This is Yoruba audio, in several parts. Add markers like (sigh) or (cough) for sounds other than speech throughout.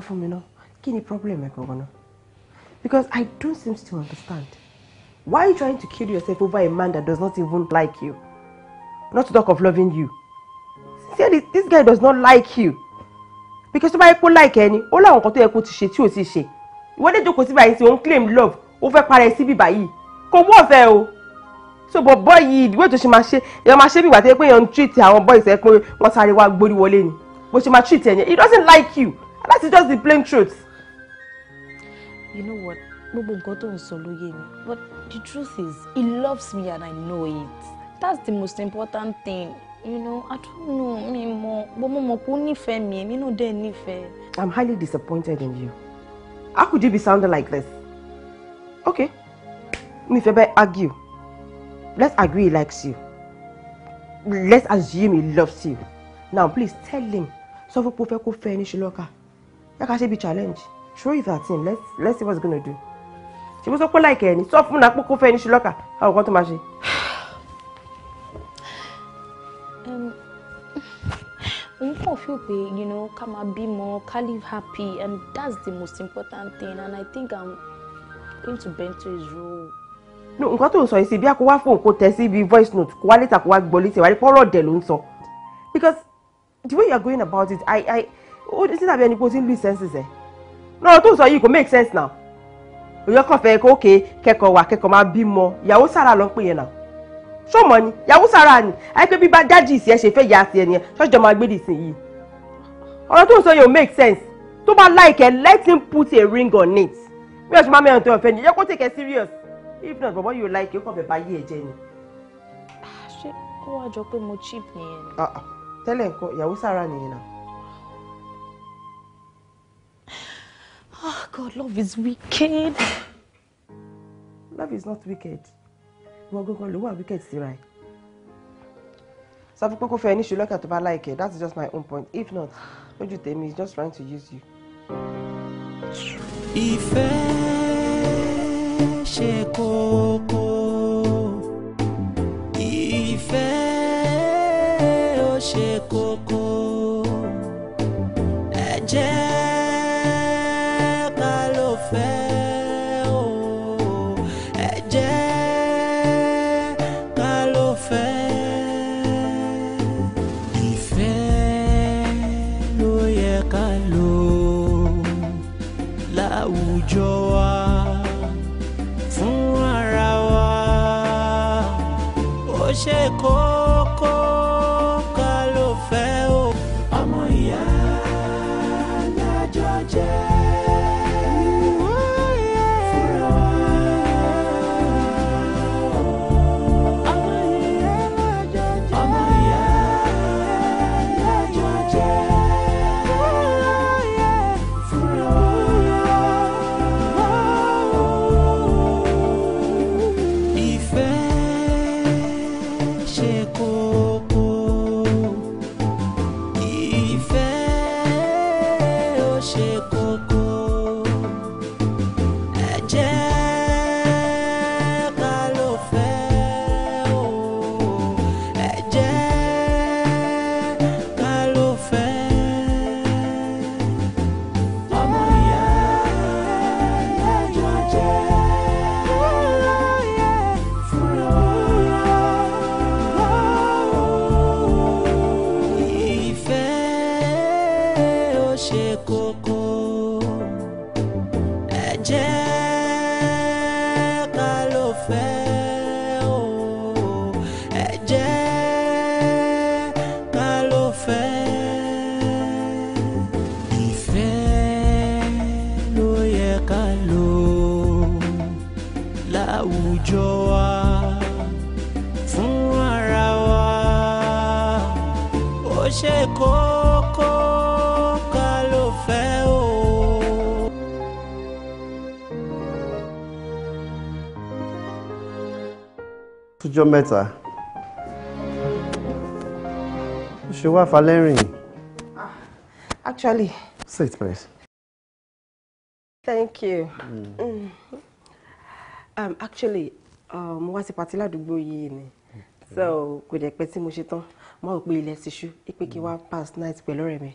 sọ fún mi náà kí ni problem ẹ gangan náà because I don't seem to understand why are you trying to kill yourself over a man that does not even like you not to talk of loving you sincerely this guy does not like you because tó bá yẹ kó like ẹni ó láwọn nǹkan tó yẹ kó ti ṣe tí ò ti ṣe ìwọ́dé jókòó sí báyìí sí òun claim love ó fẹ́ para ẹ síbí báyìí kò wọ́ ọ̀fẹ́ o so but boy yìí ìdíwé tó ṣe máa ṣe èèyàn máa ṣe bí ìgbà tó yẹ pé èèyàn ń treat àwọn boys ẹ pé wọ́n sáré wá gbórí wọlé ni bó ṣe máa treat ẹ he doesn't like you that is just the plain truth. you know what gbogbo nǹkan tó ń but the truth is he loves me and i know it that's the most important thing you know i don't know mi mọ gbogbo mọ kó me, me no dey ni nífẹ̀ẹ́. i'm highly disappointed in you how could you be sounding like this okay me fẹ́ bẹ́ẹ̀ argue let's agree he likes you let's assume he loves you now please tell him sọ fún pé o fẹ́ kó fẹ́ ẹni ṣe lọ́kà yẹ ká ṣe bí challenge show if that thing let's let's see what he's gonna do ṣe bó sọ pé láìka ẹni sọ fún náà pé kó fẹ́ ní ṣùlọ́kà àwọn kan tó máa ṣe. òun um, (sighs) kàn feel pé you know ká máa bímọ ká live happy and that's the most important thing and I think I'm going to bend to his rule. no nǹkan tó ń sọ yìí sí bí a kò wá fóun kó tẹ sí ibi voice note kó wá létà kó wá gbọ́ létí wàá rí pọ́nrọ́ dẹ̀ ló ń sọ because the way you are going about it I I ó ti tàbí ẹni pé o ti ń lu senses ẹ̀ lọ́rọ̀ tó sọ yìí kò make sense now òyìn ọkàn fẹ́ kó ké kẹ́kọ̀ọ́ wà kẹ́kọ̀ọ́ máa bímọ ìyàwó sára ló ń pè yẹn náà ṣọmọ ni ìyàwó sára ni àìpé bí bá dájì ìsì ẹ ṣe fẹ́ yà á sí ẹni ẹ máa gbé dìsìn yìí ọ̀rọ̀ tó sọ yìí ò make sense tó bá like ẹ let him put a ring on it bí ọ̀ṣun máa mẹ́rin tó ọ̀fẹ́ ni yẹ take it serious if not bọ̀bọ̀ yóò like ó kàn fẹ́ bá yé ẹ jẹ ni. Ah, ṣé kó wá jọ pé mo cheap nìyẹn. Ah, ah. tẹ́lẹ̀ nǹkan ìyàwó sára nìyẹn náà Oh God, love is wicked. Love is not wicked. Ìwọ gangan ló What wicked is ẹ̀. Sọ fún pé kó fẹ́ ẹni ṣe lọ́kàn tó bá láìkẹ̀. That's just my own point. If not, don't you tell me he's just trying to use you. Ìfẹ́ ṣe kókó. Ìfẹ́ ó ṣe tójọ́ mẹ́ta ó ṣe wá falẹ́rìn. Ah, actually. sit please. thank you. Mm. Mm. Um, actually um, mo wá sí patí ládùúgbò yìí ni so kò dẹ̀ pẹ́ tí mo ṣe tán mo rò pé ilẹ̀ ti ṣú pé kí wá hmm. pass night pẹ̀lú ọ̀rẹ́ mi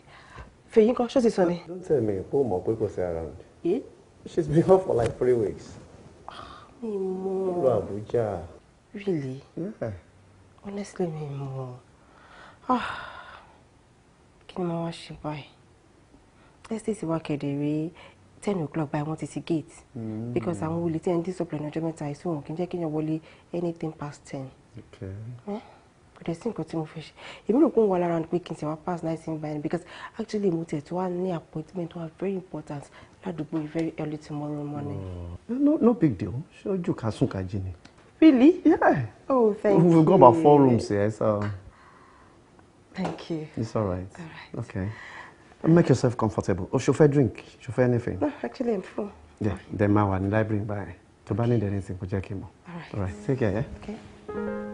fèyí kan ṣó ti sọ ni. don't tell me pé o mọ̀ pé kò sí around. Eh? she's been off for like three weeks. Ah, mi mọ̀. ó lọ Àbújá. Really? Yeah. Hmm? Honestly, mi mọ̀. Ah, kí ni mo wá ṣe báyìí? Estate wa kedere ten o'clock by one thirty gate. Hmm. Because àwọn olè tí ẹ̀ ń discipline ọjọ́ mẹ́ta ìṣó wọn kì í jẹ́ kí èèyàn wọlé anything past ten. Eh? Kò dẹ̀ sí nǹkan tí mo fẹ́ ṣe. Èmi rò pé ń wọ alára pé kí n ṣe wá pass night in by because actually mo tẹ̀ tó wá ní appointment wa very important ládùúgbò very early tomorrow morning. Oh. No, no big deal. Ṣé ojú ká sùn ká ni? Really? Yeah. Oh, thank We've you. We've got about four rooms here, so. Thank you. It's all right. All right. Okay. Make yourself comfortable. Oh, chauffeur drink. Chauffeur anything. No, actually, I'm full. Yeah, then my one library by. To ban anything for Jackie. All right. All right. Take care, yeah? Okay.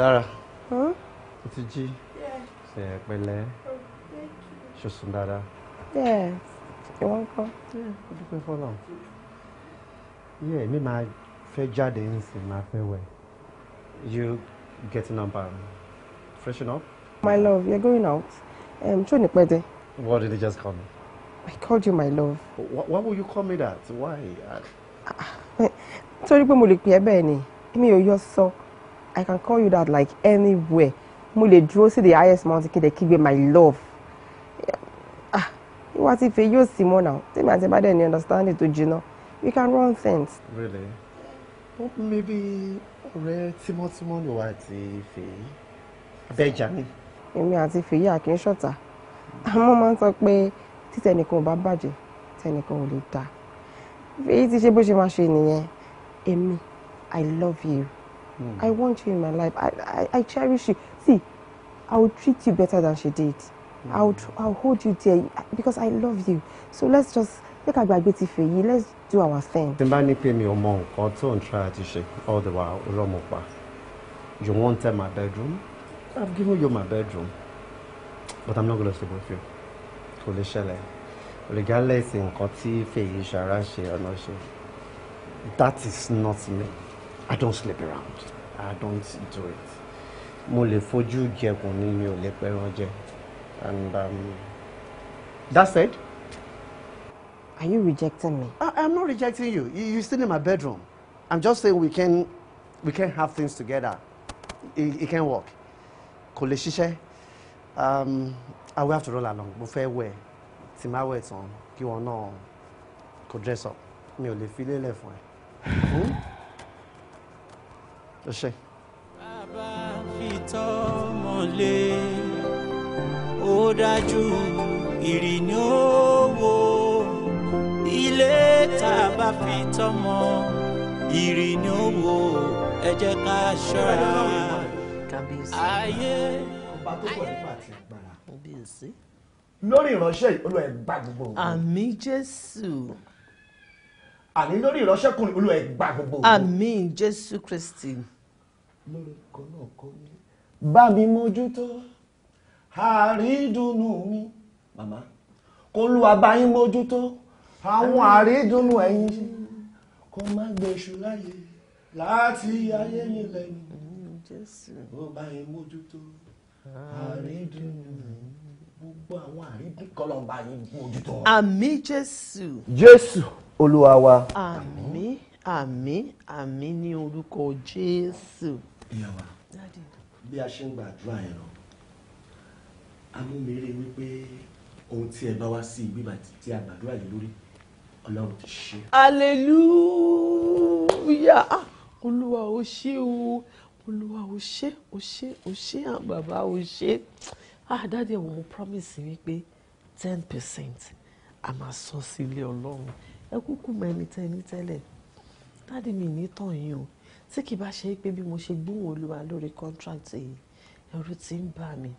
Dara. Huh? Dára. O oh, Thank you. Ṣe ẹ You want sùn Yeah. Ìwọ́n kọ́. Ó for long? Yeah. Me my fair jáde nísìnyí my fair way. You getting up and freshen up? My love, you're going out. Um, Ṣé o ní pẹ́ What did you just call me? I called you my love. Why, why would you call me that? Why? (laughs) Torí pé mo lè pè ẹ́ bẹ́ẹ̀ ni, mi ò yọ I can call you that like anywhere mo lè dúró sí the highest mountain kí n lè kígbe my love ah ìwà tí ìfẹ́ yóò sì mọ́ náà tèmi àti bàdé ní understanding tó jiná we can run things. really maybe ọ̀rẹ́ tímọ́tímọ́ ló wà àti ìfẹ́ abẹ́jà ni. èmi àti ìfẹ́ yìí àkín ṣọ̀tá àmọ́ máa ń sọ pé títẹnìkan ò bá bàjẹ́ tẹnìkan ò lè dá èyí ti ṣe bó ṣe máa ṣe nìyẹn èmi i love you. Mm. I want you in my life. I, I, I cherish you. See, I will treat you better than she did. Mm. I'll, I'll hold you dear because I love you. So let's just make a gbàgbé ti fẹ́ yìí. Let's do our thing. The n bá ní pé mi ò mọ nǹkan try to shake all the while ọlọ́mọ pa. You wanted my bedroom? I've given you my bedroom. But I'm not going to sleep with you. Kò lè ṣẹlẹ̀. Regardless nǹkan tí Fèyí ṣara ṣe ọ̀nà ṣe. That is not me. I don't sleep around. I don't do it. Mo lè fojú jẹkùn ni mi ò lè pẹran jẹ. And um, that said. Are you rejecting me? I, I'm not rejecting you. you. You're still in my bedroom. I'm just saying we can we can have things together. It, it can work. Kò lè ṣiṣẹ́. Um, I will have to roll along. Mo fẹ́ wẹ̀ tí máa wẹ̀ tán kí wọn náà kò dress up. Mi ò lè fi lélẹ̀ fún ẹ. Hmm? ẹ ṣé. lórí ìránṣẹ́ olúwa ẹ gbà gbogbo àmì jésù àní lórí ìránṣẹ́kùnrin olúwa ẹ gbà gbogbo ògo. jésù kristi lórí kan náà kọ́ mi bá mi mójútó àrídùnnú mi màmá kó lu àbáyín mójútó àwọn àrídùnnú ẹ̀yìn kó má gbèsù láyé láti ayé mi lẹ́yìn ó bá yín mójútó àrídùnnú gbogbo àwọn àrídùn kọlọmba yín mójútó. àmín jésù. jésù olúwa wa. àmín àmín àmín ní orúkọ jésù ìyá wa bí a ṣe ń gbàdúrà yẹn lọ amúmire wípé ohun tí ẹ bá wá sí ibi tí a gbàdúrà yìí lórí ọlọ́run ti ṣe. aleluya olúwa ò ṣe o olúwa ò ṣe ò ṣe ò ṣe àwọn ò ṣe àdáde ah, àwọn ọmọ promise wípé ten percent a máa sọ sí ilé ọlọ́run ẹ kúkú mọ ẹni tẹ́ ní mi ní tàn yín o tí kì bá ṣe pé bí mo ṣe gbóhùn olúwa lórí contract yìí ẹ̀rù ti ń bà mí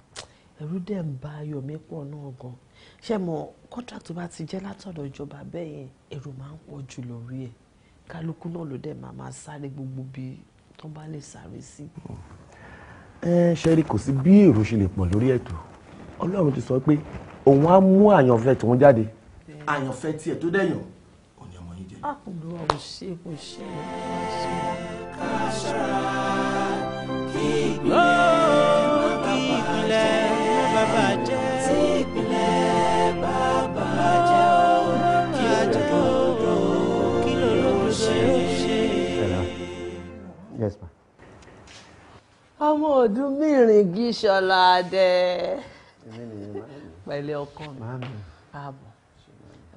ẹ̀rù dẹ̀ ń bà ayọ̀ mi pọ̀ náà gan ṣé mo contract tó bá ti jẹ́ látọ̀dọ̀ ìjọba bẹ́ẹ̀ yẹn ẹ̀rù máa ń pọ̀ jù lórí ẹ̀ kálukú náà ló dẹ̀ máa máa sáré gbogbo bí tó bá lè sáré sí. ẹ ṣe rí kò sí bí èrò ṣe lè pọ̀ lórí ètò ọlọ́run ti sọ pé òun á mú àyànfẹ́ tòun jáde àyànfẹ́ tiẹ̀ tó dẹ̀yàn òní ọmọ yín jẹ́. àpòlù ọ̀hún ṣe kò ṣe é. Yes, ma. ọmọ ọdún mìíràn gíṣọlá adé pẹ̀lẹ́ ọkọ mi káàbọ̀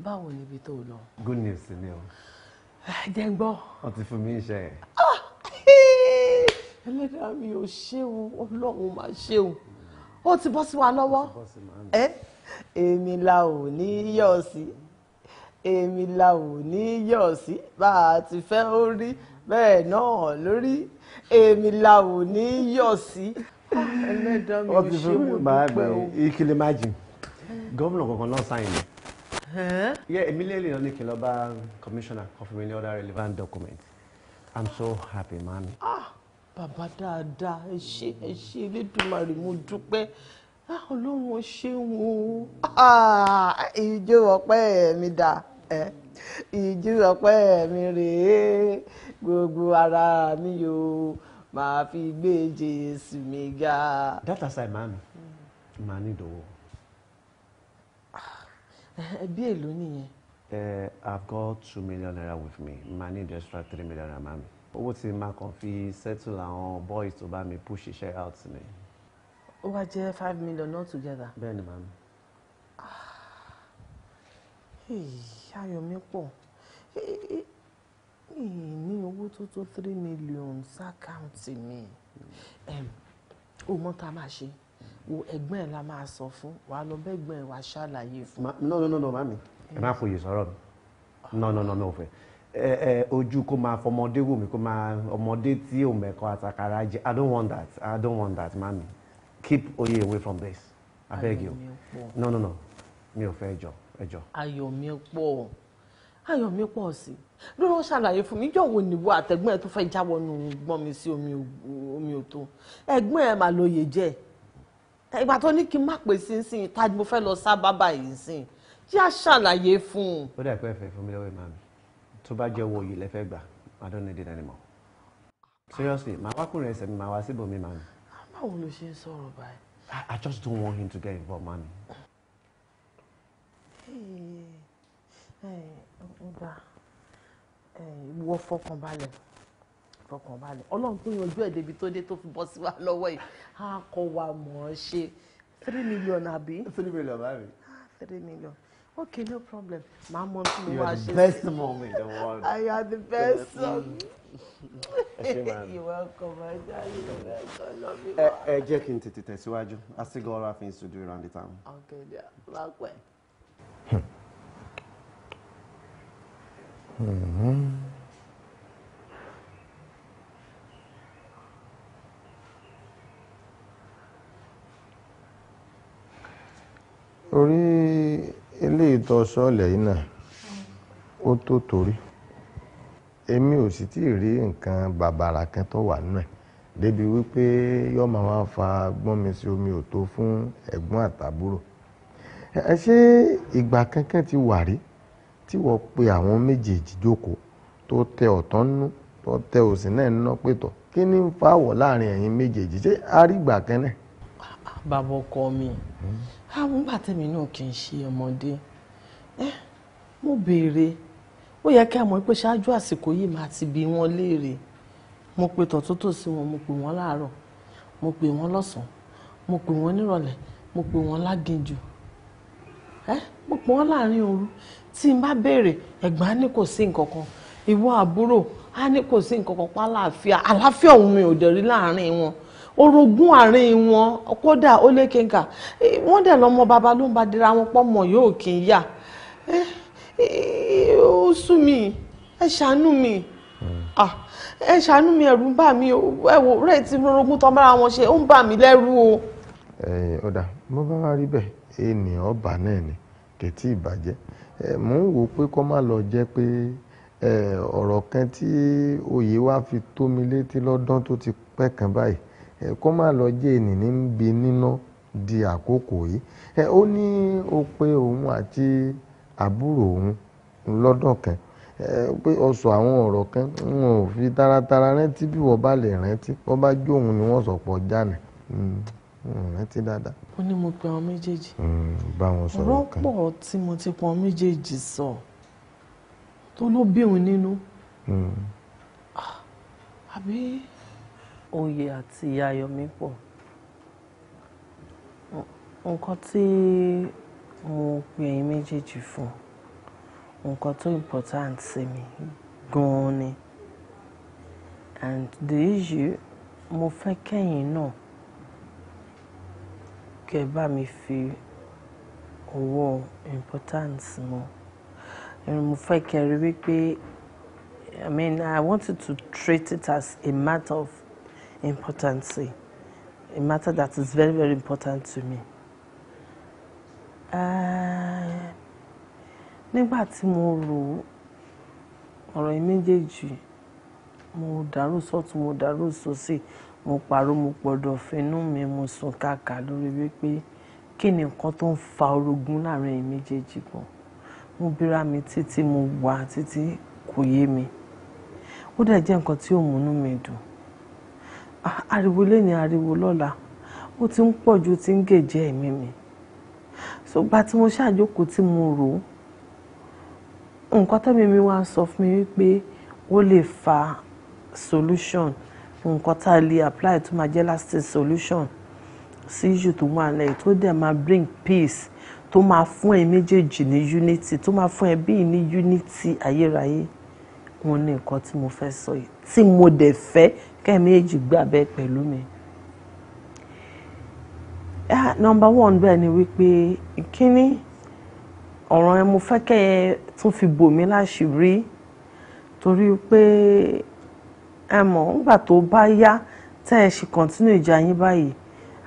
báwo ni ibi tó lọ. good news ni o. jẹ́ gbọ́. wọ́n ti fún mi iṣẹ́ yẹn. ah ẹlẹ́dàá mi ò ṣéwu ọlọ́run máa ṣéwu ó ti bọ́ sí wa lọ́wọ́ ẹ èmi la ò ní yọ̀ sí èmi la ò ní yọ̀ sí bá a ti fẹ́ ó rí bẹ́ẹ̀ náà lórí èmi la ò ní yọ̀ sí ah, ẹlẹ́dàá mi ò ṣéwu dúpẹ́ o. ìkìlẹ̀ májì gómìnà kankan náà sáyìn ni. Yeah, immediately on the Kiloba Commissioner of Many Other Relevant Documents. I'm so happy, man. Ah bàbá dáadáa ẹ ṣé ẹ ṣé elédùnmarè mo dúpẹ́ ah, ọlọ́run ó ṣeun ìjọ ah, ọpẹ́ mi dà ẹ́ ìjọ ọpẹ́ mi rèé gbogbo ara mi yóò máa fi gbé jésù mi ga. dátà sáì máa mi máa ní ìdòwò. ẹbí èlò nìyẹn. Eh, I've got two million naira with me. Màá ní the extra three million naira, mami owó tí máa kàn fi settle àwọn boys tó bá mi push iṣẹ́ out ni. ó wá jẹ́ five million all together. bẹ́ẹ̀ ni màámi. ayọ̀ mi pọ̀ ní owó tó tó three million sákàǹtì mi ó mọ tá a máa ṣe wo ẹ̀gbọ́n ẹ̀ la máa sọ fún wàá lọ bẹ́gbọ́n ẹ̀ ṣàlàyé fún. no no no no mami ẹ má fòye sọ̀rọ̀ mi no no no mi ò fẹ́ ojú kó máa fọmọdé wò mí kó máa ọmọdé tí ò mẹ́kọ àtàkàrà jẹ i don't want that i don't want that mami keep oye away from this i beg you no no no mi ò fẹ́ ẹjọ́ ẹjọ́. ayọ̀ mi pọ̀ ayọ̀ mi pọ̀ sí i lọ́wọ́ ṣàlàyé fún mi jọ̀wọ́ níwọ̀ àtẹ̀gbọ́n ẹ̀ tó fẹ́ jáwọ́ nu gbọ́n mi sí omi òtó ẹ̀gbọ́n ẹ̀ mà lóye jẹ́ ìgbà tó ní kí n má pè sí sí i tá mo fẹ́ lọ sá bábà yìí sí i jẹ́ àṣàlàyé fún un. ó dà pé ẹ fẹ́ fún mi lọ́wọ́ ẹ̀ máa mi tó bá jẹ́ owó yìí lẹ́fẹ́ gbà i don't need it anymore seriously màá wákùnrin ẹsẹ̀ mi màá wá síbòmí màmí. báwo ló ṣe ń sọ̀rọ̀ báyìí. i just don't want him to get involved mami. ọba ìwọ fọkànbalẹ̀ fọkànbalẹ̀ ọlọ́run tó yanjú ẹ̀ débi tó dé tó fi bọ́ sí wa lọ́wọ́ yìí á kọ́ wa mọ̀ ọ́ ṣe three million àbí. three million báyìí. Ah, three million okay no problem My mom tí mo wá you are the best mom in the world. you are the best mm. son. (laughs) (laughs) you welcome my darling. ẹ ẹ jẹ́ kí n tètè tẹ̀síwájú I still got other things to do around the town. okay dear máa pẹ́. Mm-hmm. orí eléyìí tó sọ́ọ̀lẹ̀ yìí náà ó tó torí èmi ò sì tí ì rí nǹkan bàbàrà kan tó wà nù débi wípé yóò máa wá fa gbọ́n mi sí omi ò tó fún ẹ̀gbọ́n àtàbúrò ẹ ṣé ìgbà kankan ti wà rí tí wọ́n pe àwọn méjèèjì jókòó tó tẹ ọ̀tọ̀ nínú tó tẹ òsì náà nínú pé tọ̀ kí ni ń fa àwọ̀ láàrin ẹ̀yin méjèèjì ṣé a kan náà bàbá ọkọ mi ah, àwọn bá tèmi náà kì í ṣe ọmọdé eh, mo béèrè ó yẹ kí a mọ̀ pé ṣáájú àsìkò yìí máa ti bi wọ́n léèrè mo pe tọ̀tọ̀tọ̀ sí wọn mo pè wọ́n láàárọ̀ mo pè wọ́n lọ́sàn-án mo pè wọ́n nírọ̀lẹ́ mo pè wọ́n láginjù eh, mo pè wọ́n láàrin òru tí n bá béèrè ẹ̀gbọ́n á ní kò sí nǹkan kan ìwọ àbúrò á ní kò sí nǹkan kan pa àlàáfíà àlàáfíà òun mi ò dẹ̀ rí láàrin wọn orogún àárín wọn kódà ó lé kéńkà wọ́n dẹ̀ lọ́mọ bàbá ló ń ba dira wọn pọ̀ yóò kì í yà ó sú mi ẹ ṣàánú mi ẹ ṣàánú mi ẹ̀rù ń bà mí ẹ wò rẹ̀ tí orogún tán bára wọn ṣe ó ń bà mí lẹ́rù o. ọ̀dà mo bá wá rí bẹ́ẹ̀ ènìyàn ọba náà ni kẹ̀tì ìbàjẹ́ mò ń wò ó pé kó má lọ jẹ́ pé ọ̀rọ̀ kan tí oyè wa fi tó létí lọ́dún tó ti pẹ́ kan báyìí ẹ kó má lọ jẹ́ ènìní ń bi níná di àkókò yìí. Ẹ ó ní ó pé òun àti àbúrò òun lọ́dọ̀ kan, ẹ pé ó sọ àwọn ọ̀rọ̀ kan, n ò fi taratara rántí bí wọ́n bá lè rántí. Bo bá je òun ni wọ́n sọ pé ọ rántí dáadáa. Ó ní mo pe àwọn méjèèjì. bá wọn sọ̀rọ̀ kan. Ọ̀rọ̀ tí mo ti pe méjèèjì sọ tó ló bí òun nínú. Ah, àbí oyè àti ayọ̀ mi pọ̀ nǹkan tí mo pè yín méjèèjì fún nǹkan tó important sí mi gan-an ni and the issue mo fẹ́ kẹ́yìn náà kẹ́ bá mi fi ọwọ́ importance mọ́ mo fẹ́ kẹ́ rí wípé I mean I wanted to treat it as a matter of importancy, a matter that is very, very important to me. Eh, nígbà tí mo rò ọ̀rọ̀ yìí méjèèjì, mo dàrú sọ́tún, mo dàrú sósì, mo pàrọ̀, mo pọ̀dọ̀ fínú mi, mo sùn kàkà lórí wípé kí ni nǹkan tó ń fa orogún láàrin méjèèjì gan. Mo bíra mi títí mo wà títí kò yé mi. Ó dẹ̀ jẹ́ nǹkan tí ò múnú mi dùn. Ah, ariwo lẹ́ni ariwo lọ́la ó ti ń pọ̀ ju ti ń gèjẹ́ ẹ̀mí mi ṣùgbọ́n tí mo ṣàjókòó tí mo rò ó nǹkan tẹ́mi mi wá ń sọ fún mi wípé ó lè fa solution nǹkan tá a lè apply tó máa jẹ́ solution sí issue tó wà lẹ́yìn tó dẹ̀ máa bring peace tó máa fún ẹ méjèèjì ní unity tó máa fún ẹbí ní unity ayérayé wọn ní nǹkan tí mo fẹ́ sọ yìí tí mo dẹ̀ fẹ́ kẹ́ẹ̀méjì gbà bẹ́ẹ̀ pẹ̀lú mi. Ah, nọmba one bẹ́ẹ̀ ni wípé ìkíní ọ̀ràn ẹ mo fẹ́ kẹ́ ẹ tún fi bò mí láṣìírí torí pé ẹ mọ̀ nígbà tó bá yá tẹ́ ẹ ṣì kọ́ntínú ìjà yín báyìí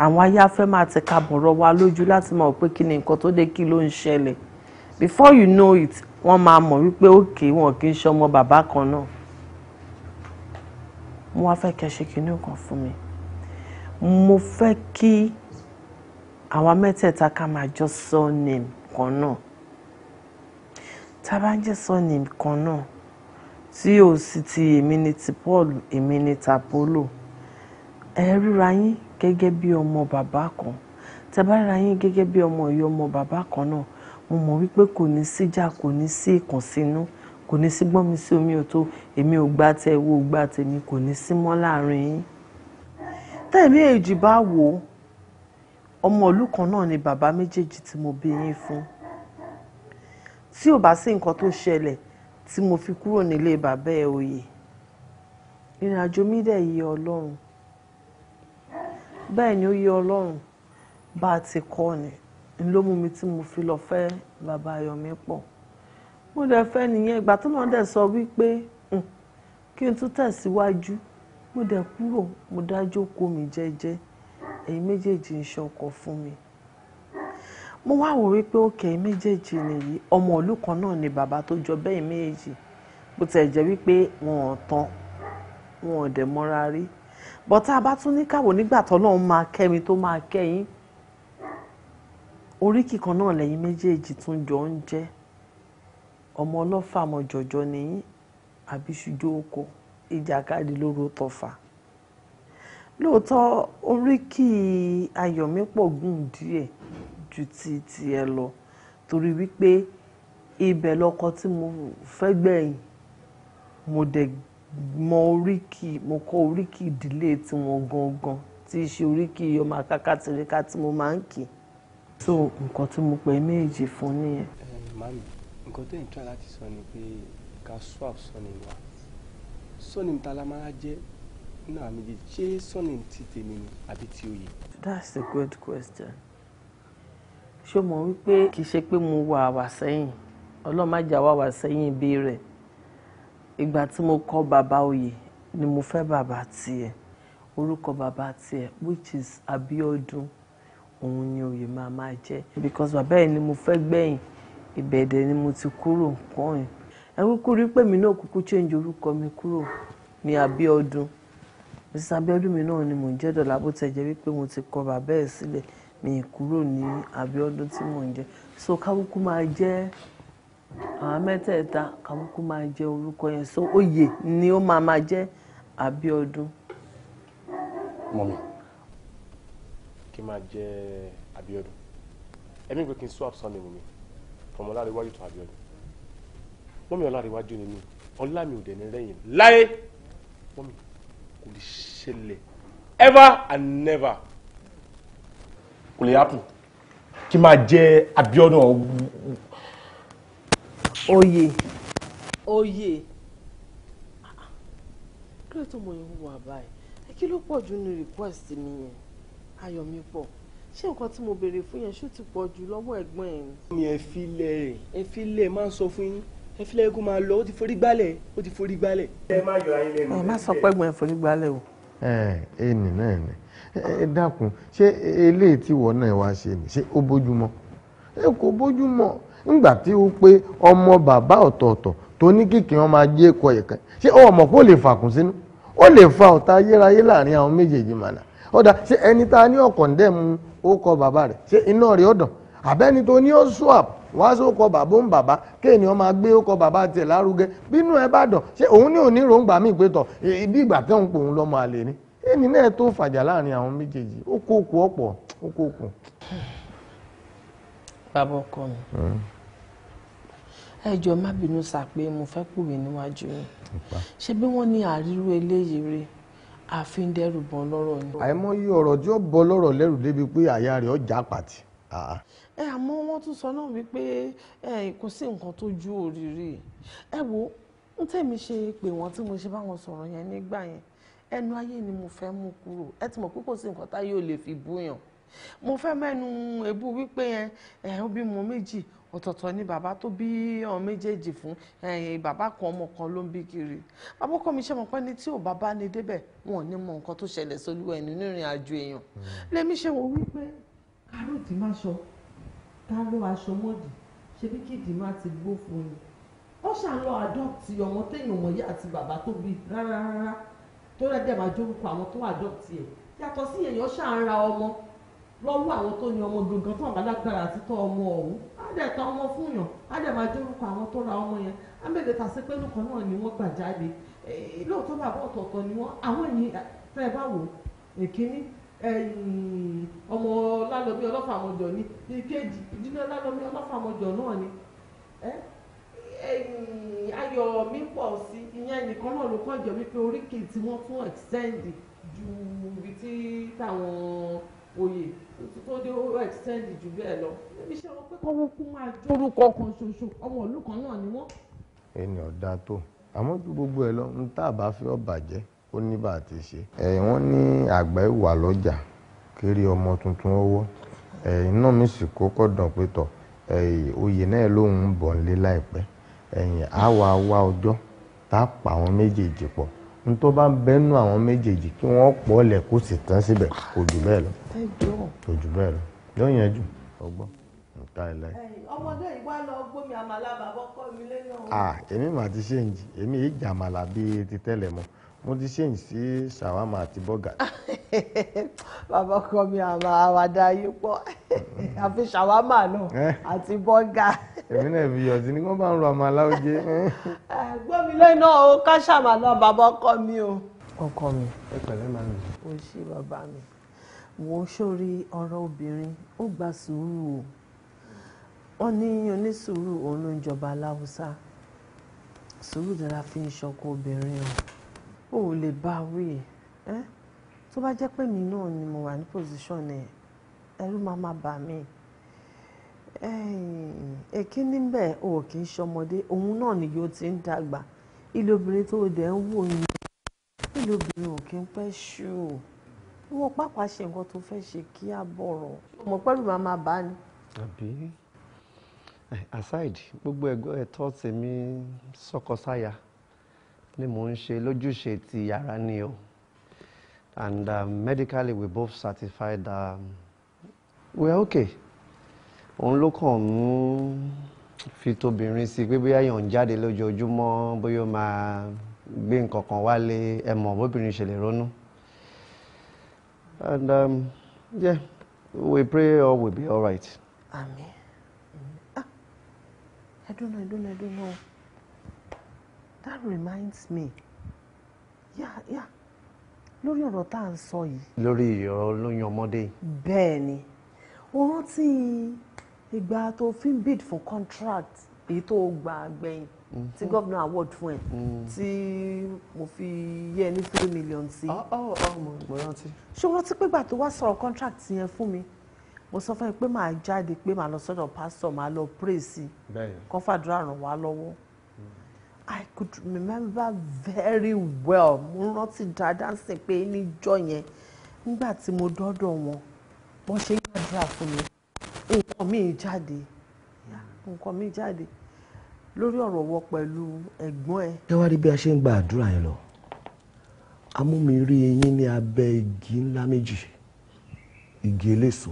àwọn ayáfẹ́ máa ti ka bọ̀rọ̀ wa lójú láti mọ̀ pé kí ni nǹkan tó dé kí ló ń ṣẹlẹ̀ before you know it wọ́n máa mọ̀ wípé òkè wọn kì í ṣọmọ bàbá kan náà mo wá fẹ́ kẹ́ ṣe kinní kan fún mi mo fẹ́ kí àwa mẹ́tẹ̀ẹ̀ta ká máa jọ surname kan náà tá a bá ń jẹ́ surname kan náà tí o sì ti èmi ni ti Paul èmi ni tapolo ẹ ríra yín gẹ́gẹ́ bí ọmọ bàbá kan tẹ́ bá ríra yín gẹ́gẹ́ bí ọmọ ìyá ọmọ bàbá kan náà mo mọ̀ wípé kò ní síjà kò ní sí ìkùnsínú kò ní sí gbọ́n mi sí omi ò tó èmi ò gbà tẹ ìwọ ò gbà tèmi kò ní sí mọ́ láàrin yín tẹ̀mí èjì bá wò ó ọmọ ìlú kan náà ni bàbá méjèèjì tí mo bí yín fún tí ò bá sí nǹkan tó ṣẹlẹ̀ tí mo fi kúrò nílé bàbá ẹ̀ òye ìrìn àjò mi dẹ̀ yé ọlọ́run bẹ́ẹ̀ ni ó yé ọlọ́run bá a ti kọ́ ni ló mú mi tí mo fi lọ fẹ́ bàbá Ayọ̀mípọ̀ mo dẹ̀ fẹ́ nìyẹn ìgbà tó náà dẹ̀ sọ wípé kí n tún tẹ̀síwájú mo dẹ̀ kúrò mo dájú oko mi jẹ́jẹ́ ẹ̀yin méjèèjì ń ṣọkọ fún mi mo wá wò wípé òkè ẹ̀yin méjèèjì nìyí ọmọ ìlú kan náà ni bàbá tó jọ bẹ́ẹ̀ méjèèjì bó tẹ̀ jẹ́ wípé wọn ò tán wọn ò dẹ̀ mọ́ra rí bọ́tá a bá tún ní káwọ́ nígbà tó náà máa kẹ́mi tó máa kẹ́yìn oríkì kan náà lẹ́yìn méjèèjì tún jọ ń jẹ́ ọmọ ọlọ́fà mọ jọ̀jọ̀ nìyí àbí ṣùjọ́ oko ìjàkadì lóru tọ̀fà lóòótọ́ oríkì ayọ̀mí pọ̀ gùn díẹ̀ ju ti tiẹ̀ lọ torí wípé ibẹ̀ lọkọ tí mo fẹ́ gbẹ̀yìn mo dẹ̀ mọ oríkì mo kọ́ oríkì ìdílé tiwọn gangan tí í ṣe oríkì ọmọ akákàtìríkà tí mo máa ń kì so nǹkan tí mo pè méjì fún nìyẹn nǹkan tó ń tọ́ láti sọ ni pé ká swap surname wa surname ta la máa jẹ́ nínú àmì jẹ ṣé surname ti tèmi ni àbí ti oyè. that's a good question ṣé o mọ̀ wípé kì í ṣe pé mo wà wà sẹ́yìn ọlọ́run má jà wà wà sẹ́yìn bí rẹ̀ ìgbà tí mo kọ bàbá oyè ni mo fẹ́ bàbá tiẹ̀ orúkọ bàbá tiẹ̀ which is Abíọ́dún òun ni oyè máa máa jẹ́ because bàbá yìí ni mo fẹ́ gbẹ̀yìn ìbẹ̀dẹ̀ ni mo ti kúrò kọ́yìn ẹ kúkú rí pé mi náà kúkú change orúkọ mi kúrò ní Abíọ́dún Mrs Abíọ́dún mi náà ni mò ń jẹ́ dọ̀là bó tẹ̀ jẹ́ wípé mo ti kọ bàbá ẹ̀ sílẹ̀ mi kúrò ní Abíọ́dún tí mò ń jẹ́ so kákúkú máa jẹ́ àwọn mẹ́tẹ̀ẹ̀ta kákúkú máa jẹ́ orúkọ yẹn so oyè ni ó máa máa jẹ́ Abíọ́dún. mọ̀mí kí n máa jẹ́ Abíọ́dún ẹ̀mí pé kí n swap sọ́ọ̀nì mi. Fọmọláríwájú tó Abíọ́dún mọ́mí Ọláríwájú ni mí ọlá mi ò dẹ̀ ní rẹ́yìn láyé mọ́mí kò lè ṣẹlẹ̀ ever and never kò lè happen kí máa jẹ́ Abíọ́dún ọ̀hún. oyè oyè kí ló tó mọ ìhùwà báyìí kí ló pọ̀ jù ní request mi yẹn ayọ̀ mi pọ̀ ṣé nǹkan tí mo béèrè fún yẹn ṣó ti pọ̀ jù lọ́wọ́ ẹ̀gbọ́n ẹ̀ ni. mi ẹ filẹ̀ ẹ filẹ̀ máa ń sọ fún yín ẹ filẹ̀ kó máa lọ ó ti forí gbálẹ̀ ó ti forí gbálẹ̀. ẹ má yọ ayé lẹ́nu. ẹ má sọ pé ẹ̀gbọ́n ẹ forí gbálẹ̀ o. ẹ ẹ nì náà ni ẹ dákun ṣé eléyìí tí wọ́n náà wá ṣe ni ṣé ó bójúmọ́ ẹ kò bójúmọ́ ńgbà tí ó pé ọmọ bàbá ọ̀tọ̀ọ̀tọ̀ tó ní kìkì wọn máa jẹ́ ẹ̀kọ́ yẹn ṣé ọmọ kó lè fàkùn sínú ó lè fa ọ̀tá ayérayé láàrin àwọn méjèèjì mànà ọ̀dà ṣé ẹni tá a ní ọ̀kọ̀ ń dẹ̀ ó kọ bàbá rẹ̀ ṣé iná rẹ̀ ó dàn àbẹ́ni tó ní ó swap wá sókọ bàbá ń bàbá kéèyàn máa gbé ó kọ bàbá tiẹ̀ lárugẹ bínú ẹ bá dàn ṣé òun ní òní ròǹgbà míì pé tọ̀ ibi ìgbà tẹ̀ ń pò ń lọ́mọ àlè ni ẹni náà tó fàjà láàrin àwọn méjèèjì ó kó okùn ọ̀pọ̀ ó kó okùn. bàbá ọkọ mi hmm. ẹ jọ̀ọ́ má bínú sá pé mo fẹ́ kúrò níwájú yìí ṣé bí wọ́n ní àríró eléyìí rèé àfin dẹ́rù bọ́ lọ́rọ̀ ni. àìmọye ọ̀rọ̀ tí ó bọ́ lọ́rọ̀ lẹ́rù débi pé àyà rẹ̀ ọjà pàtì. ẹ àmọ́ wọ́n tún sọ náà wípé kò sí nǹkan tó ju òrìrì ẹ wo ń tẹ̀mí ṣe pé wọ́n tí mo ṣe bá wọn sọ̀rọ̀ yẹn nígbà yẹn ẹnu ayé ni mo fẹ́ mú kúrò ẹ ti mọ̀ pé kò sí nǹkan táyé ò lè fi búyàn mo fẹ́ mẹ́nu ebú wípé ẹ ẹ bímọ méjì ọ̀tọ̀ọ̀tọ̀ ni bàbá tó bí ọ̀n méjèèjì fún bàbá kan ọmọ kan ló ń bí kiri bàbá ọkọ mi ṣe mọ̀ pé ní tí ò bàbá ni débẹ̀ wọn ò ní mọ nǹkan tó ṣẹlẹ̀ sólúwa ẹni nínú ìrìn àjò èèyàn hmm. lèmi ṣe wò wípé kárọ̀tì má ṣọ ká ló aṣọ mọ́dì ṣe bí kìdí má ti gbó fún mi ó ṣàlọ́ àdọ́ọ̀tì ọmọ téèyàn mọ̀ yá àti bàbá tó bí rárá rárá tó rẹ̀ dẹ̀ máa jórúkọ lọ́wọ́ àwọn tó ní ọmọ gangan fún àgbàlagbàrà àti tọ́ ọmọ ọ̀hún á dẹ̀ ta ọmọ fún yàn á dẹ̀ máa jórúkọ àwọn tó ra ọmọ yẹn á mẹ́lẹ̀ ta sí pé lóko náà ni wọ́n gbà jáde lóòótọ́ bàbá ọ̀tọ̀ọ̀tọ̀ ni wọ́n àwọn ẹ̀yìn tẹ́ ẹ bá wò èkíní ọmọ lálọ́bí ọlọ́fàmọ̀jọ̀ ni ìkejì ìdílé lálọ́bí ọlọ́fàmọ̀jọ̀ náà ni ayọ̀ mi pọ̀ sí ìyẹn nìkan náà ló kọjọ wípé oríkèé tí wọ́n fún extend ju ibi tí táwọn oyè tó dé ó extend jù bẹ́ẹ̀ lọ níbi iṣẹ́ wọn pé kọ́wọ́ kú máa jórúkọ kan ṣoṣo ọmọ ìlú kan náà ni wọ́n. ẹni ọ̀dà tó àmọ́ ju gbogbo ẹ̀ lọ ń tá a bá fẹ́ ọ̀bàjẹ́ ó ní bá a ti ṣe. ẹ̀yìn wọn ní àgbà ìwà lọ́jà kiri ọmọ tuntun ọwọ́ ẹ̀yìn náà mi sì kó kọ́dàn pé tọ̀ ẹ̀yìn oyè náà lòun ń bọ̀ nílé láìpẹ́ ẹ̀yìn á wá wá ọjọ́ tá a pa àwọn méjèèjì pọ̀ n tó bá ń bẹ́nu àwọn méjèèjì kí wọ́n pọ̀ lẹ̀ kó sì tán síbẹ̀ kò jù bẹ́ẹ̀ lọ kò jù bẹ́ẹ̀ lọ yóò yẹn jù ọgbọ́n nǹkan ẹ̀lẹ́. ọmọdé yìí lọ gbómi àmàlà bàbá ọkọ mi lẹ́yìn ọ̀hún. èmi màá ti ṣe èmi ìjàmàlà bíi ti tẹ́lẹ̀ mọ́ mo ti ṣèyìn sí ṣàwámà àti bọ́gà. (laughs) bàbá ọkọ mi àmà àwàdà yìí pọ̀ àfi (laughs) ṣàwámà náà (laughs) eh? àti bọ́gà. èmi náà fi yọ̀tí ni wọ́n bá ń ro àmà aláwọ̀jẹ. Eh, gbọ́ mi lẹ́yìn náà o ká ṣàmà náà bàbá ọkọ mi o. ọkọ mi. ẹ pẹ̀lẹ́ màá mi. o ṣí bàbá mi wo sórí ọ̀rọ̀ obìnrin ó gba sùúrù o wọ́n ní onísùúrù òun ló ń jọba aláwùsá sùúrù dára fi ń ṣọkọ obìnrin o o ò lè bá wí ẹ tó bá jẹ́ pé mi náà ni mo wà ní position ẹ ẹrú máa má bà mí èkí níbẹ̀ o ò kì í ṣọmọdé òun náà ni yóò ti ń dàgbà ilé obìnrin tó o dẹ̀ ń wò yẹn ilé obìnrin ò kí ń pẹ́ ṣú o wọn pàpà ṣe nǹkan tó fẹ́ ṣe kí á bọ̀rọ̀ ọmọ pẹ́lú máa má bà ni. àbí aside gbogbo ẹ̀gọ́ ẹ̀tọ́ tèmi sọkọsáya. So ni mò ń ṣe lójúṣe ti ara ni o and uh, medically we both certified that um, we are okay òun ló kàn ń fi tóbìnrin sí pé bóyá yàn ń jáde lójoojúmọ́ bóyá ó máa gbé nǹkan kan wálé ẹ mọ̀ bóbìnrin ṣe lè ronú and um, yeah we pray all will be all right. Ah, I don't know, I don't know, I don't know that reminds me yeah yeah lórí ọ̀rọ̀ tá à ń sọ yìí. lórí ọ̀rọ̀ lóyún ọmọdé. bẹ́ẹ̀ ni o rántí ìgbà tó fi ń bid for contract èyí tó gbà gbẹ̀yìn mm-hmm. tí gómìnà award fún ẹ mm-hmm. tí mo fi yẹ ní three million sí. ọ ọ ọ mo rántí. ṣé o rántí pé ìgbà tó wá sọ̀rọ̀ contract yẹn fún mi mo sọ fún ẹ pé màá jáde pé màá lọ sọ́dọ̀ pásítọ̀ màá lọ pray sí i kó fàdúrà ràn wá lọ́wọ́. I could remember very well mo rántí dáadáa sí pé níjọ́ yẹn nígbà tí mo dọ́dọ̀ wọn wọ́n ṣe gbàdúrà fún mi nǹkan míì jáde nǹkan míì jáde lórí ọ̀rọ̀ wọ pẹ̀lú ẹ̀gbọ́n ẹ. ẹ wá rí bí a ṣe ń gba àdúrà yẹn lọ amúmiri eyín ní abẹ́ igi ńlá méjì igi eléso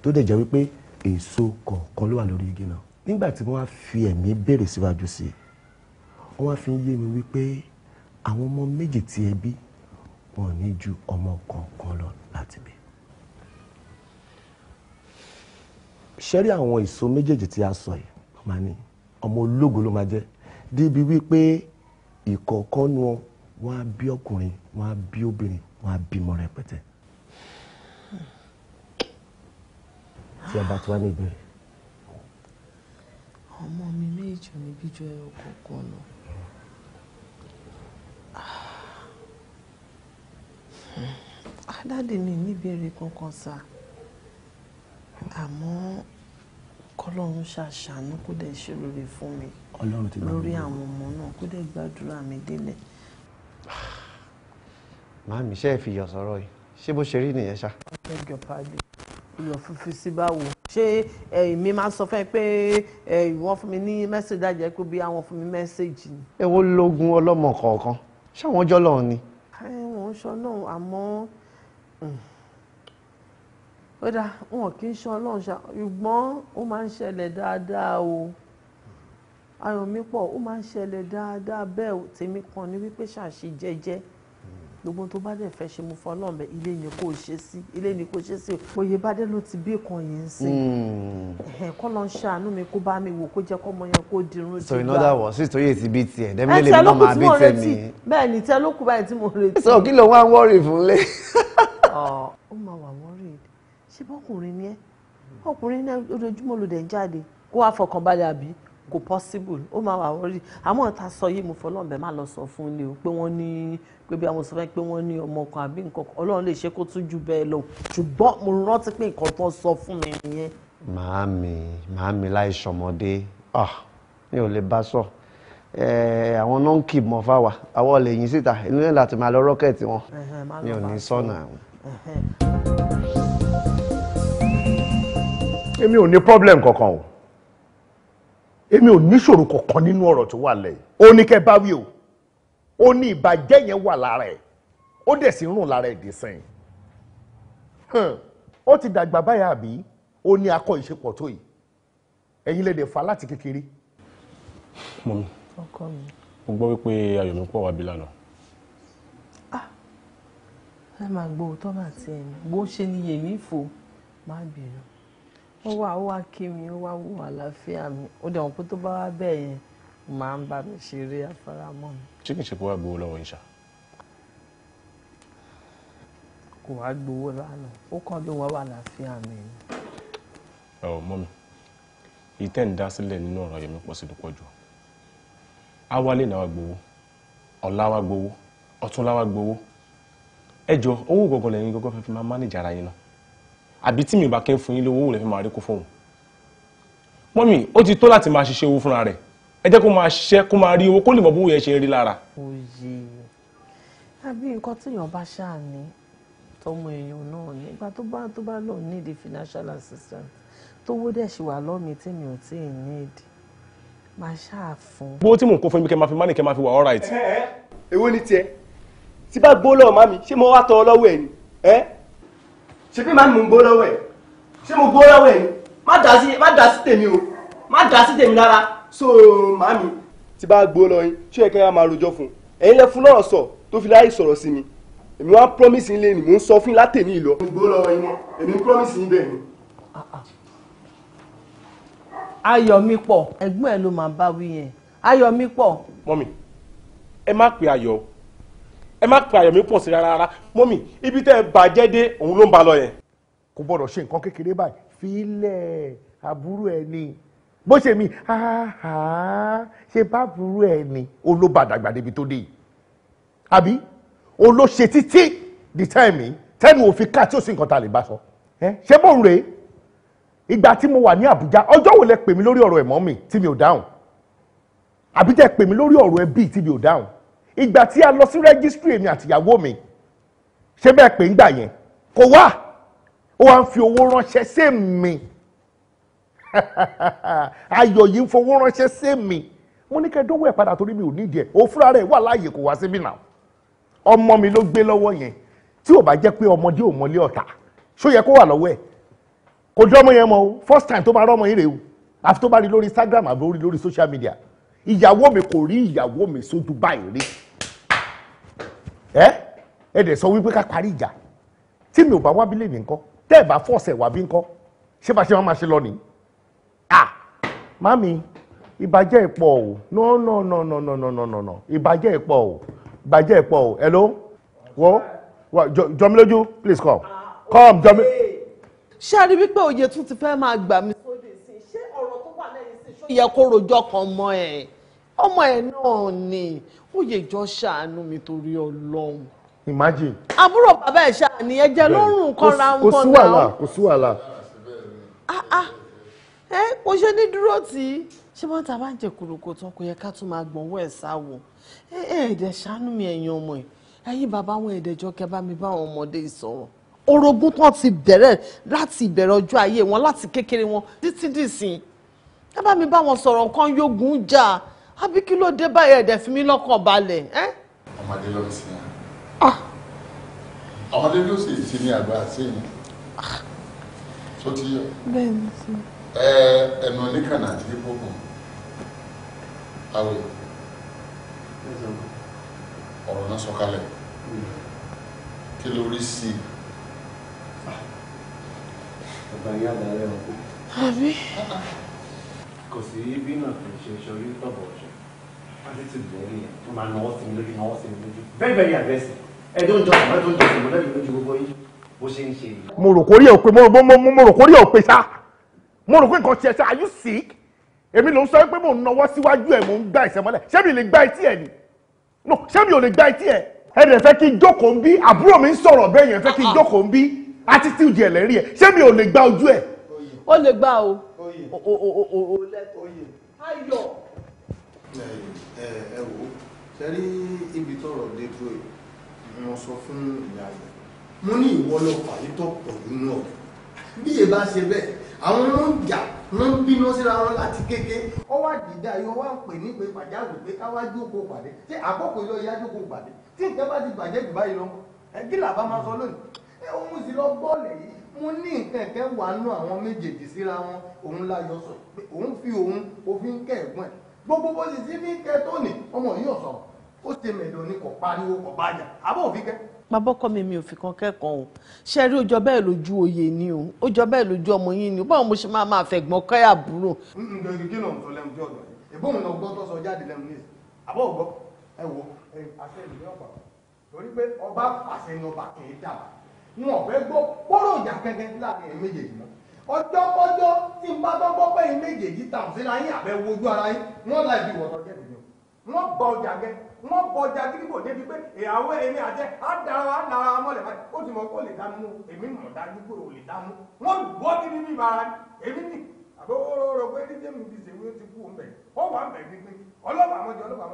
tó dẹ̀ jẹ́ wípé èso kọ̀ọ̀kan ló wà lórí igi náà nígbà tí wọ́n á fi ẹ̀mí béèrè síwájú sí i ó wá fi ń yé mi wípé àwọn ọmọ méjì tí ẹ wọn ní ju ọmọ kọ̀ọ̀kan lọ láti bí. ṣẹ́rí àwọn ìso méjèèjì tí a sọ yìí ló máa ní ọmọ ológo ló máa jẹ́ débi wípé ìkọ̀ọ̀kan nu wọn á bí ọkùnrin wọn á bí obìnrin wọn á bímọ rẹpẹtẹ. tí a bá ti ní ìbéèrè. ọmọ mi méjì ò ní bí ju ẹyọ kọ̀ọ̀kan lọ. Ah, dáàdì mi níbèrè kankan sá àmọ́ kọ́lọ́run ṣàṣàánú kó dẹ̀ ṣe lóore fún mi lórí àwọn ọmọ náà kó dẹ̀ gbàdúrà mi délẹ̀. màámi ṣe é fi iyọ̀ sọ̀rọ̀ yìí ṣé bó ṣe rí nìyẹn ṣá. ọjọ́ ìjọba àgbẹ̀ iyọ̀ fífi sí báwo ṣé èmi máa ń sọ fún ẹ pé ìwọ fún mi ní mẹ́sàgì dájẹ́ pé bí àwọn fún mi mẹ́sàgì ni. èwo lógun ọlọ́mọ kọ̀ọ̀kan ṣáwọn ọjọ́ lọ́hùn ni. wọ́n ń sọ náà àmọ́ hmm, ó dá wọn kì í sọ ọlọ́run ṣá ṣùgbọ́n ó máa ń ṣẹlẹ̀ dáadáa o ayọ̀ mi pọ̀ ó máa ń ṣẹlẹ̀ dáadáa bẹ́ẹ̀ tèmi kan ní wípé ṣàṣì jẹ́jẹ́ gbogbo tó bá dẹ̀ fẹ́ ṣe mo fọ́ ọlọ́run bẹ ilé ni kò ṣe sí ilé ni kò ṣe sí oyè bàdé ló ti bí kan yìí ń sìn hmm. ẹ̀hìn kọ́ lọ ń ṣàánú mi kó bá mi wò kó jẹ́ kọ́ ọmọ yẹn kó dirun ti gbà. so in other words sí ìtòyè ti bí tiẹ̀ dẹ́mi lè mọ́ máa bí tẹ̀mí. bẹ́ẹ̀ ni tẹ́ ló kù báyìí tí mo retí. sọ kí ló wá ń wọ́rì fún lé. (laughs) ó máa wà wọ́rì ṣé bọ́kùnrin ni ẹ́ ọkùnrin náà ojoojúmọ́ ló dẹ̀ jáde kó wá fọkànbalẹ̀ àbí kò possible ó máa wà wọ́rí àmọ́ ta sọ yìí mo fọlọ́run bẹ́ẹ̀ má lọ sọ fún ni o pé wọ́n ní pé bí àwọn sọfẹ́ pé wọ́n ní ọmọ kan àbí nǹkan kan ọlọ́run lè ṣe kó tún jù bẹ́ẹ̀ lọ ṣùgbọ́n mo rántí pé nǹkan tó sọ fún mi nìyẹn. màámi màámi láì sọmọdé ah, mi ò lè bá sọ eh, àwọn náà ń kì mọ fáwa àwọn lè yìn síta inú ẹ̀ láti máa lọ rọ́kẹ̀tì wọn mi ò ní sọ̀nà àwọn. èmi ò ní problem kankan o èmi ò níṣòro kankan nínú ọ̀rọ̀ tó wà lẹ́yìn ó ní kẹ́ bá wí o ó ní ìbàjẹ́ yẹn wà lára ẹ̀ ó dẹ̀ sì ń rùn lára ẹ̀ dé sẹ́yìn ó ti dàgbà báyà àbí ó ní akọ ìṣepọ̀ tó yìí ẹ̀yin lè dẹ̀ fa láti kékeré. mo mi mo gbọ́ wípé ayọ̀ mi pọ̀ wá bí lánàá. Ah, ẹ máa gbọ́ òótọ́ bá tiẹ̀ bó ṣe ni yèmí fò má bínú. ó wà ó wà kí mi ó wà àlàáfíà mi ó dẹ̀ wọ́n pé tó bá wá bẹ́ẹ̀ yẹn màá ń bá mi ṣeré afárámọ́ mi. ṣé ṣe kó wá gbowó lọ́wọ́ kò wá gbowó lánàá ó kàn mi. ẹ ò mi ìtẹ́ ń dá sílẹ̀ nínú ọ̀rọ̀ yẹn mi pọ̀ sí i pọ̀ jù awálé ẹ jọ owó lẹ́yìn fẹ́ fi máa ara yín àbí tí mi bá kí n fún yín lówó wò lè fi máa rí kó fóun mọ́mì ó ti tó láti máa ṣiṣẹ́ owó fúnra rẹ̀ ẹ jẹ́ kó máa ṣiṣẹ́ kó máa rí owó kó lè mọ bówó yẹn ṣe rí lára. òye àbí nǹkan téèyàn bá ṣàní tọmọ èèyàn náà ni ìgbà tó bá tó bá lọ nídìí financial assistance tówó dẹ̀ ṣì wà lọ́mìí tí mi ò tí ì nídìí máa ṣáà fún. gbogbo tí mò ń kó fún mi kẹ́ máa fi mánì kẹ́ máa fi wà all right. èwo ni tiẹ̀ tí bá gbó lọ́ọ̀ má mi ṣé mo wá tọ́ ọ lọ́wọ́ ẹ̀ ni ṣe bí màá mú gbó lọ́wọ́ ẹ̀ ṣé mo gbó lọ́wọ́ ẹ̀ ni má dá sí tèmi o má dá sí tèmi rárá so màámi. tí bá gbó lọ yín ṣé ẹ̀ka yà máa rojọ́ fún un ẹ̀yin lẹ fún lọ́rọ̀ sọ tó fi láyè sọ̀rọ̀ sí mi èmi wá promise yín lẹ́nu mò ń sọ fún látẹ̀mí ìlọ. mo gbó lọ́wọ́ yín èmi promise yín bẹ́ẹ̀ ni. Ayọ̀mípọ̀ ẹ̀gbọ́n ẹ̀ ló máa bá wí yẹn Ayọ̀mípọ̀. mọ́mi ẹ má pe ayọ̀ ẹ má pe àyọ̀mí pọ̀ sí rárá rárá mọ́mì ibi tẹ́ ẹ bàjẹ́ dé òun ló ń ba lọ yẹn. kò gbọdọ̀ ṣe nǹkan kékeré báyìí fílẹ̀ àbúrò ẹ̀ ni bó ṣe mi ṣe bá àbúrò ẹ̀ ni olóbàdàgbà débi tó dé yìí àbí olóṣe títí di tẹ́ẹ̀mì tẹ́ẹ̀mì òfin ká tí ó sì nǹkan ta lè bá sọ ṣé bò ń rèé ìgbà tí mo wà ní Àbújá ọjọ́ wo lẹ pè mí lórí ọ̀rọ̀ ẹ̀mọ́ mi tí mi ò dáhùn àbí tẹ́ pè mí lórí ọ̀rọ̀ ẹbí tí mi ò dáhùn ìgbà tí a lọ sí rẹ́gísítírì èmi àtìyàwó mi ṣé bẹ́ẹ̀ pé ń gbà yẹn kò wá ó wá ń fi owó ránṣẹ́ sí mi (laughs) ayọ̀ yìí ń fowó ránṣẹ́ sí mi mo ní kẹ́ dówó ẹ̀ padà torí mi ò nídìí ẹ̀ òfúra rẹ̀ wà láàyè kò wá síbí náà ọmọ mi ló gbé lọ́wọ́ yẹn tí ò bá jẹ́ pé ọmọdé ò mọlé ọ̀tá ṣó yẹ kó wà lọ́wọ́ ẹ̀ kò jọ ọmọ yẹn mọ o first time tó máa rọ́ ọmọ yẹn rè o àfi tó bá rí lórí Instagram àbí lórí social media ìyàwó mi kò rí ìyàwó mi sójú báyìí rí ẹ ẹ dẹ̀ sọ wípé ká parí ìjà tí mi ò bá wábí lèmi ńkọ́ tẹ́ ẹ bá fọ̀ọ̀sẹ̀ wábí ńkọ́ ṣé bá ṣe máa ṣe lọ nìyí. ah mami ìbàjẹ́ ìpọ̀ o no no no no no no no no no ìbàjẹ́ ìpọ̀ o ìbàjẹ́ ìpọ̀ o hello wo jọmílójú please come come jọmí. ṣé a rí wípé òye tún ti fẹ́ máa gbà mí sóde sí i ṣé ọ̀rọ̀ tó wà lẹ́yìn sí i ṣó yẹ kó rojọ́ kan mọ́ ẹ̀ ọmọ ẹ̀ náà ni. Oyèjọ́ ṣàánú mi torí Ọlọ́run. imagine. àbúrò bàbá ẹ̀ ṣàní ẹ̀jẹ̀ lọ́rùn kọ́ra ń kọ́ náà. kò sí wàhálà kò sí wàhálà. ẹ kò ṣe ní dúró tí ṣé wọ́n ta bá ń jẹ kòròkò tán kò yẹ ká tún máa gbọ̀n wọ́ ẹ̀ sá wò ẹ ẹ ẹ̀dẹ̀ ṣàánú mi ẹ̀yin ọmọ ẹ̀ ẹ̀yin bàbá wọn ẹ̀dẹ̀jọ́ kẹ bá mi bá àwọn ọmọdé sọ̀rọ̀ orogún tán ti bẹ̀rẹ̀ láti ìbẹ̀rẹ̀ ọjọ́ ayé wọn láti kékeré wọn títí dìsìn ẹ bá mi bá wọn sọ̀rọ̀ nǹkan yógun jà àbí kí ló dé báyìí ẹ̀dẹ̀ fi mí lọ́kàn balẹ̀. ọmọdé ló ń sin ya ah. ọmọdé ló sì ti ní àgbà sẹ́yìn tó ah. ti yọ ẹnu oníkànnà àti gbogbo àwẹ̀ ọ̀rọ̀ náà sọ̀kalẹ̀ kí ló rí sí i. ọba ìyá àdàlẹ́ ọkọ. àbí. kò sí bí náà kò ṣe sọrí tọ̀bọ̀ wọ́n ti ti bọ̀ ní tó máa náwó sí mi lójú náwó very very aggressive I don't judge. jọ ẹ tó ń jọ sí mi lójú go. gbogbo yìí bó ṣe ń ṣe yìí. mo rò kórí ẹ̀ pé mo rò kórí ẹ̀ pé sá are you sick èmi ló ń sọ pé mò ń nawọ́ síwájú ẹ̀ mò ń gbá ìsẹ̀mọ́lẹ̀ ṣé mi lè gbá etí ẹ̀ ni no ṣé mi ò lè gbá etí ẹ̀ ẹ dẹ̀ fẹ́ kí n jókòó ń bí àbúrò mi ń sọ̀rọ̀ be yẹn fẹ́ kí n jókòó ń bí attitude ẹ̀ lẹ́rí ẹ̀ ṣé mi ò lè gbá ojú ẹ̀. ó lè gbá o. ó lẹ́kọ̀ọ́ ayọ̀ ẹ wò ó ṣe rí ibi tọrọ dé dúró yìí mo sọ fún ìyá rẹ mo ní ìwọ lọ pàdé tó pọ̀ nínú ọ̀rọ̀ bí èyí bá ṣe bẹ́ẹ̀ àwọn ló ń jà ló ń bínú síra wọn láti kéke ọ wá dìda yọ wá pè ní pé pàjáwìrì pé ká wá jókòó pàdé tí àkókò yọ ìyá jókòó pàdé tí nǹkan bá ti bàjẹ́ jù báyìí lọ ẹ kí làbá máa sọ lónìí ẹ òun sì lọ bọ́ọ̀lù yìí mo ní nǹkan ẹ̀kẹ́ wà nú àwọn méjèèjì síra wọn òun la sọ pé òun fi òun òfin kẹ̀ẹ̀gbọ́n ẹ̀ gbogbo bó sì sí ní kẹ tó nì ọmọ yìí ò sọ̀rọ̀ ó ti mẹ̀lò ni kò pariwo kò bá yàn àbọ̀ òfin kẹ́. bàbá mi mi ò fi kan kẹ́kọ̀ọ́ o ṣe rí ó jọ lójú oyè ni o ó jọ bẹ́ẹ̀ lójú ọmọ yín ni o báwo mo ṣe máa máa fẹ̀gbọ́n kọ́yà búrò. ǹjẹ́ kí ń sọ lẹ́nu tí ọ̀dọ̀ yìí ìbọn lọ tó sọ jáde lẹ́nu ọjọ́ kọjọ́ tí n bá tọ́ gbọ́ pé yín méjèèjì ta ọ̀sẹ̀ yín àbẹ̀ wojú ara yín wọ́n la ibi ìwọ̀tọ̀ jẹ́ nìyẹn wọ́n bọ ọjà gẹ wọ́n bọ ọjà gírígbò débi pé ìyàwó èmi àjẹ àdára àdára mọ́lẹ̀ báyìí ó ti mọ̀ kó lè dánú èmi mọ̀ dájú pé lè dánú wọ́n gbọ́ bíbí bíbá ara èmi nì àbí ó pé ní tèmi ti ṣèwé ó ti kú òun bẹ̀ ó wà ń bẹ̀ gbígbé ọlọ́pàá mọ́jọ ọlọ́pàá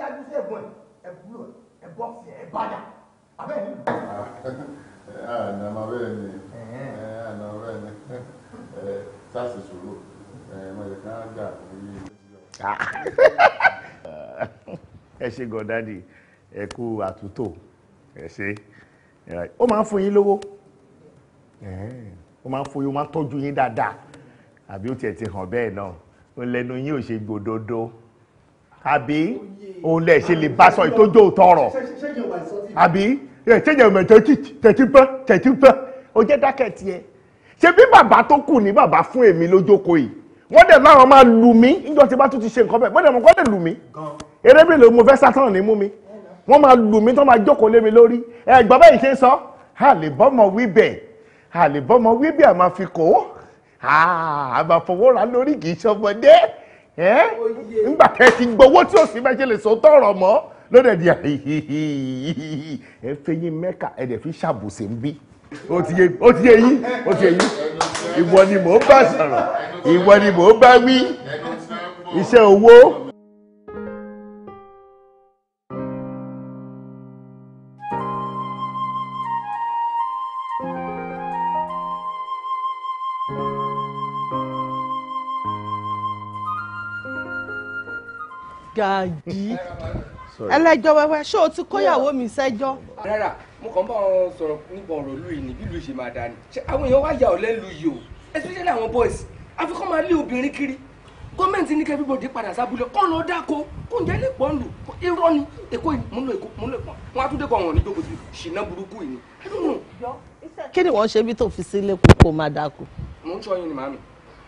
mọ́jọ àjọ ẹ̀bùrú ẹ̀bọ́ fi ẹ̀bàdà abẹ́ẹ̀ ni. Ah, àná bẹ́ẹ̀ ni eh, àná bẹ́ẹ̀ ni eh, sáàsì sòrò eh, mẹ̀lẹ́kàn gà lórí (laughs) ẹ ṣe gan dádì ẹ kú àtúntò ẹ ṣe ó máa ń fún yín lówó ó máa ń fún yín ó máa ń tọ́jú yín dáadáa àbí ó tiẹ̀ ti hàn bẹ́ẹ̀ náà lẹ́nu yín ò ṣe gbòdodo àbí òun lẹ ṣe lè bá sọ ìtọ́jú tọrọ àbí ṣẹjẹ ọmọ tẹtí pẹ tẹtí pẹ ó jẹ dákẹ́ tiẹ̀ ṣe bí bàbá tó kù ní bàbá fún èmi lójókòó yìí wọ́n dẹ̀ láwọn máa lù mí níjọ́ tí bá tún ti ṣe nǹkan bẹ́ẹ̀ wọ́n dẹ̀ mọ̀ kọ́ dẹ̀ lù mí eré bèlè mo fẹ́ sátán ní mú mi wọ́n máa lù mí tó máa jókòó lé mi lórí ẹ̀gbọ́n bẹ́ẹ̀ ṣe ń sọ àlèbọ́mọ wíbẹ̀ àlèbọ́mọ wíbẹ̀ àmàfikò àmàfọwọ́ra lórí kì í ṣọmọdé ńgbà tẹ́ ti gbowó tí ò sí bẹ́ẹ̀ ṣe lè sọ tọrọ mọ́ lóde di ẹ fẹyín mẹ́ka ẹ dẹ̀ fi ṣàbùsẹ̀ ń bí ó ti yé ó ti ti yé yín ìwọ ni mò ń bá sọ̀rọ̀ ìwọ ni mò ń bá wí iṣẹ́ owó. Gàjí ẹlẹ́jọ́ wẹ́wẹ́ ṣé o ti kóyàwó mi sẹ́jọ́. rárá mo kàn bá wọn sọ̀rọ̀ nípa ọ̀rọ̀ ìlú yìí ní bí ìlú ṣe máa dání àwọn èèyàn wá yà ọ́ lẹ́nu yìí o especially àwọn boys àfikún máa lé obìnrin kiri gọ́ọ̀mẹ̀ntì ní kẹ́fíbọ̀dì padà sábúlẹ̀ kọ́ lọ dáko kó ǹjẹ́ lè pọ́n lù irọ́ ni èkó múlò èkó múlò èkó wọn á tún dé kọ́ wọn ní jókòó sí ṣìnà burúkú yìí ni. kí ni wọ́n ṣe bí tó fi sílé kó máa dáko. mò ń sọ yín ni màámi.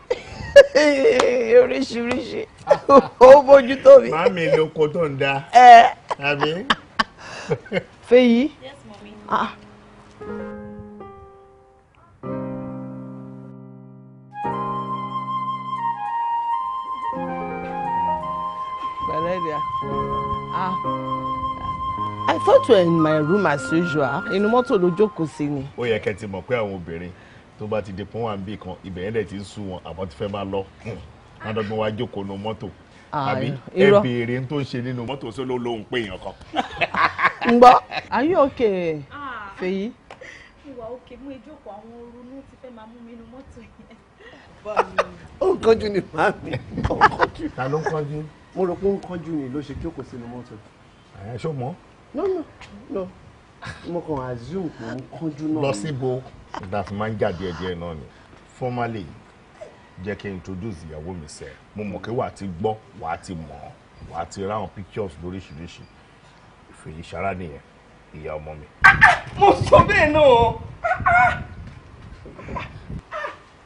(laughs) oríṣiríṣi (laughs) ó bójú tó mi. má mi ló kó tó ń da (laughs) àbí. Yes, mommy. Ah. Valeria. Ah. I thought you were in my room as usual. Inú mọ́tò ló jókòó sí ni. Ó yẹ kẹ́ ti mọ̀ pé àwọn obìnrin tó bá ti dé pọ́n wà ń bì kan ibẹ̀ yẹn dẹ̀ ti ń sú wọn àmọ́ ti fẹ́ máa lọ ládọ́gbọ́n wá jókòó nu mọ́tò ah, àbí ẹ béèrè tó ń ṣe nínú mọ́tò sóló lóhùn pé èèyàn kan. ń (laughs) gbọ́ are you okay ah. fèyí. ìwà òkè mú ìjókòó àwọn ronú ti fẹ́ máa mú mi nu mọ́tò yẹn. (laughs) ó ń kánjú ni màá mi ó ń kánjú. ta ló ń kánjú. mo rò pé ó ń kánjú ni ló ṣe jókòó sínú mọ́tò. ẹ ṣó mọ. no no no mo kàn assume pé ń kánjú náà. lọ síbo. That man máa ń jà díẹ̀ díẹ̀ náà ni formally jẹ́ kí n introduce ìyàwó mi sẹ́ mo mọ̀ kí wàá ti gbọ́ wàá ti mọ̀ wàá ti ráhùn pictures lóríṣiríṣi ìfèyí sára nìyẹn ìyá ọmọ mi. mo sọ bẹ́ẹ̀ náà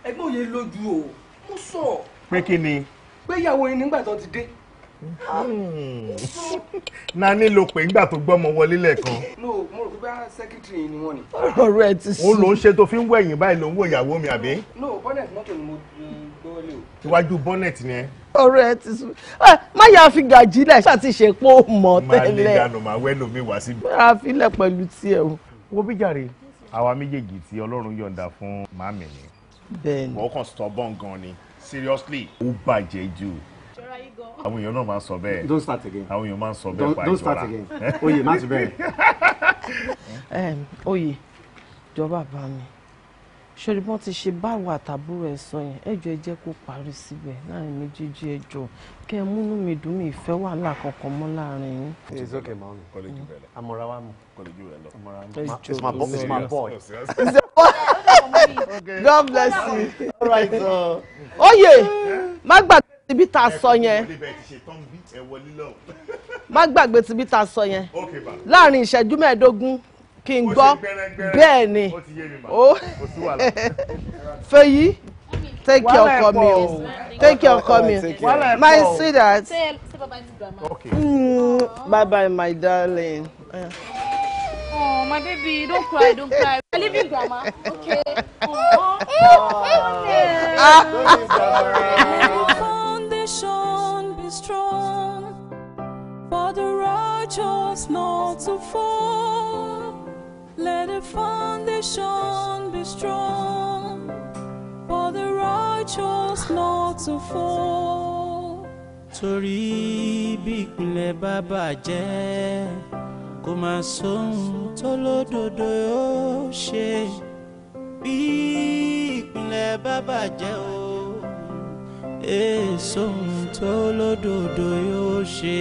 ẹgbẹ́ òye lójú o mo sọ. pé kí ni. pé ìyàwó yín nígbà tó ti dé Hmm. nani ló pè ńgbà tó gbọ́mọ wọlé lẹ́ẹ̀kan. no mo rò pé bá sẹ́kítìrì ni wọ́n ni. ọ̀rọ̀ ẹ ti sùn. òun ló ń ṣe tó fi ń wẹ̀yìn báyìí ló ń wo ìyàwó mi àbí. no bonnet mọ́tò ni mo gbọ́lé o. iwájú bonnet ni ẹ. ọ̀rọ̀ ẹ ti sùn ah, má yà fi gàjí lẹ̀ ṣáà ti ṣe pé ó mọ̀ tẹ́lẹ̀. máa lè dànù máa wẹ́ lómi wá síbi. máa fi lẹ̀ pẹ̀lú tiẹ̀ o. wo bí jàre àwa méjèèjì tí Ọlọ́run yọ̀ǹda fún màmí ni. bẹ́ẹ̀ ni. wọ́n kàn stubborn gan ni seriously ó bàjẹ́ jù àwọn èèyàn náà máa sọ bẹ́ẹ̀. don't start again. àwọn èèyàn máa sọ bẹ́ẹ̀ pa ìjọra. don't start again. oyè má ti bẹ̀rẹ̀. (laughs) oyè jọba bá mi sori bọ́n ti ṣe báwo àtàbúrò ẹ̀ sọ yẹn ẹjọ́ ẹ jẹ́ kó parí síbẹ̀ láàrin méjèèjì ẹjọ́ kẹ́ ẹ múnú mi dùn mí ìfẹ́ wàhálà kankan mọ́ láàrin yín. it's okay maami kọlẹ́jù rẹ lọ amọ̀ra wa mu kọlẹ́jù rẹ lọ amọ̀ra mu it's my boy (laughs) it's my boy. (laughs) God bless you. all right. oye má gbàgbé. (laughs) ibi tá a sọ yẹn má gbàgbé tibí tá a sọ yẹn láàrin ìṣẹ́jú mẹ́ẹ̀ẹ́dógún kí n gbọ́ bẹ́ẹ̀ ni ó (laughs) fẹ́yì take care ọkọ mi o take care ọkọ mi my sweetheart mm, bye bye my darling. Oh, my baby, don't cry, don't cry. I leave you, grandma. Okay. Oh, (laughs) oh, oh, oh. Yeah. Ah. Don't chose not to fall. Let the foundation be strong. For the righteous not to fall. Torí bí ìpìlẹ̀ bá bàjẹ́, kò máa sóhun tó lódodo yóò ṣe. Bí ìpìlẹ̀ bá bàjẹ́ o èso tó lódodo yóò ṣe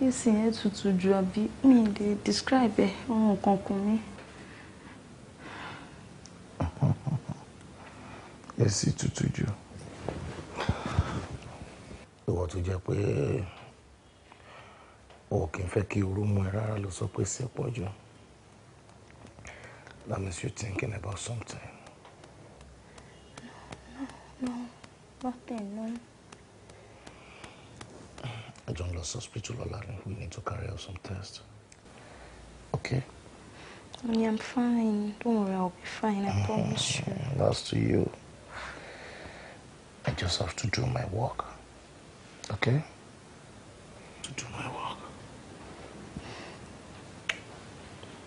ìsìn yẹn Tutu, ju àbí mi lè describe ẹ ohun kankan mi. èsì tutù jù ìwọ tó jẹ́ pé o kì í fẹ́ kí orú mú ẹ rárá ló sọ pé sí pọ̀ jù that means you thinking about something. no no nothing no. John lost hospital lọ́la ni we need to carry out some tests. Okay? Honey, I'm fine. Don't worry, I'll be fine. I mm-hmm. promise you. That's to you. I just have to do my work. Okay? To do my work.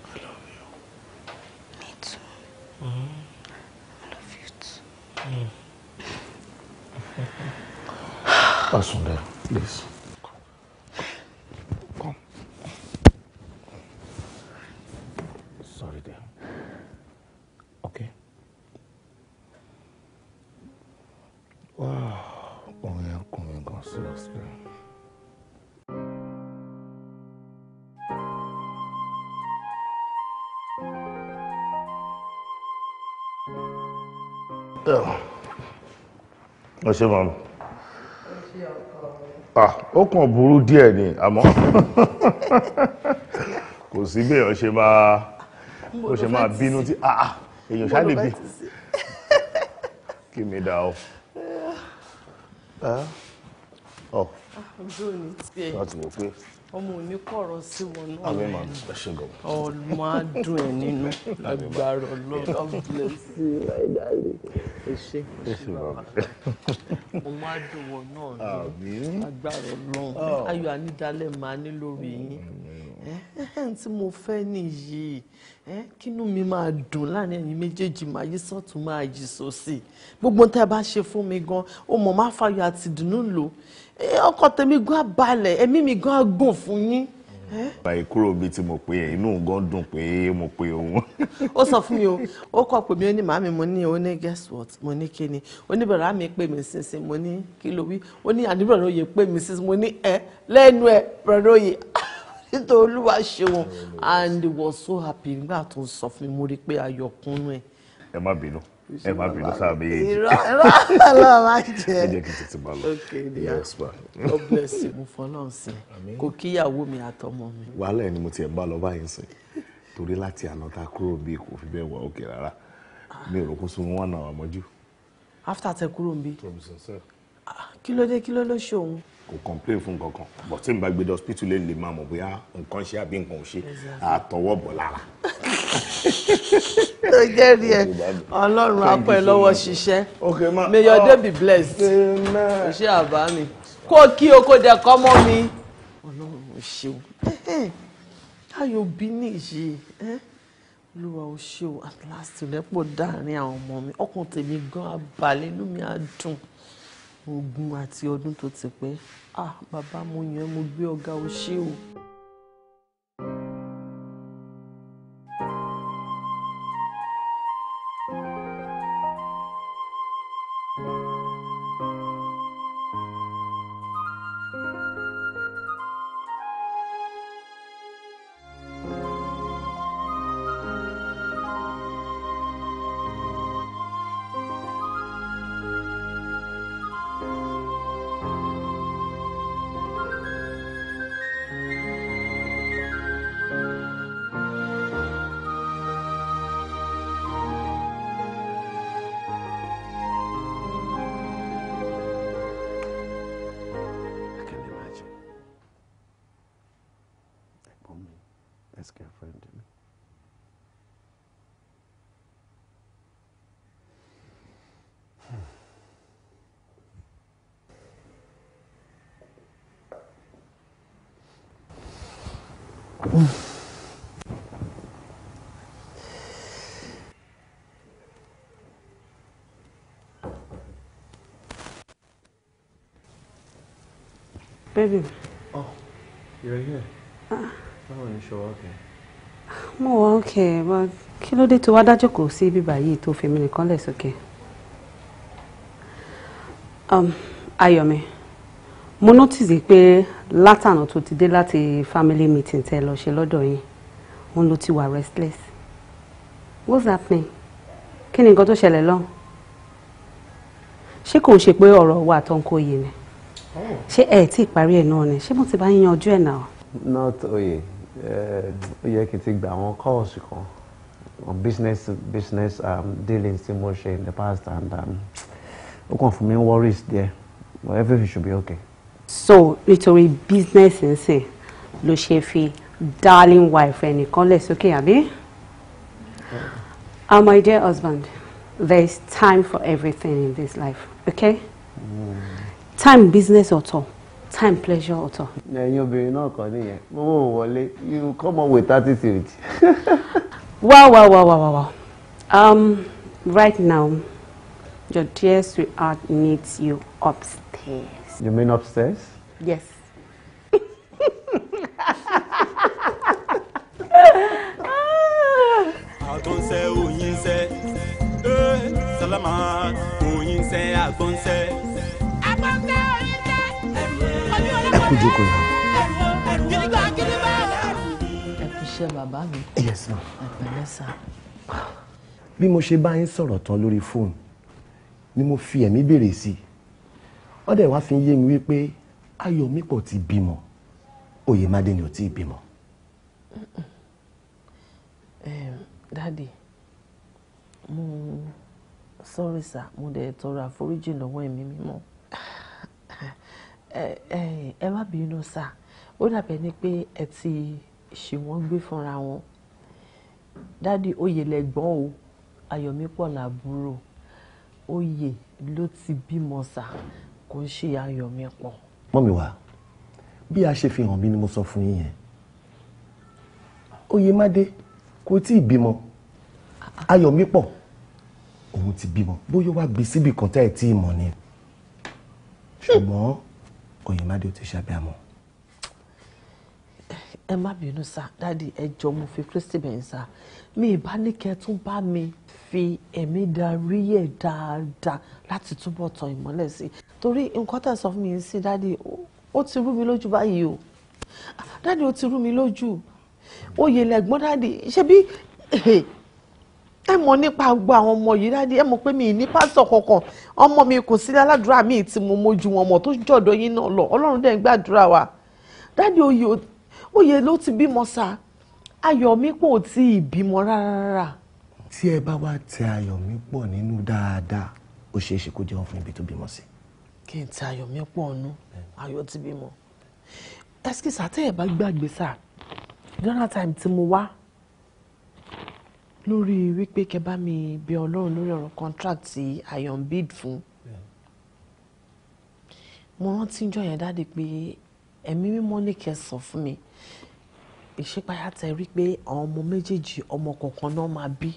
I love you. Mm. I love you too. Mm. please. Wow, orin yẹn kún mi Oh, seriously. Ẹ ṣe mọ̀ mi. Ó kàn burú díẹ̀ ni, àmọ́ kò sí bí èèyàn ṣe máa ó ṣe máa bínú tí ah, ah, èèyàn ṣáà lè bí kí mi dà ó ọ. ojú ò ní tiẹ̀. láti wò pé. ọmọ ò ní kọ̀rọ̀ sí wọn náà. àmì màá ẹ ṣe gan. ọmọ á dùn ẹ nínú agbára ọlọ́run. God bless you my darling. ẹ ṣe ẹ ṣe bàbá. ọmọ á dùn wọn náà ní agbára ọlọ́run. ayọ̀ ànídàálẹ̀ máa ní lórí yín tí mo fẹ́ nìyí kínú mi máa dùn láàrin ẹ̀yin méjèèjì máa yí sọ́tún máa yí sósì gbogbo tá a bá ṣe fún mi gan o mọ̀ má fàyọ̀ àti ìdùnnú lò ọkọ̀ tèmi gan á ẹ̀mí mi gan á fún yín báyìí kúrò bíi tí mo pe ẹ inú gan dùn pé mo pe òun. (laughs) ó sọ fún mi o ó kọ pé mi ó ní màámi mo ní o ní guess what mo ní kí oníbẹ̀rẹ̀ àmì pé mi sísìn mo ní kí ló wí ó ní àdúrà lóye pé mi sísìn mo ní ẹ lẹ́nu ẹ bẹ̀rẹ̀ lóye títí olúwa ṣeun and was so happy nígbà tó ń sọ fún mi mo rí i pé ayọ̀ kúnnú ẹ̀. ẹ má bínú ẹ má bínú sáà mi yéé jẹ irọ́ ọlọ́run má jẹ ẹ jẹ́ kí n tètè máa lọ ok dear yes ma God bless you mo fọ́ náà sí kò kíyàwó mi àtọmọ mi. wàhálà ẹni mo tiẹ̀ ń bá lọ báyìí sìn torí láti àná tá a kúrò bí kò fi bẹ́ẹ̀ wà òkè rárá mi ò rò kó sun wọn náà àmọ́jú. after tẹ kúrò ń bí ah, kí ló dé kí ló ló ṣe òun kò complain fún kankan but tí n bá gbé dé hospital lè lè máa mọ̀ bóyá nǹkan ṣe àbí nǹkan ò ṣe àtọwọ́ bọ̀ lára. tó (laughs) jẹ́ rí ẹ ọlọ́run apẹ́ lọ́wọ́ ṣiṣẹ́ may your ah, day be blessed ṣe àbá mi kó kí o kó dẹ kọ́ mọ́ mi ọlọ́run ò ṣeun ayọ̀ bí ní ìṣe olúwa ò ṣeun at last rẹ́pọ̀ dáàrin àwọn ọmọ mi ọkàn tèmi gan abalẹ̀ inú mi á dùn ogun àti ọdún tó ti pẹ́ ah bàbá mo yàn mo gbé ọ̀gá o ṣé o. baby. Oh, you're here. Uh, Báwo ni ṣe okay? Mo okay, but kilo ló dé tó wá dájọ́ kò sí bíbá yìí tó fi mí nìkan lẹ̀ sókè? Um, Ayọ̀mi, mo notice pé látànà tó ti dé láti family meeting tẹ́ lọ ṣe lọ́dọ̀ yín, òun ló ti wà restless. What's happening? Kí ni nǹkan tó ṣẹlẹ̀ lọ́hùn? Ṣé kò ń ṣe pé ọ̀rọ̀ wà tó ni? ṣé ẹ tí ì parí ẹ̀ náà ni ṣé mo ti bá yín yanjú ẹ̀ náà. not oyè ó yẹ kí n ti gba àwọn kọ́ọ̀sì kan on business business um, dealings tí mo ṣe in the past and um, ó kàn fún mi worries there but everything should be okay. so nítorí business nsìn ló ṣe fi darling wife ẹnìkan lẹ̀ sókè àbí. Uh, my dear husband, there is time for everything in this life, okay? Mm time business ọ̀tọ̀ time pleasure ọ̀tọ̀. ẹ̀yin obìnrin náà kọ́ nìyẹn mo mọ̀ wọlé you come up with attitude. (laughs) wow wow wow wow wow um, right now your dear sweetheart needs you upstairs. you mean upstairs? yes. (laughs) àtúnṣe òyìnṣẹ́ eh, sálámà òyìnṣẹ́ àtúnṣe. kú jókòó yà. ẹ kú iṣẹ́ bàbá mi. yes ma. ẹ pẹ̀lẹ́ sà. bí mo ṣe bá yín sọ̀rọ̀ tán lórí fóònù ni mo fi ẹ̀mí béèrè sí i wọ́n dẹ̀ wá fi yé mi wípé ayọ̀mípọ̀ ti bímọ oyèmádé ni ò tí ì bímọ. dádì mo sọ́rí sà mo dẹ̀ tọrọ àforíjì lọ́wọ́ ẹ̀mí mímọ́ ẹ má bínú sá ó dàbẹ̀ ni pé ẹ ti ṣì wọ́n gbé fúnra wọn dádì oyè lẹ́gbọ́n o ayọ̀mípọ̀ làbúrò oyè ló ti bímọ sá kò ń ṣe ayọ̀mípọ̀. mọ́mi wá bí a ṣe fi hàn mí ni mo sọ fún yín yẹn oyè má dé kò tí ì bímọ ayọ̀mípọ̀ òun ti bímọ bóyá wàá gbé síbi kan tá ẹ̀ tí ì mọ̀ ni ṣùgbọ́n. Kòyìmádé ò ti ṣàbíamọ. ẹ má bínú sá dáàdi ẹ jọ mo fi Kristi bẹ̀yìn sá mi ìbá ní kẹ́ tún bá mi fi ẹ̀mí darí ẹ̀ dáadáa láti túbọ̀ tan ìmọ́lẹ̀ sí i torí nǹkan tẹ̀ sọ fún mi sí dáàdi ó ti rú mi lójú báyìí o dáàdi ó ti rú mi lójú ó yẹ lẹ́gbọ́n dáàdi ṣebí ẹ mọ̀ nípa gbogbo àwọn ọmọ yìí dáadé ẹ mọ̀ pé mi ní pásítọ̀ kankan ọmọ mi kò sí aládùúrà mi tí mo mójú wọn mọ̀ tó jọ̀dọ̀ yín náà lọ ọlọ́run dẹ̀ ń gbàdúrà wa dáadé oyè oyè ló ti bímọ sa ayọ̀mípò tí ì bímọ rárá. tí ẹ bá wá tẹ ayọ̀mípò nínú dáadáa ó ṣeé ṣe kó jẹun fún ibi tó bímọ sí. kí n tẹ ayọ̀mípò nú ayọ̀ ti bímọ ẹsikísà tẹ́ ẹ bá gbàgbé sá lọ́nà táìmù tí mo wá lórí wípé kẹ́ bá mi bẹ̀ Ọlọ́run lórí ọ̀rọ̀ contract tí ayon bid fún mo rántí ìjọ yẹn dáde pé ẹ̀mí mímọ́ ní kẹ́ sọ fún mi ìṣípayá tẹ rí pé àwọn ọmọ méjèèjì ọmọ kọ̀ọ̀kan náà máa bí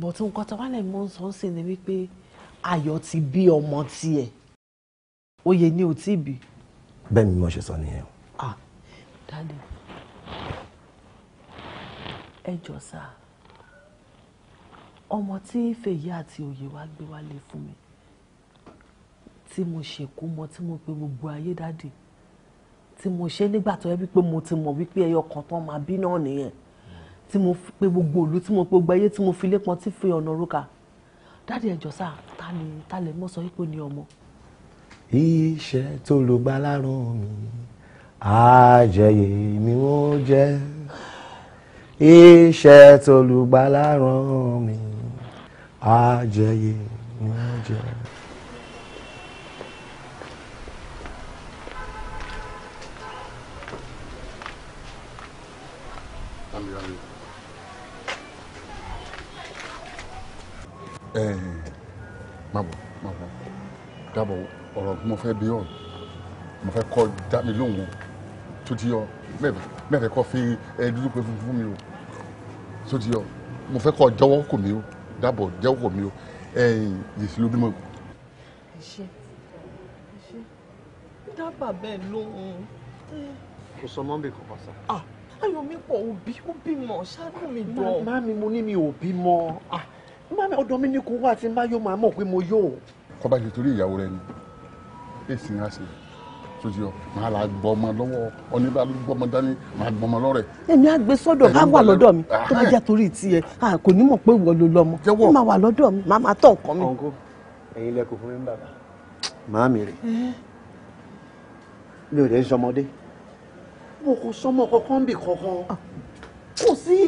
bọ̀tú nǹkan tó wà lẹ́yìn mọ́ ń sọ sí ni wípé ayọ̀ ti bí ọmọ tiẹ̀ oyè ni ò tí bí. bẹ́ẹ̀ mo ṣe sọ nìyẹn. ah dáadé ẹ jọ sá ọmọ tí fèyí àti òye wa gbé wálé fún mi tí mo ṣèkú mọ tí mo pe gbogbo ayé dáde tí mo ṣe nígbà tó yẹ wípé mo ti mọ wípé ẹyọ kan tán máa bí náà nìyẹn tí mo pe gbogbo òlu tí mo pe gbogbo ayé tí mo fi lépọn tí fi ọ̀nà rúkà dáàdi ẹ sá ta ni ta lè mọ̀ sọ wípé ni ọmọ. iṣẹ́ tó ló gbá lárùn mi àjẹyè mi ó jẹ́ iṣẹ́ tolùgbàlà rán mi àjẹyè ni ó jẹ. ẹ má bọ̀ má mo fẹ́ bí ọ̀ mo fẹ́ kọ́ dá mi lóhùn tó ti yọ mẹ́fẹ̀ kọ́ fi eh, dúdú pé funfun mi o so ti yọ mo fẹ́ kọ́ jọ̀wọ́ kò mí o dábọ̀ jẹ́wọ́ kò mí o ẹ̀yìn yèsí ló bímọ. ṣe ṣe dábàá bẹ́ẹ̀ lóhun. kò sọ mọ́mí kan pa sá. ayọ̀ mi pọ̀ òbí ó bímọ ṣáájú mi dọ̀. má mi mo ní mi ò bímọ má mi ọ̀dọ̀ mi ní kó wá tí n bá yó máa mọ̀ pé mo yó. kọ́ba ìṣètò orí ìyàwó rẹ ni èsì ń há sí i tó ti yọ màá la gbọmọ lọ́wọ́ oníbàálù gbọmọ dání màá gbọmọ lọ́rẹ. èmi á gbé sọ́dọ̀ á wà lọ́dọ̀ mi ah. tó bá jẹ́ torí tiẹ̀ a kò ní mọ̀ pé ìwọ ló lọ́mọ ó máa wà lọ́dọ̀ mi màá máa tọ̀ nǹkan mi. ọ̀nkó ẹ̀yin lẹ kò fún mi ń bàbá màá mi rè mi ò dé sọmọdé mo kò sọmọ kankan bì kankan ah. kò sí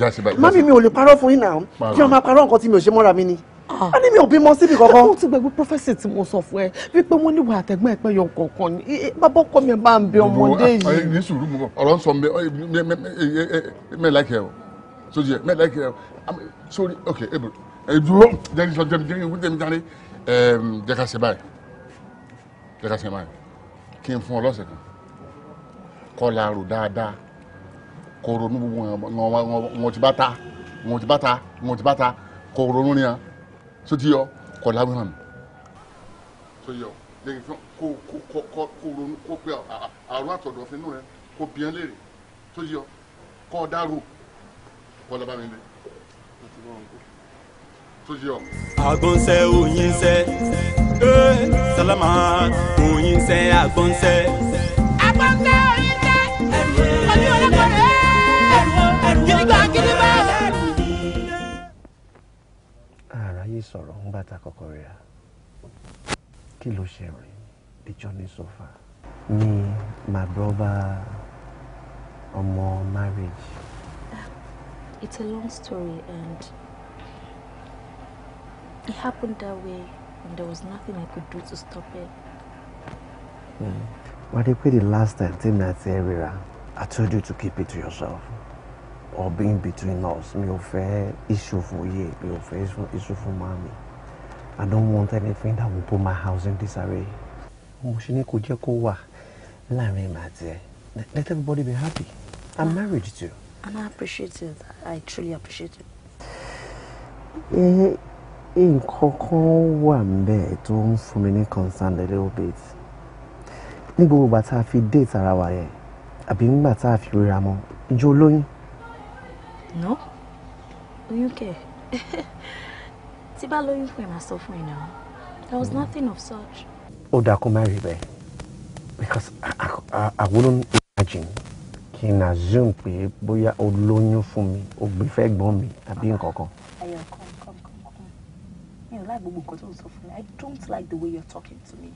kò sí mami mi ò lè parọ́ fún yín náà kí wọ́n máa parọ́ nǹkan tí mi ò ṣe mọ́ra mi ni. Ah. a ní mi ò bímọ síbi kankan. mo ti gbàgbé prọfẹsì tí mo sọ fún ẹ wípé wọn níwà àtẹgbọn ẹpẹ yọ kọọkan ni bàbá ọkọ mi máa ń bẹ ọmọdé yìí. ní sùúrù mu ọ̀rọ̀ ń sọ mẹ́ẹ̀láìkẹ́ o sójú ẹ mẹ́ẹ̀láìkẹ́ o sórí ok ebro ẹ̀dúró jẹ́ni sọ jẹ́ni jẹ́ni wíjẹ́ni jáde jẹ́ ká ṣe báyìí jẹ́ ká ṣe báyìí kí n fún ọ lọ́sẹ̀ kan kọ́ la rò dáadáa kó ronú gbogbo wọn ti bá ta wọn ti bá ta wọn ti bá so ti yọ kọ láwùrán mi so yọ lẹ́yìn fún kó kó kó kó ronú kó pé àrùn àtọ̀dọ̀ fún inú rẹ kó bí ẹ léèrè mi lé so yọ. àgbọ̀nsẹ̀ ee eh, sálámà òyìnsẹ̀ àgbọ̀nsẹ̀. àgbọ̀nsẹ̀ òyìnsẹ̀ ojú ọlọ́kọ̀ rẹ̀. ayé sọ̀rọ̀ ń bàtà kọ́kọ́ rẹ̀ kí ló ṣe rìn the journey so far. me my brother ọmọ marriage. it's a long story and it happened that way and there was nothing I could do to stop it. Hmm. wàá rí i pé the last time tí mi I told you to keep it to yourself or being between us me offer issue for you, me offer issue for mommy. i don't want anything that will put my house in disarray mo ṣe ni kò jẹ́ let everybody be happy i'm married to you. and i appreciate it i truly appreciate it. ẹ nǹkan kan wà ńbẹ̀ tó ń fún concern a little bit ní gbogbo ìgbà tá a fi date ara wa yẹn àbí ńgbà tá a fi ríra mọ́ No? Oyún you (laughs) Tí bá lóyún fún ẹ̀ máa sọ fún There was mm. nothing of such. Oh, dáa kó má rí because I, I, I wouldn't imagine kí n assume boya bóyá ó lóyún fún mi ó gbé fẹ́ gbọ́n mi àbí ah. nǹkan kan. Ayọ̀ come. kan kan kan mi ò láì gbogbo nǹkan tó ń sọ I don't like the way you're talking to me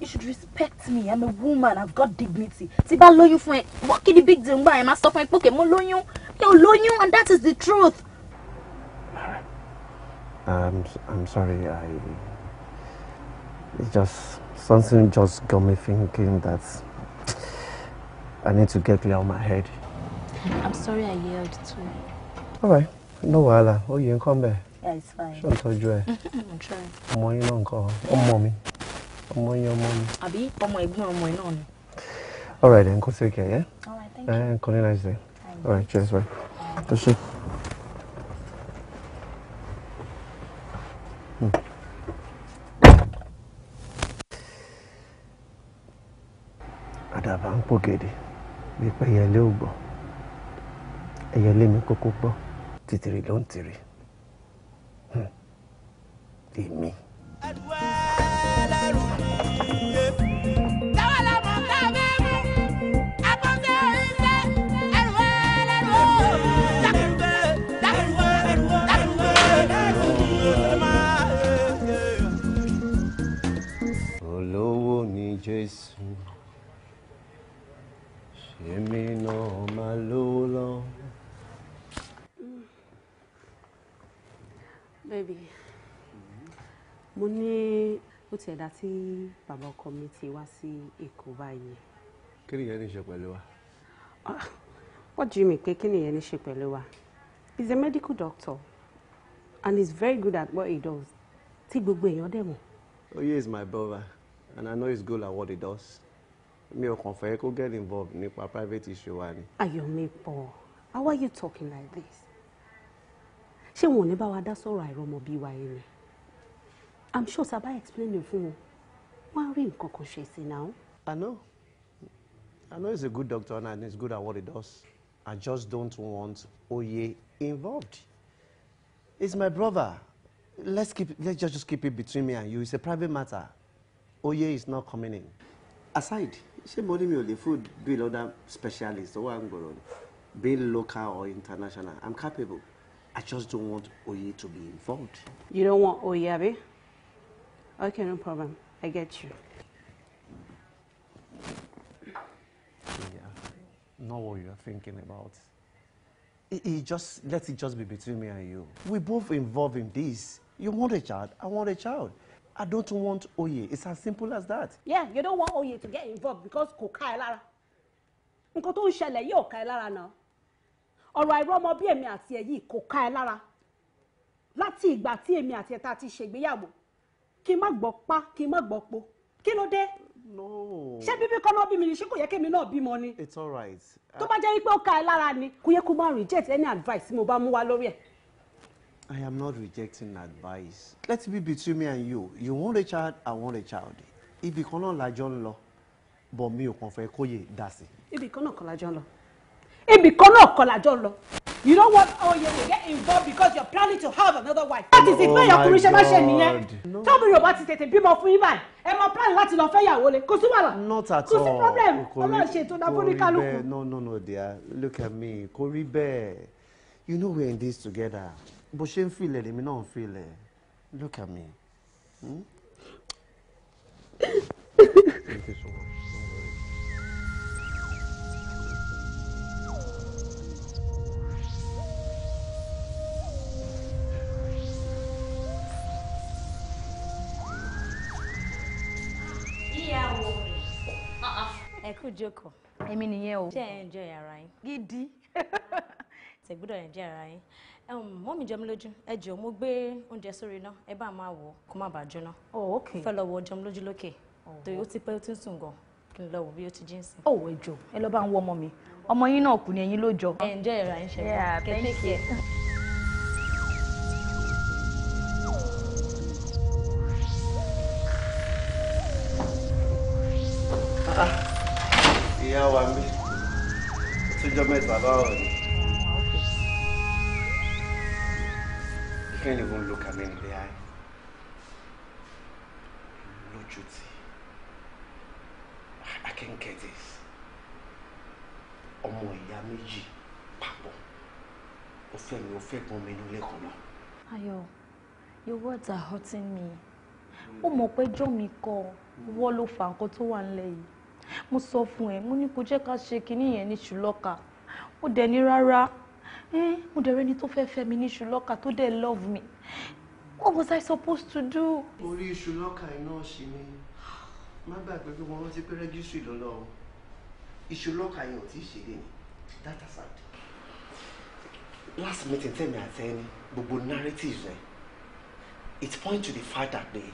you should respect me i'm a woman i've got dignity tí bá lóyún fún ẹ wọ́n kí ni big deal ń gbà ẹ máa sọ fún ẹ pé òkè mo lóyún mi ò lóyún and that is the truth. I'm, um, i'm sorry i it's just something just got me thinking that i need to get clear on my head. i'm sorry i yelled too. all right no Oh, you can come back. yeah it's fine. ṣé o tọ́jú ẹ. i'm trying. ọmọ yín I'm nǹkan ọmọ mi ọmọ yẹn ọmọ mi. àbí ọmọ ẹ̀gbọ́n ọmọ ẹ̀ náà ni. all right then go take care yeah. all right thank eh, you. Uh, kọ́ni nice day. all right cheers bye. tó ṣe. àdàbà ń pògèdè wípé ẹyẹlé ò gbọ́ ẹyẹlé mi kókó gbọ́ tìtìrì ló ń tìrì hmm. èmi. Hmm. Shimino náà baby mo ní ó ti ẹ̀dá tí bàbá ọkọ mi ti wá sí èkó báyìí. kí nìyẹn ní í ṣe pẹ̀lú wa. wọ́n jí mi pé kí nìyẹn ní í ṣe pẹ̀lú wa he is a medical doctor and he is very good at what he does tí gbogbo èèyàn dẹ̀ mọ̀. oye oh, is my brother and I know his good at what he does. Mi ò kàn fẹ́ kó get involved nípa private issue wa ni. Ayọ̀mípọ̀, how are you talking like this? Ṣé wọn ò ní bá wa dá sọ̀rọ̀ àìrọ́mọ bí wa yìí ni? I'm sure tá a bá explain fún wọn, wọ́n á rí nǹkan kan ṣe sí náà. I know. I know he's a good doctor and he's good at what he does. I just don't want Oye involved. He's my brother. Let's keep, let's just keep it between me and you. It's a private matter. Oye is not coming in. Aside, ṣé mo ní mi ò lè food bill other specialist tó wà ń gbòòrò ni be local or international I'm capable. I just don't want Oye to be involved. You don't want Oye, abi? Okay, no problem. I get you. not what you're thinking about. It, it, just let it just be between me and you. We both involved in this. You want a child, I want a child. I don't want Oye. It's as simple as that. Yeah, you don't want Oye to get involved because kò ká ẹ lára. to tó ń ṣẹlẹ̀ yìí ò ká ẹ lára náà. Ọ̀rọ̀ àìrọ́mọ bí èmi àti ẹ̀ yìí kò ká ẹ lára. Láti ìgbà tí ti ṣègbéyàwó, kí n má gbọ́ pa, kí n má po. Kí ló dé? No. Ṣé bíbí kan náà bí mi ni ṣé kò yẹ kémi náà bímọ ni? It's all right. Tó bá jẹ́ wípé ó ká ẹ lára ni, kò yẹ kó má reject any advice tí mo bá mú wá lórí ẹ̀. I am not rejecting advice. Let it be between me and you. You want a child, I want a child. Ibì kan náà la ń lọ, but mi ò kàn fẹ́ kóyè dá sí. Ibì kan náà kọ́ la jọ ń lọ. Ibì kan náà kọ́ la ń lọ. You don't want Oye oh, to get involved because you're planning to have another wife. That is it, oh bẹ́ẹ̀ ọkùnrin ṣe máa ṣe nìyẹn. Tọ́bìrì ò bá ti tètè bímọ fún yín báyìí. Ẹ máa plan láti lọ fẹ́ ìyàwó le. Kò sí wàhálà. Not at all. Kò sí problem. Ọlọ́run ṣe ètò ìdáfọ́ ní kálukú. No, no, no, dear. Look at me. Kò rí bẹ́ẹ̀. You know we're in this together bó ṣe ń filẹ̀ lèmi náà ń filẹ̀ look at me. Hmm? Thank you so much. ẹ kú jókòó. èmi nìyẹn o. ṣé ẹ ń jọ yàrá yín. gidi. (laughs) tẹ gbọ́dọ̀ yẹn díẹ̀ ara yín mọ́ mi jẹ mí lójú ẹ jọ mo gbé oúnjẹ sórí iná ẹ bá máa wọ̀ kó má bàa jóná oh, fẹ́ lọ wọ jẹ mí lójú lókè oh. torí ó ti pẹ́ ó ti ń sùn gan kí n lọ wò bí ó ti jí ń sìn. ó wọ ẹjọ ẹ lọ bá ń wọ ọmọ mi ọmọ yín náà kù ní ẹ̀yin lójọ. ẹ ǹjẹ́ ìrà ń ṣe kẹ́tẹ́kẹ́. ìyá wa mi ó tún jọ mẹ́ta báwọn ni. can't even look at me in the eye lójú tí I can't get this ọmọ ìyá méjì papọ̀ ó fẹ́ mi ó fẹ́ gbọ́n mi nílé kan náà. Ayọ̀ your words are hurting me O mo pé jọ́ mi ko wọ́ ló fa nǹkan tó wà nílẹ̀ yìí mo sọ fún ẹ mo ní kó jẹ́ ká ṣe kinní yẹn ní ṣùlọ́ka ó dẹ̀ ní rárá. Eh, mo dẹ̀ rẹ́ni tó fẹ́ fẹ́ mi ní ṣùlọ́kà tó dẹ̀ love me what was I supposed to do. orí ṣùlọ́kà iná ṣì ni má gbàgbé pé wọ́n rántí pé rẹ́gísírì lọ́lọ́ o ìṣùlọ́kà yẹn ò tí ì ṣeré ni data sound last meeting tẹ̀mí àtẹ́ni gbogbo narrative rẹ̀ it point to the fact that they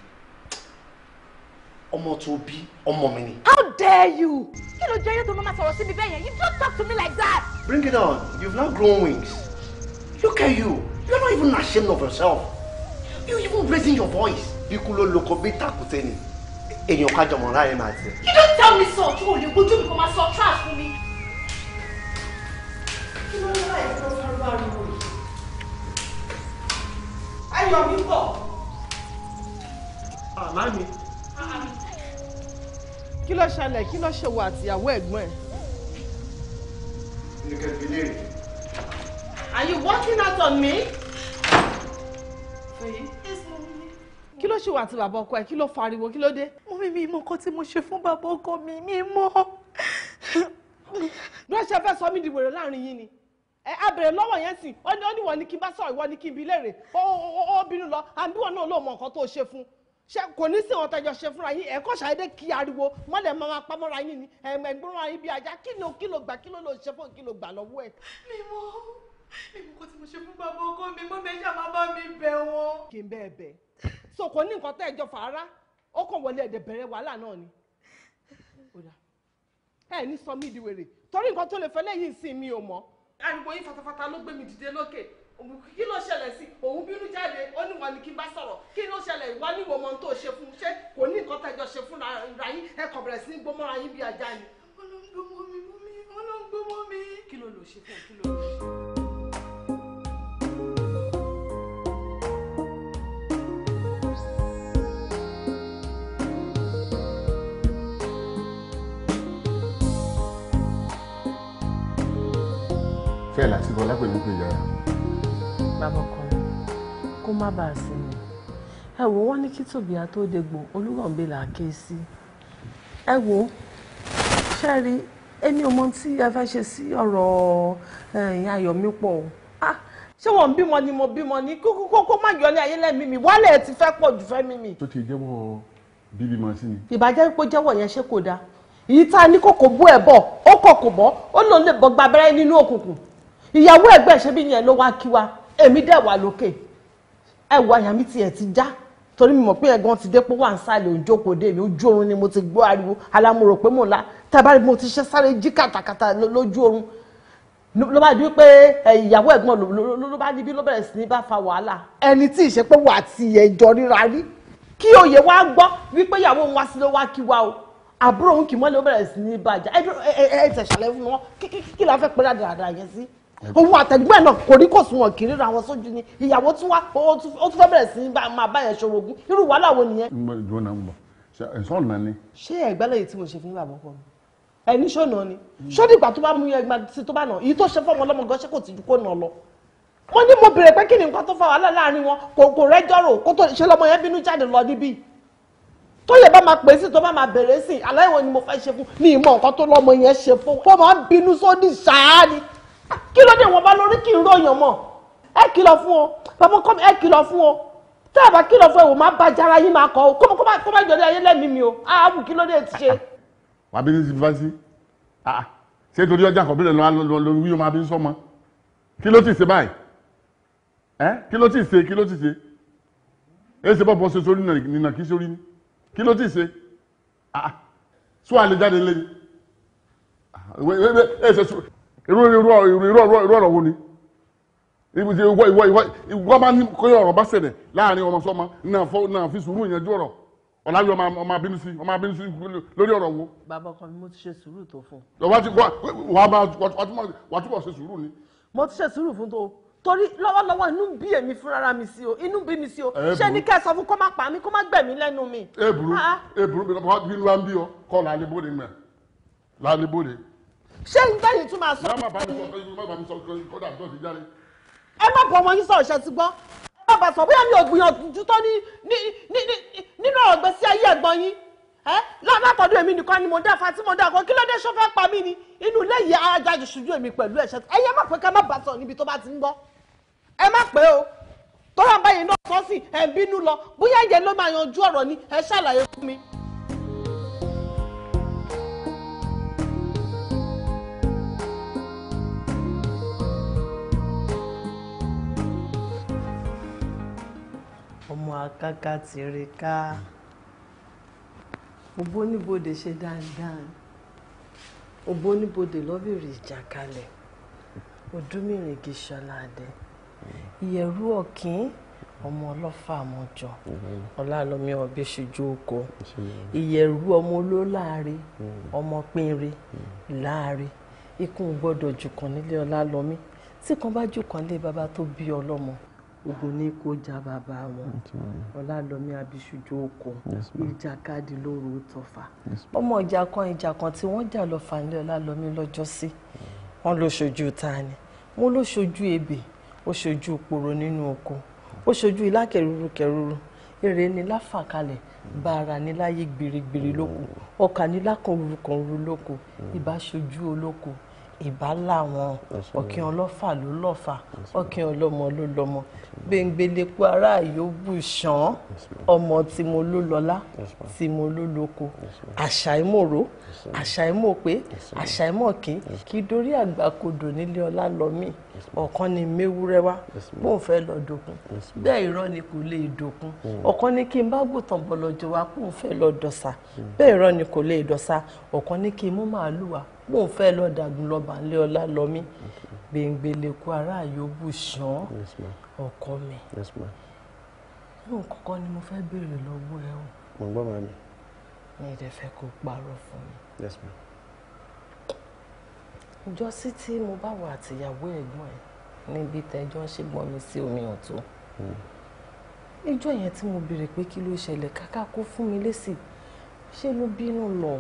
ọmọ tó bí ọmọ mi ni. how dare you. kí ló jẹ́ yóò tó máa sọ̀rọ̀ sí mi bẹ́ẹ̀ yẹn you don't talk to me like that. bring it on you've now grown wings look at you you're not even ashamed of yourself you even raising your voice. bí kú ló lóko bí tàkùté ni èèyàn kájọ mọ̀ láàrin máa tẹ̀. you don't tell me so tí o lè gbójú mi kó máa sọ trash fún mi. kí ló ń láyé kó sáré wá rí wòye. ayọ̀ mi pọ̀. àmá ah, mi kí ló ṣẹlẹ̀ kí ló ṣe wà àtìyàwó ẹ̀gbọ́n ẹ̀. are you working out on me. kí ló ṣe wà àti bàbá ọkọ ẹ kí ló fariwo kí ló dé. mo mi mi mọ nǹkan tí mo ṣe fún bàbá ọkọ mi mi mọ. bí wọ́n ṣe fẹ́ sọ mí di wèrè láàrin yín ni ẹ abèrè lọ́wọ́ yẹn sì ó ní wọ́n ní kí n bá sọ̀rọ̀ ìwọ ní kí n bi léèrè ó bínú lọ àbí wọn náà ló mọ nǹkan tó ṣe fún un ṣe kò ní sí àwọn tẹjọ ṣe fúnra yín ẹ̀kọ́ ṣàdédé kí ariwo mọ́lẹ̀ máa ma pamọ́ra yín ni ẹ̀gbọ́n ara yín bí ajá kí ló kí ló gbà kí ló lò ṣe fún kí ló gbà lọ́wọ́ ẹ̀. mi mọ èmi kò tí mo ṣe fún bàbá ọkọ mi mọ mi ṣáà máa bá mi bẹ̀ wọ́n. kì í bẹ́ẹ̀ bẹ́ẹ̀ so kò ní nǹkan tẹ́ ẹjọ́ fàárá ó kàn wọlé ẹ̀dẹ̀ bẹ̀rẹ̀ wàhálà náà ni. ẹ kí ló ṣẹlẹ̀ sí òun bínú jáde ó ní wọn ni kí n bá sọ̀rọ̀ kí ló ṣẹlẹ̀ wá ní ìwọ̀n mọ́ tó ṣe fún ṣé kò ní nǹkan tẹ́jọ ṣe fún ra yín ẹ kọ̀ bẹ̀rẹ̀ sí ní gbọmọ́ra yín bí ajá yín. wọ́n ló ń gbọmọ mi wọ́n ló ń gbọmọ mi. kí ló lò ṣe fún kí ló lò ṣe. fẹ́ẹ̀ láti bọ́ pé yọra bábọ́kànrin kó má bàa sinmi ẹ wò wọ́n ní kí tòbíà tó dégbò olúwọ̀nbe là á ké sí ẹ wò ṣe rí ẹni ọmọ tí ẹ fẹ́ ṣe sí ọ̀rọ̀ ẹ̀yìn ayọ̀mípọ̀ o ah, ṣé wọn bímọ ni mo bímọ ni kó kó kó má yọlé ayé lẹ́mí mi wálé ti fẹ́ pọ̀ jù fẹ́ mi mi. tó ti jẹ́wọ́ bíbí mọ sí ni. ìbàjẹ́ pé jẹ́wọ́ yẹn ṣé kò dáa èyí tá a ní kòkò bú ẹ̀ bọ̀ ó kọ̀ kò bọ́ ó lòun lè bọ́ gba abẹ́rẹ́ nínú òkùnkùn ìyàwó ẹ̀gbẹ́ ṣẹ́bí yẹn ló wá kí wa èmi dẹ̀ wà lókè ẹ̀wọ̀ àyà mi tiẹ̀ ti já torí mi mọ̀ pé ẹ̀gbọ́n ti dé pé wà ń sàlẹ̀ òjókòó dé mi ojú oorun ni mo ti gbọ́ ariwo alámúrò pé mò ń la tábàrí mo ti ṣe sáré jí kàtàkàtà lójú oorun ló bá di wípé ìyàwó ẹ̀gbọ́n ló bá níbí ló bẹ̀rẹ̀ sí ní bá fa wàhálà ẹni tí ìṣe pé wà á ti ẹ̀jọ́ ríra rí kí oyè wa gbọ́ wípé ìyàwó òun wá sí ló wá kí wa o àbúrò òun kì mọ́lẹ̀ ó bẹ̀rẹ̀ sí ní bàjá ẹ̀ ẹ̀ ẹ̀ tẹ̀sàlẹ̀ fún wọn kí la fẹ́ pẹ́ dáadáa yẹn sí òun àtẹ̀gbọ́n náà kò rí kò sùn wọn kiri ra wọn sójú ni ìyàwó tún wá ó tún fẹ́ bẹ̀rẹ̀ sí máa bá yẹn ṣòro ogún irú wàhálà wo nìyẹn. ìjọ náà ń bọ ẹ̀sán ọ̀nà ni. ṣé ẹ̀gbẹ́ lẹ́yìn tí mo ṣe fún bàbá ọkọ mi ẹni ṣọ̀nà ni ṣọ́ọ́dì ìgbà tó bá mú yẹn gba sí tó bá nà èyí tó ṣe fọ́mọ ọlọ́mọ gan ṣé kò tìjú kó nà lọ. wọ́n ní mo béèrè pé kí ni nǹkan tó fa wàhálà láàrin wọn kò rẹ́jọ́rò kó tó ṣe lọ́mọ yẹn bínú jáde lọ níbí tó yẹ bá máa pè sí tó bá máa bẹ̀rẹ̀ sí aláìwọ ni mo fẹ́ ṣe fún ní ìmọ̀ nǹkan tó lọ́mọ yẹn ṣe fún wọn máa bínú sódì ṣáá ni kí ló dé wọn bá lórí kí n ròyàn mọ ẹ kìlọ̀ fún o bàbá kọ́ ẹ kìlọ̀ fún o tá a bá kìlọ̀ fún ẹ wò má bá jara yín máa kọ o kó má kó má jọlé ayé lẹ́mìí mi o ààbò kí ló dé ti ṣe. wà á bí ní ti fa sí ṣé torí ọjà kan bílẹ̀ lọ́wọ́ lórí wíwọ́n máa bí ń sọ́mọ kí ló ti ṣe báyìí ẹ kí ló ti ṣe kí ló ti ṣe ẹ ṣe bọ́ọ̀bù ọ̀ṣẹ̀ sórí nìyàn kí sórí ni kí ló ti ṣe sún àlè jáde lé irú irú irú irú irú ọ̀rọ̀ wo ni ibi tí ìwọ ìwọ ìwọ ìwọ bá ní kó ọ̀rọ̀ bá ṣẹlẹ̀ láàrin ọmọ sọ́mọ náà fọ náà fi sùúrù ìyànjú ọ̀rọ̀ ọ̀làwí ọmọ ọmọ abínú sí ọmọ abínú sí lórí ọ̀rọ̀ wo. bàbá ọkọ mi mo ti ṣe sùúrù tó fún. wàá ti wàá máa wàá túbọ̀ ṣe sùúrù ni. mo ti ṣe sùúrù fún tó torí lọ́wọ́lọ́wọ́ inú bí èmi fúnra mi sí o inú bí mi sí o ṣé ní kẹ́ ẹ sọ fún kó má pa mí kó má gbẹ̀mí lẹ́nu mi. èbùrú èbùrú ah, ah. bí wọ́n bí wọ́n bí ọ kọ́ làálẹ́ bóde gbẹ̀ làálẹ́ bóde ṣé n tẹ́yìn tún máa sọ. ẹ má bá mi sọ kódà tó ti jáde. ẹ má bọ̀ ọmọ yín sọ̀rọ̀ ṣe ti gbọ́ ẹ má bá sọ bóyá mi ò gbìyànjú tó ní nínú ọ̀rọ̀ gbèsè ayé ẹ̀gbọ́n yín látọ̀dọ̀ èmi nìkan ni mo dá fa tí mo dá kan kí ló dé sọ́fẹ́ pa mí ni inú ilé yìí ajá ju ṣojú èmi pẹ̀lú ẹ̀ṣẹ̀ ẹ yẹ má pé ká má bá sọ níbi tó bá ti ń gbọ́ ẹ má pé o tọ́lá báyìí náà sọ́sìn ẹ̀ ń bínú lọ bóyá ìyẹn ló máa yanjú ọ̀rọ̀ ni ẹ ṣàlàyé fún mi. kákàtìríkà òbó níbodè ṣe dáadáa òbó níbodè lọ́bìrì ìjàkalẹ̀ odúmìrìn kì í ṣọláàdẹ ìyẹ̀rú ọ̀kín ọmọ ọlọ́fà àmọ́jọ ọlálọ́mí ọbẹ̀ ṣojú oko ìyẹ̀rú ọmọ olóláàre ọmọ pínre láàre ikú gbọ́dọ̀ jùkàn nílé ọlálọ́mí tí kan bá jùkàn lé baba tó bí ọlọ́mọ ogun ní kó ja bàbá wọn ọlálọmí abiṣujú oko ìjàkadì lóru tọfà ọmọ ìjà kan ìjà kan tí wọ́n jà lọ fà nílẹ̀ ọlálọmí lọ́jọ́sí wọ́n ló ṣojú ta ni wọ́n ló ṣojú ebè ó ṣojú poro nínú oko ó ṣojú ìlákẹrúurú kẹrúurú èrè ni láfàkalẹ̀ bàrà ni láyé gbèrègbèrè lóko ọkà ni lákàn orúkọ orú lóko mm. ìbá ṣojú olóko ìbá làwọn ọ̀kìn ọlọ́fà ló lọ́fà ọ̀kìn ọlọ́mọ ló lọ́mọ gbẹ̀ngbẹ̀lẹ̀kọ ará yòówù ṣàn ọmọ tí mo ló lọ́lá tí mo ló lóko àṣàìmọ̀ró àṣàìmọ̀pé àṣàìmọ̀kí kí dórí àgbàkodò nílé ọlá lọ mí ọ̀kan ni méwúrẹ́ wá bó ń fẹ́ lọ dòkun bẹ́ẹ̀ irọ́ ni kò lè dòkun hmm. ọ̀kan ni kí n bá gùntàn bọ̀lọ̀jọ̀ wá kó ń fẹ́ lọ dọ̀sà hmm. bẹ́ẹ̀ irọ́ ni kò lè dọ̀sà ọ̀kan ni kí n mú màálù wá bó o fẹ́ lọ dàgùn lọ bàálẹ̀ ọlá lọ mí gbèǹgbèlèkú ará yòówù ṣán ọkọ mi yóò kọ́kọ́ ni mo fẹ́ béèrè lọ́wọ́ ẹ o. mo gbọ́ màmí. mi ì dẹ̀ fẹ́ kó parọ́ fún mi. ìjọsí tí mo bá wà àtìyàwó ẹ̀gbọ́n ẹ̀ níbi tẹ́jọ́ ń ṣègbọ́n mi sí omi ọ̀tún. Hmm. ìjọ yẹn tí mo béèrè pé kí ló ṣẹlẹ̀ káká kó fún mi lésì ṣé ló bínú lọ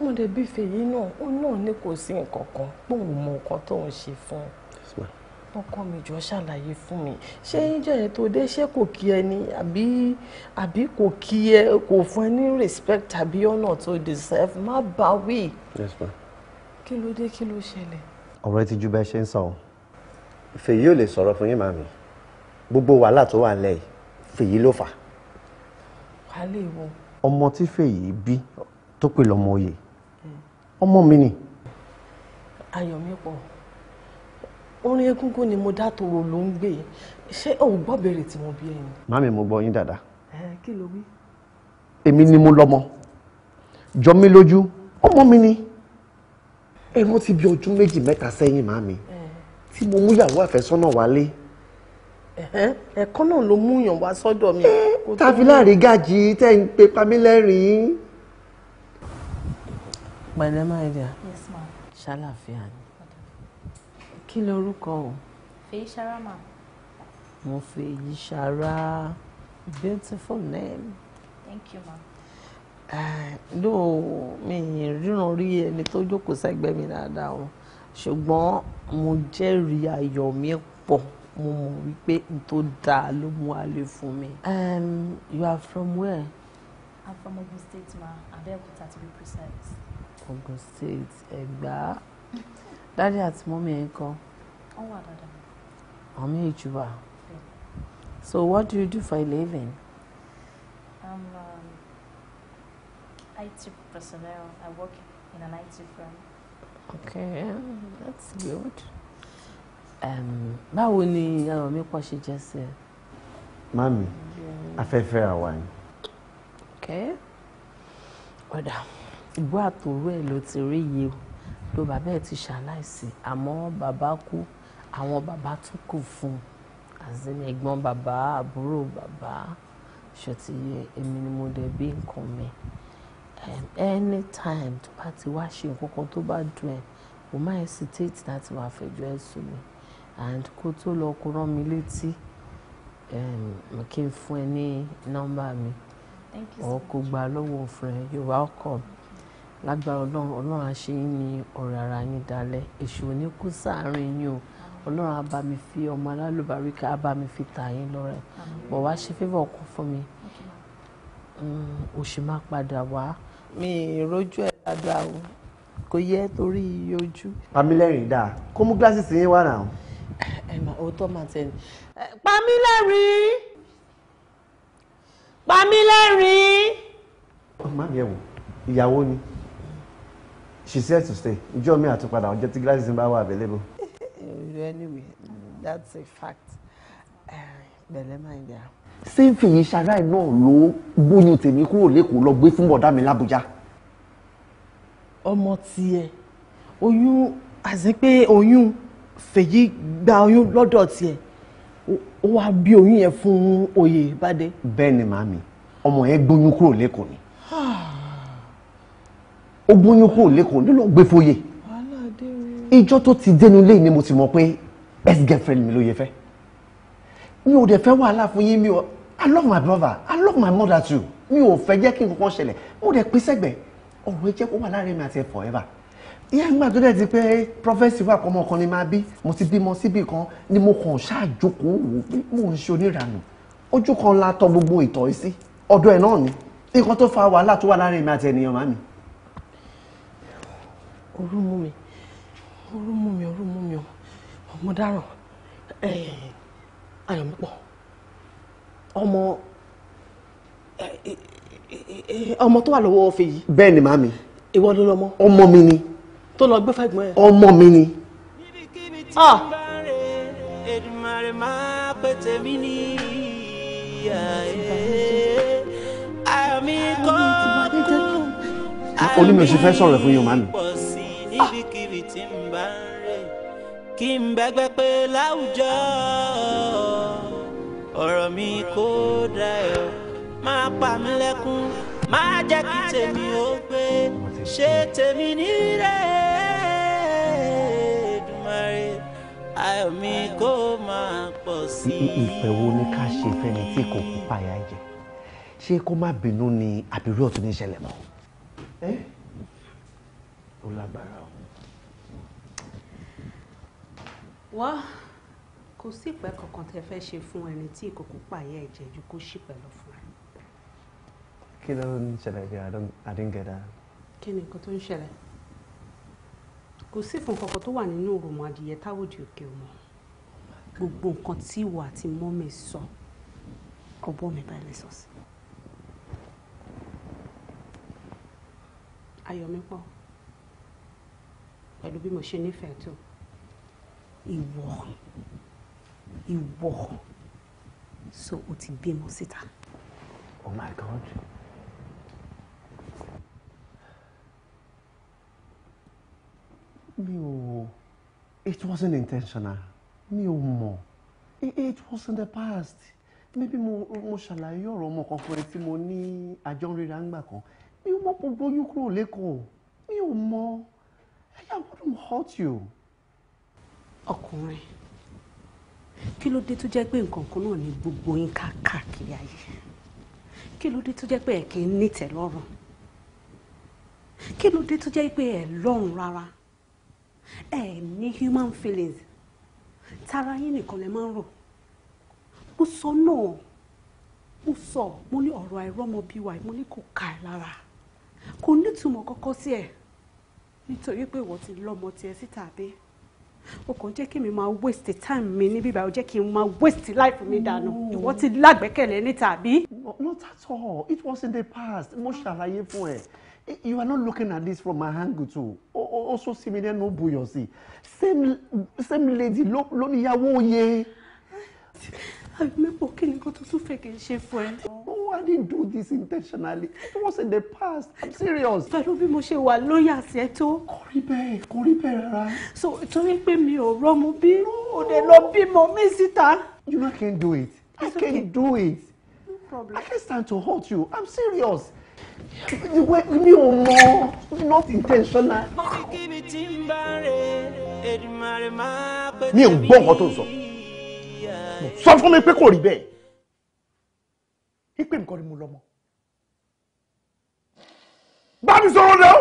mo dẹ̀ bí fèyí náà ó náà ní kò sí nǹkan kan póun mọ nǹkan tó ń ṣe fún un ọkọ mi jọ ṣàlàyé fún mi ṣé yíjọ yẹn tó dé ṣé kò kí ẹ ni àbí àbí kò kí ẹ kò fún ẹ ní respect àbí ọ̀nà tó deserve má bá wí. kí ló dé kí ló ṣẹlẹ̀. ọ̀rọ̀ ti ju bẹ́ẹ̀ ṣe ń sọ ọ́ fèyí ò lè sọ̀rọ̀ fún yín màmí gbogbo wàhálà tó wà nílẹ̀ fèyí ló fà. wàhálà èwo. ọmọ tí fèyí bí tó pè lọ́mọ oyè hmm. ọmọ mi ni. ayọ̀mípọ̀ orin egúngún ni mo dá tòrò ló ń gbé ṣé òun gbọ́ béèrè tí wọ́n bí ẹni. màmí mo gbọ́ yín dáadáa. ẹ kí ló wí. èmi ni mo lọ́mọ jọ mí lójú ọmọ mi ni ẹ wọ́n ti bí ọdún méjì mẹ́ta sẹ́yìn màmí tí mo mú ìyàwó àfẹ́sọ́nà wálé ẹ̀kọ́ náà ló mú yàn wá sọ́dọ̀ mi. tàfi láàrin gàjí tẹ́ ń pe pamílẹ́rìn pẹ̀lẹ́ my dear. yes ma. ṣàlàfíà ni. kí lorúkọ o. fèyí ṣara ma. mo fèyí ṣara beautiful name. thank you ma. ló eh, mi ríran rí ẹni tó jókòó sẹ́gbẹ́ mi dáadáa o ṣùgbọ́n mo jẹ́rìí ayọ̀ mi pọ̀ mo mọ̀ wípé n tó dáa ló mú alẹ́ fún mi. you are from where. I'm from Ogun State ma Abeokuta to be precise. Ogun State Ẹ̀gbá dáadé àti mọ́mí ẹ̀ ń kọ́. wọ́n wà dáadáa. àwọn méjì wà. So what do you do for a living? I'm um, IT personnel. I work in an IT firm. Okay, that's good. báwo ni ọ̀rọ̀ mi pọ̀ ṣe jẹ́ sí ẹ. mami afẹ́fẹ́ àwa ni. Okay. Well done ìgbó àtòrú ẹ̀ ló ti rí yìí o ló bàbá ẹ̀ ti ṣaláìsí àmọ́ bàbá kú àwọn bàbá tún kù fún un ẹ̀gbọ́n bàbá àbúrò bàbá ṣòtì èmi ni mo dẹ̀ nǹkan mi anytime tó bá ti wá ṣe nǹkan kan tó bá dùn ẹ̀ mo máa hesitate láti máa fẹ̀jọ́ ẹ̀ sùn mi and kó tó lọ kó rán mi létí kí n fún ẹ ní nọ́mbà mi ọ̀ gbà lọ́wọ́ fún ẹ you're welcome lágbára ọlọ́run ọlọ́run á ṣe yín ni ọ̀rẹ́ ara yín dalẹ̀ èṣù òní kú sáàárín yín o ọlọ́run á bá mi fi ọmọ alálùbáríkà á bá mi fi tà yín lọ́rẹ̀ bọ̀ wá ṣe fífọ̀ kú fún mi òṣì mm, máa padà wá mi ìrójú ẹ̀ dáadáa o kò yẹ torí iye ojú. pamílẹ́rìn dáa kó mú gíláàsì yín wá náà. ẹ mà òótọ́ máa tẹ̀ ní. pamílẹ́rìn pamílẹ́rìn. ọmọ mi ẹ̀ wò ìyàwó ni she said to stay ìjọ mi àtúpadà ọjọ́ tí glasses bá wà available. Eh, anyway that's a fact eh, bẹ̀lẹ̀ máa ń yà. ṣé ń fi yín ṣaráì náà ló gbóyún tèmi kúrò lẹ́kọ̀ọ́ lọ gbé fún bọ̀dá mi lábújá. ọmọ tiẹ̀ oyún àti pé oyún fèyí gba oyún lọ́dọ̀ tiẹ̀ ó wá bí oyún yẹn fún oyè ìbàdàn. bẹ́ẹ̀ ni màmí ọmọ yẹn gbóyún kúrò lẹ́kọ̀ọ́ ni ogún yín kúrò lẹ́kọ̀ọ́ ló lọ gbé fóyè ìjọ tó ti dénú lé ni mo ti mọ̀ pé best girlfriend mi ló yẹ fẹ́ mi ò dẹ̀ fẹ́ wàhálà fún yín mi ò i love my brother i love my mother too mi ò fẹ́ jẹ́ kí n kankan ṣẹlẹ̀ mo dẹ̀ pín sẹ́gbẹ̀ ọ̀rọ̀ ẹ jẹ́ kó wà láàrin mi àti ẹ forever ìyá ìgbà tó dẹ̀ ti pé prophecy wà pọ̀ ọmọ kan ni máa bí mo ti bímọ síbì kan ni mo kàn ṣáàjókòó wò pé mò ń ṣe oníranù ojú kan la tọ gbogbo ìtọ́ sí ọ̀dọ̀ ẹ̀ náà ni nǹkan tó fa wàhálà tó wà láàrin mi àti ènìyàn màmí orú mú mi orú mú mi orú mú mi o ọmọ dáràn ayọ̀mípọ̀ ọmọ ọmọ tó wà lọ́wọ́ ọ̀fẹ́ yìí. bẹ́ẹ̀ ni màámi. ìwọ ló lọmọ. ọmọ mi ni. tó lọ gbé fẹ́gbọ́n ẹ. ọmọ mi ni. Ah! níbikíbi fẹ́ sọ̀rọ̀ fún yóò máa níbikíbi tí n bá ń rè kí n bẹ́gbẹ́ pé láwùjọ ọ̀rọ̀ mi kò dayọ̀ máa pa mí lẹ́kún máa jẹ́ kí tèmi ó gbé ṣe tèmi níre Èdùmàrè ayọ̀ mi kó máa pọ̀ sí i. ìfẹ́ wo ni ká ṣe fẹ́ni tí kò kú pààyà jẹ ṣé kó má bínú ni àbírú ọ̀tún ní ìṣẹ̀lẹ̀ mọ́. ó lágbára. wá kò sí ìpẹ́ kankan tẹ́ fẹ́ ṣe fún ẹni tí ìkòkò pààyà ẹ̀jẹ̀ ju kó ṣì pẹ̀lú fún ẹ. kí ló ń ṣẹlẹ̀ bí adíngẹ̀dá. kí ni nǹkan tó ń ṣẹlẹ̀ kò sí fún kankan tó wà nínú òròmọ adìyẹ táwòdì òkè ọmọ gbogbo nǹkan tí ìwà àti mọ́mì sọ ọbọ mi báyìí sọ sí. ayọ̀ mi pọ̀ pẹ̀lú bí mo ṣe nífẹ̀ẹ́ tó ìwọ ìwọ so o ti bímọ síta. oh my god. mi ò it wasn't intentional mi ò mọ̀ it was in the past maybe mo mo ṣàlàyé ọ̀rọ̀ ọmọ kan fún tí mo ní àjọrìnrìn àgbà kan mi ò mọ̀ gbogbo yín kúrò lẹ́kọ̀ọ́ mi ò mọ̀ I wouldn't hurt you ọkùnrin kí ló dé tó jẹ́ pé nǹkan kan náà ni gbogbo yín káàkiri ayé kí ló dé tó jẹ́ pé ẹ̀ kì í nítẹ̀ lọ́rùn kí ló dé tó jẹ́ pé ẹ̀ lọ́rùn rárá ẹ̀ ní human feelings tara yín nìkan lè máa ń rò mo sọ náà mo sọ mo ní ọ̀rọ̀ àìrọ́mọ bí wa mo ní kò ká ẹ lára kò nítumọ̀ kọ́kọ́ sí ẹ̀ nítorí pé ìwọ ti lọ́mọ tiẹ̀ síta bẹ́ẹ̀ o kàn jẹ́ kí mi máa waste time mi níbí báyìí o jẹ́ kí n máa waste life mi dànù ìwọ ti lágbẹ́kẹ̀lé ní tàbí. not at all it was in the past mo ṣàlàyé fún ẹ you are not looking at this from my angle too also similar no buyo si same same lady ló níyàwó yẹ. àbí mẹ́pọ̀ kí ni kó tuntun fẹ́ kí n ṣe fún ẹ. Oh, I didn't do this intentionally. It was in the past. I'm serious. Pẹ̀lú bí mo ṣe wà lóyà sí tó. Kò rí bẹ́ẹ̀, kò rí bẹ́ẹ̀ rárá. So torí pé mi ò rọ́mú bí òde lọ bímọ mi síta. You know I can't do it. I can't do it. No problem. I can't stand to hurt you. I'm serious. The way mi ò mọ̀ not intentional. Mi ò gbọ́ nǹkan tó ń sọ. Sọ fún mi pé kò rí bẹ́ẹ̀ ipe nǹkan ni mo lọ́mọ. bá mi sọ̀rọ̀ náà.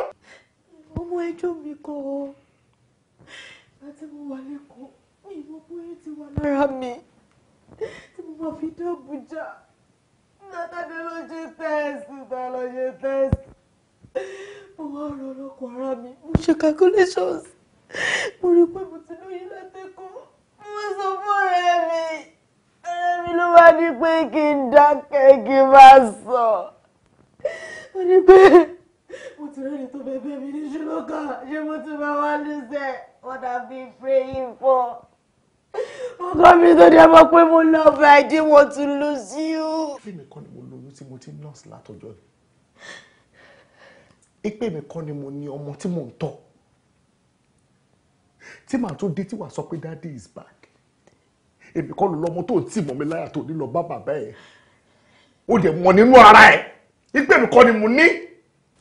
ọmọ ẹjọ́ mi kọ́ ọ láti mo wà lẹ́kọ̀ọ́ mi mo bóyá ti wà lára mi tí mo máa fi dé Àbújá látàdé ló ṣe tẹ́ẹ̀sì tá ló ṣe tẹ́ẹ̀sì mo wá rọ ọlọ́kọ̀ ara mi mo ṣe calculations mo rí i pé mo ti lóyún látẹ́kọ̀ọ́ mo sọ fún ọ̀rẹ́ mi èmi ló wá ní pé kí n dákẹ́ kí n máa sọ ó ní pé mo ti rẹ́ni tó bẹ́ẹ̀ bẹ́ẹ̀ mi ní ṣùlọ́kà ṣé mo ti máa wá lóṣẹ̀ what have been praying for ọkọ mi tó ní ọmọ pé mo lọ ọba ẹdí mo tún lù sí o. ìpè mi kọ́ ni mo lóyún tí mo ti ń nọ́ọ̀sì látọjọ́ ni ìpè mi kọ́ ni mo ní ọmọ tí mò ń tọ́ tí màá tún dé tí wàá sọ pé daddy is back èmi kọ́ ló lọ́mọ tó tì mọ́ mi láyà tó ní lọ bá bàbá ẹ̀ ó dẹ̀ mọ̀ nínú ara ẹ̀ ìpè mi kọ́ ni mo ní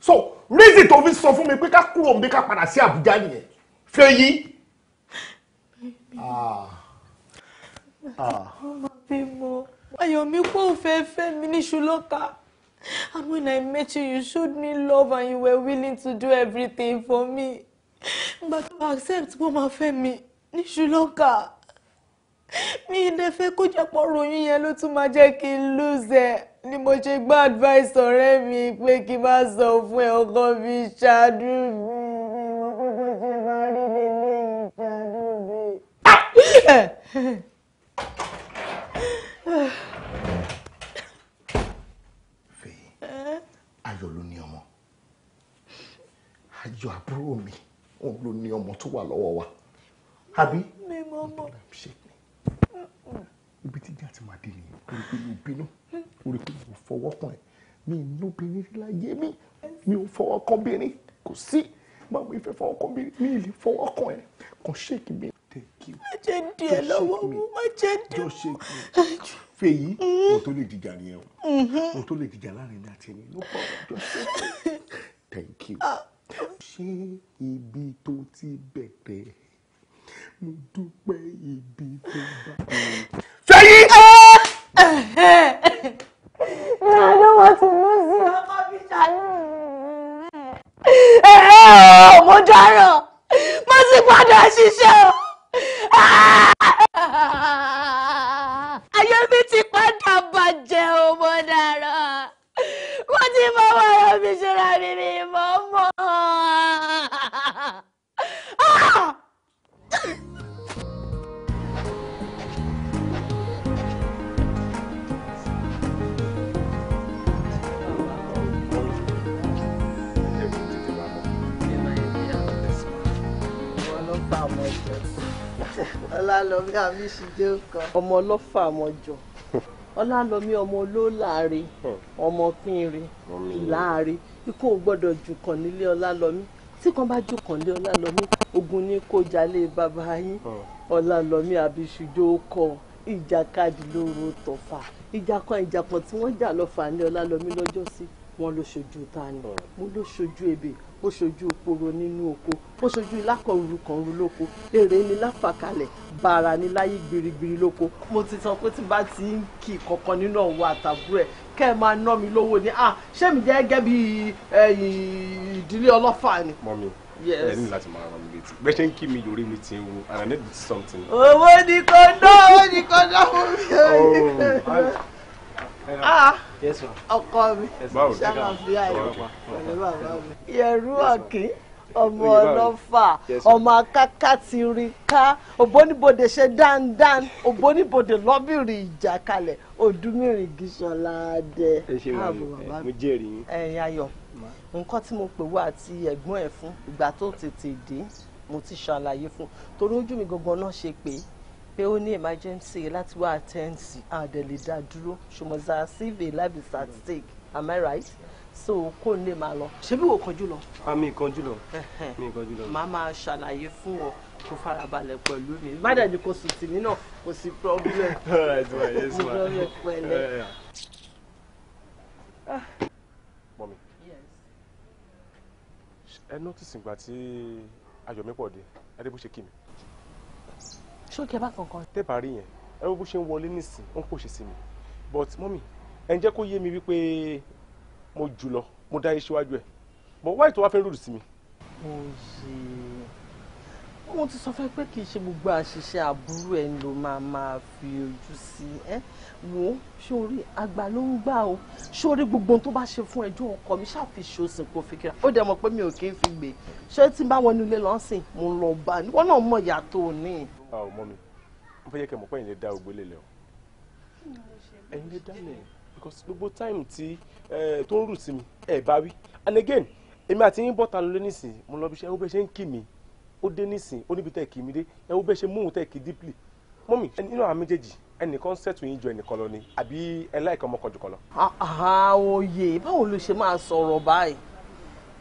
so reason tó fi sọ fún mi pé ká kúrò mi ká padà sí Àbújá nìyẹn fẹ́ yí. Ah. Ah. ọmọ bímọ ayọ̀mí pé ó fẹ́ fẹ́ mi níṣu lọ́ka. And when I met you, you showed me love and you were willing to do everything for me. But to accept Mama Femi, Nishuloka mi ilé fẹ́ kó jọpọ̀ ròyìn yẹn ló tún máa jẹ́ kí n lùzẹ̀ ni mo ṣe gba advice ọ̀rẹ́ mi pé kí n má sọ fún ẹ ọkọ mi ṣáájú ayọ̀ ló ní ọmọ ayọ̀ àbúrò mi òun ló ní ọmọ tó wà lọ́wọ́ wa àbí. mi mọ̀ mọ̀ orí pé yóò bínú pé yóò fọwọ́ kàn ẹ́ mi inú obìnrin rí láyé mi mi ò fọwọ́ kàn obìnrin kò sí báwo ìfẹ́ fọwọ́ kàn obìnrin mi ì lè fọwọ́ kàn ẹ́ kàn ṣèkì mi. má jẹ́ di ẹ má jẹ́ di ẹ mo tó lè dìjà nìyẹn o mo mm-hmm. tó lè dìjà láàrin mi àti ẹni ló pọ̀ ọjọ́ ṣèkì (laughs) thank you ah. ṣé ibi tó ti bẹ̀rẹ̀ mo dúpẹ́ ibi tó bá mi. (laughs) I don't want to lose you. Ọkọ mi ṣàánú mi. Mo dáràn, mo sì padà ṣiṣẹ́ o. Ah! ọlálọmí àbíṣídé kan ọmọ ọlọ́fà àmọ́jọ ọlálọmí ọmọ (laughs) olóòláre ọmọ pínre láàre ikú ò gbọ́dọ̀ jùkàn nílé ọlálọmí tí kan bá jùkàn lé ọlálọmí ogun ní kó jalè bàbá yín ọlálọmí àbíṣídé kọ ìjàkadì lóru tọ̀fà ìjàkan ìjàpọ̀ tí wọ́n jà lọ́fà ní ọlálọmí lọ́jọ́sí wọn ló ṣojú tani mo ló ṣojú ebè ó ṣojú oporo nínú oko ó ṣojú ilákọ̀ọ́rù kan ru lóko èrè ni láfàkalẹ̀ bàrà ni láyé gbirigbiri lóko mo ti sọ pé tí bá ti ń kí kankan nínú ọ̀wọ́ àtàbúrò ẹ̀ ẹ máa ná mi lówó ni ah ṣé mi jẹ́ gẹ́gẹ́ bí ìdílé ọlọ́fà ni. mọ́mi ẹ ní láti máa ràn mí létí bẹ́ẹ̀ ṣe ń kí mi yorí mi ti ń wo and I need something. owó ni kò ná owó ni kò ná owó Ah. Ah. ọkọ mi ṣàlàfíà yẹrù ọ̀kín ọmọ ọlọ́fà ọmọ akáká ti rí ká òbónibòde ṣe dáńdáń òbónibòde lọ́bìrì ìjàkalẹ̀ òdúmìrì gíṣọlá dẹ ààbò bàbá mi ẹ̀yin ayọ̀ nǹkan tí mo pè wá àti ẹ̀gbọ́n ẹ̀ fún ìgbà tó tètè dé mo ti ṣàlàyé fún torí ojú mi gangan náà ṣe pé pé ó ní emergency láti wá attend sí àdẹ̀lẹ̀ dá dúró ṣùgbọ́n za cv life is at stake am I right so kó lè máa lọ ṣé bí wò kánjú lọ. àmì ah, ìkánjú lọ mi ìkánjú lọ. màá máa ṣàlàyé fún ọ kó farabalẹ̀ pẹ̀lú mi má dàbí kò sì tì mí náà kò sí problem. (laughs) all right ma yes ma pẹ̀lẹ́. Ah. mọ̀mí ẹ nọ́tìsì ìgbà tí Ayọ̀mípọ̀ dé ẹ dé bó ṣe kí mi ṣó kẹ bá kankan. tẹ́ẹ̀bà rí yẹn ẹ wo bó ṣe ń wọlé nísìn ó ń pòṣè sí mi but mọ́mì ẹ̀ ń jẹ́ kó yé mi wípé mo jù lọ mo dá iṣẹ́ wájú ẹ̀ but why tó wá fẹ́ rúdù sí mi. mo ṣe mo ti sọ fẹ́ pé kì í ṣe gbogbo àṣìṣe àbúrò ẹ̀ ló máa máa fi ojú sí ẹ́ wò ó sórí àgbà ló ń gbà o sórí gbogbo tó bá ṣe fún ẹjọ́ ọkọ mi ṣàfihàn òsìn kò fi kíra ó dẹ̀ mọ̀ pé mi ò kí ń fi gbè ṣé tí n bá wọnú ilé lọ́sìn mo lọ bá a níwọ̀n náà mọ̀ ìyàtọ̀ òní a ò mọ mi n fẹ́ yẹ kẹ́ mọ̀ pé ẹ̀yin lè dá ògbó lélẹ̀ o ẹ̀yin lè dá lẹ̀ because gbogbo time tí tó ń rù sí mi ẹ̀ bá wí and again èmi àti yín bọ́ta ló lé nísìn mo lọ bí ṣe ẹ wo bẹ́ẹ̀ ṣe ń kì mí ó dé nísìn ó níbi tẹ̀ kì mí dé ẹ wo bẹ́ẹ̀ ṣe mú òun tẹ̀ kì deeply mọ́mì nínú àwọn méjèèjì ẹnìkan ṣètò yín ju ẹnìkan lọ ni àbí ẹlẹ́ẹ̀kan ọmọkànjú kan lọ. òye ah, báwo ló ṣe máa sọ̀rọ̀ báyìí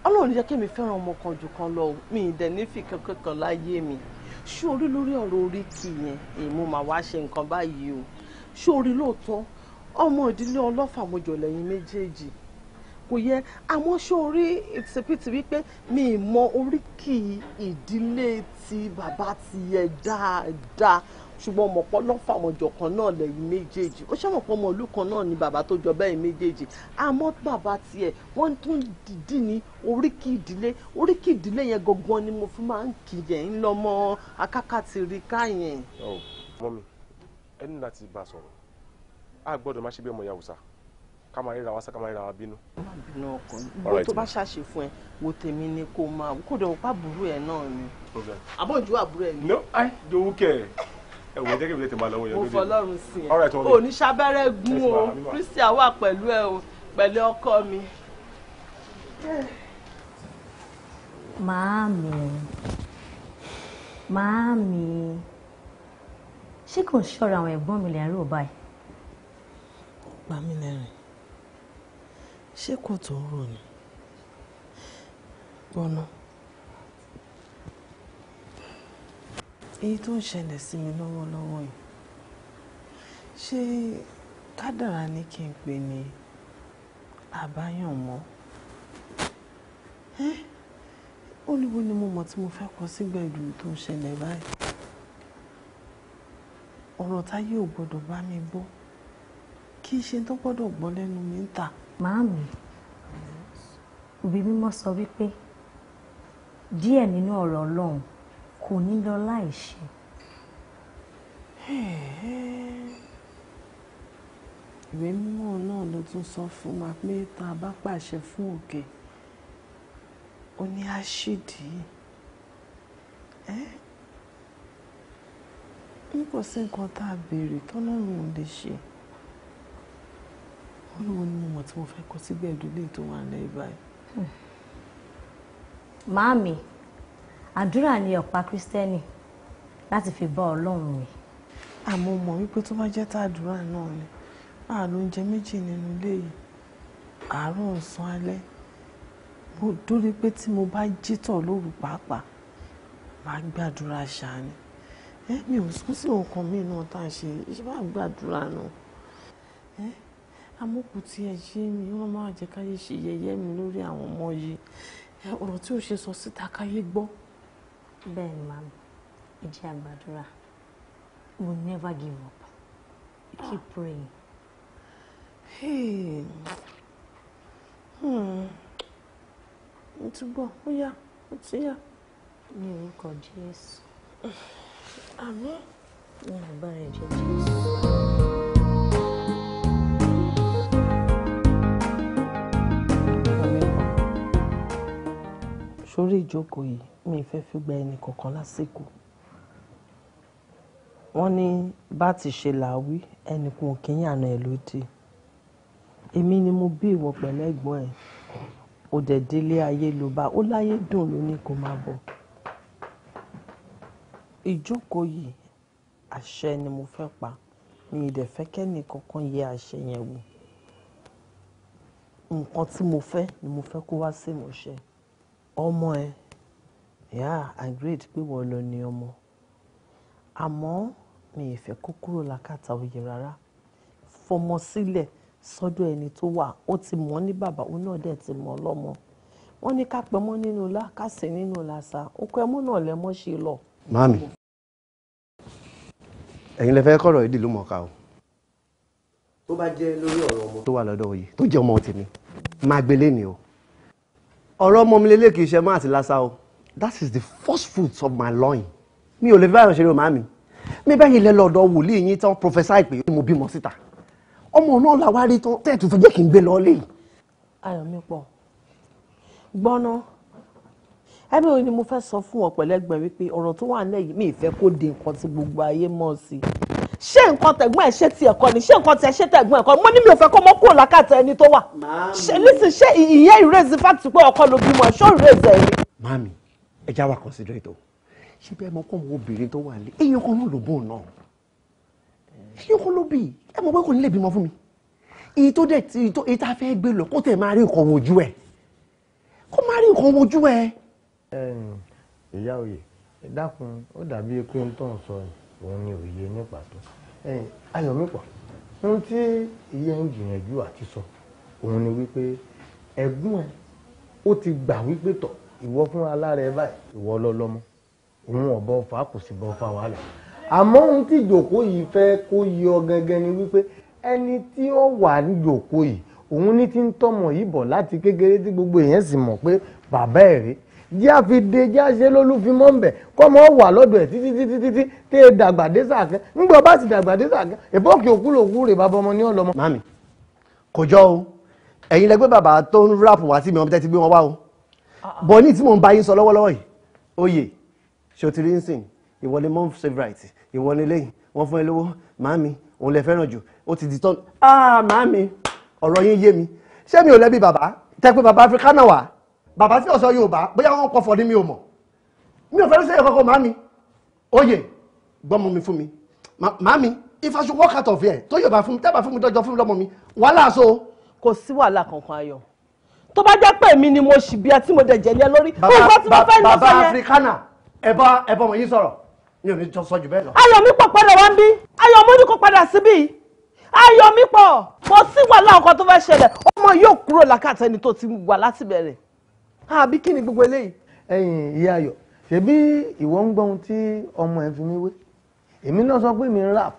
ọlọ́run jẹ́ kí mi fẹ́ràn ọmọkànjú kan lọ mi ì dẹ̀ nífì kankan kan láyé mi ṣé orí lórí ọ̀rọ̀ oríkì yẹn èèmọ̀ máa wá ṣe nǹkan báyìí o ṣé orí lóòótọ́ ọmọ ìdílé ọlọ́fà mojọ lẹ́yìn méjèèjì kò yẹ àmọ́ ṣé orí ìtìpìtì wípé mi ì mọ oríkì ìdílé ti bàbá ti yẹ dáadáa ṣùgbọ́n mọ̀pọ́ lọ́fà mọ̀jọ̀kan náà lẹ́yìn méjèèjì ó ṣàmọ̀pọ́ ọmọ ìlú kan náà ni bàbá tó jọ bẹ́ẹ̀ méjèèjì àmọ́ bàbá tiẹ̀ wọ́n tún dìdí ní oríkì ìdílé oríkì ìdílé yẹn gangan ni mo fi máa ń kìyẹ̀ ń lọ mọ́ akákàtìrí káyẹn. ọmọ mi ẹni láti bá a sọ̀rọ̀ a gbọ́dọ̀ má ṣe bí ọmọ yàwùsà ká máa ríra wá sá ká máa ríra wá bínú. má bínú ọkùnrin wo tó bá ṣàṣe fún ẹ wo tèmi ni kó máa kó dẹ̀ wọ́pá àbúrò ẹ̀ náà ni. àbọ̀jú àbúrò ẹ̀ ni. no i do care ẹ wò jẹ́ kí mi lè tẹ̀ máa lọ́wọ́ yẹn lórí. mo fọlọ́run sí ẹ o ní sábẹ́rẹ́ gún o Christian wà pẹ̀lú ẹ o pẹ̀lú ọkọ mi. màámi màámi ṣé kò ń ṣọ́ra àwọn ẹ̀gbọ́n mi lẹ́rù ọ̀ báyìí. pa mí lẹ́rìn ṣé kò tó ń rò ní bọ́nà èyí tó ń ṣẹlẹ̀ sí mi lọ́wọ́lọ́wọ́ yìí ṣé kádàrá ní kí n pè ní àbáyọ̀mọ́ olúwo ni mo mọ̀ tí mo fẹ́ kọ sígbà ìlú tó ń ṣẹlẹ̀ báyìí ọ̀rọ̀ táyé ò gbọ́dọ̀ bá mi gbọ́ kí ṣe tó gbọ́dọ̀ gbọ́ lẹ́nu mi ń tà. màámi òbí mímọ́ sọ wípé díẹ̀ nínú ọ̀rọ̀ ọlọ́run kò ní lọ láì ṣe. ìwé mímọ́ náà ló tún sọ fún wa pé tá a bá pàṣẹ fún òkè ó ní àṣìdí n kò sí nǹkan tá a béèrè tọ́lọ́run ò lè ṣe wọ́n lóun ní mọ̀ tí mo fẹ́ kọ sí gbẹ̀dúlé tó wà lẹ́yìn báyìí. máàmì. Hmm àdúrà ni ọ̀pá kristẹni láti fi bá ọlọ́run wí. àmọ́ mọ̀ wípé tó bá jẹ́ tàdúrà náà ni máa lo oúnjẹ méjì nínú ilé yìí àárọ̀ ọ̀sán alẹ́ mo dórí pé tí mo bá jí tọ̀ lóru pàápàá máa gbàdúrà ṣáá ni ẹ mi ò sún sí nǹkan mi náà tá a ṣe ṣe bá gbàdúrà náà ẹ amókù tí ẹ ṣe mi wọn máa jẹ káyé ṣe yẹ̀yẹ́ mi lórí àwọn ọmọ yìí ọ̀rọ̀ tí ò ṣe sọ síta káyé gbọ́ bẹ́ẹ̀ ni màmá ẹ jẹ́ a gbàdúrà we will never give up keep praying. Hey. Hmm. mo ti gbọ́ ó yá ó ti yá. ní orúkọ Jésù. àmín. ní agbára ẹ̀jẹ̀ Jésù. sórí ìjókòó yìí mi fẹ́ fi gba ẹnì kankan lásìkò wọ́n ní bá ti ṣe làwí ẹnìkan ò kín yànnà ẹ̀ lódì èmi ni mo bí ìwọ pẹ̀lú ẹ̀gbọ́n ẹ̀ ò ayé ló bá ó láyé dùn ló ní máa bọ̀ ìjókòó yìí àṣẹ ni mo fẹ́ pa mi ì dẹ̀ fẹ́ kẹ́ni kankan yẹ àṣẹ yẹn wò nǹkan tí mo fẹ́ ni mo fẹ́ kó wá sí ìmọ̀ṣẹ́ ọmọ ẹ yeah I agreed pé wọ́n lọ ní ọmọ àmọ́ mi ì fẹ́ kó kúrò lákàtà òye rárá fọmọ sílẹ̀ sọ́dọ̀ ẹni tó wà ó ti mọ̀ ní bàbá òun náà dẹ̀ ti mọ̀ lọ́mọ wọ́n ní ká pẹ̀mọ́ nínú ilá ká sì nínú làṣà oko ẹmú náà lẹ́mọ́ ṣe lọ. màámi ẹ̀yin lè fẹ́ kọ̀rọ̀ ìdí ló mọ̀ ká o. tó bá jẹ́ lórí ọ̀rọ̀ ọmọ tó wà lọ́dọ̀ òye tó jẹ́ ọmọ tèmi máa gbélé ni o ọ̀rọ̀ ọmọ mi lélẹ̀ kì ṣe máa ti lásà o that is the first fruit of my loin mi ò lè fi báyọ̀ ṣeré o màmí mi bẹ́ẹ̀ yín lẹ lọ́dọ̀ wòlíì yín tán prophesy pé mo bímọ síta ọmọ náà la wá rí tán tẹ́ẹ̀tù fẹ́ jẹ́ kí n gbé lọ lé. ayọ̀ mi pọ̀ gbọ́ná ẹbí òní mo fẹ́ sọ fún ọ pẹ̀lẹ́gbẹ̀ẹ́ ọ̀rọ̀ tó wà nílẹ̀ yìí mi ì fẹ́ kó di nǹkan tí gbogbo ayé mọ̀ sí i ṣé nǹkan tẹ̀gbọ́n ẹ̀ ṣe tiẹ̀ kọ́ ni ṣé nǹkan tẹ̀ ṣe tẹ̀gbọ́n ẹ̀ kọ́ mo ní mi ò fẹ́ kó mọ́ kúrò lákàtà ẹni tó wà lísì ṣé ìyẹn ìrèzí fáti pé ọkọ ló bímọ ṣó ìrèzí ẹ̀ ni. mami ẹ já wa consider it o ṣé bẹ́ẹ̀ mọ kó mo obìnrin tó wà lé eyín kan náà ló bò náà eyín kan ló bì í ẹ mọ pé kò ní lè bímọ fún mi èyí tó dẹ̀ tí èyí tá a fẹ́ gbé lọ kó tẹ̀ máa rí nǹkan wojú ẹ̀ kó máa rí nǹkan wojú ẹ̀. ìyá òye dákun ó dàbí pé ń sọ yìí òun ni òye ní pàtó ayọ̀mípọ̀ ohun tí ìyẹn ń gbìyànjú àti sọ òun ni wípé ẹ̀gbọ́n ẹ̀ ó ti gbà wípé tọ̀ ìwọ fún alára ẹ báyìí ìwọ lọ́lọ́mọ òun ọ̀bọ fà kò sì bọ́ fà wàhálà àmọ́ ohun tí ìjòkó yìí fẹ́ kó yí ọ gangan ni wípé ẹni tí ó wà ní ìjòkó yìí òun ní ti ń tọmọ yìí bọ̀ láti kékeré tí gbogbo èèyàn sì mọ̀ pé bàbá ẹ̀ rèé jẹ́ àfidé jẹ́ àṣẹ lólúfin mọ́ ń bẹ̀ kọ́mọ wà lọ́dọ̀ ẹ̀ títí títí títí tẹ́ ẹ dàgbà dé sàkẹ́ ńgbọ́ bá sì dàgbà dé sàkẹ́ ìbọ́ọ̀kì òkú lòkú rè bàbá ọmọ ní ọlọmọ. mami kò jọ o ẹ̀yin lẹgbẹ́ bàbá tó ń ráàpù wá sí mi ọmọdé ti gbé wọn wá o ah, ah. bọ̀ ní tí mò ń bá yín sọ lọ́wọ́lọ́wọ́ yìí oyè ṣòtìrí ń sìn ìwọlé mọ́ favourite ìwọlé lẹ́yìn wọ́n fún ẹ lówó màámi òun lẹ fẹ́ràn jù ó ti di tán ah màámi ọ̀rọ̀ yín yé mi ṣé mi ò lẹ́bi bàbá tẹ́ pé bàbá afrikaner wà bàbá tí ọ̀sọ́ yorùbá bóyá wọ́n kọ́ fọ́ ní mi ò mọ̀ mi ò fẹ́rẹ́ sẹ́yìn kọ́kọ́ màámi oyè gbọ́mọ mi fún mi màámi if I should walk out of here tó yorùbá fún mi tẹ́bà fún mi dọ́jọ́ fún mi lọ́mọ mi wàhálà so. kò sí wàhálà kankan ayọ̀ tó bá jẹ́ pé mi ni mo ṣì bí ẹ tí mo dẹ̀ jẹ̀lẹ́ lórí nǹkan tí mo fẹ́ ní sọ yẹn. bàbá africana ẹ̀bọ mi ò ní jọ sọ jù bẹ́ẹ̀ mi pọ̀ padà wá ń bí ayọ̀ ayọ̀ mi pọ̀ kò sí wàhálà ọkọ̀ tó fẹ́ ṣẹlẹ̀ ọmọ yóò kúrò lákàtà ẹni tó ti wà láti bẹ̀rẹ̀ àbí ah, kí ni gbogbo eléyìí ẹ̀yin ìyá ayọ̀ ṣebí ìwọ ń gbọ́ ohun tí ọmọ ẹ̀ fi mí wé èmi náà sọ pé mi ń rap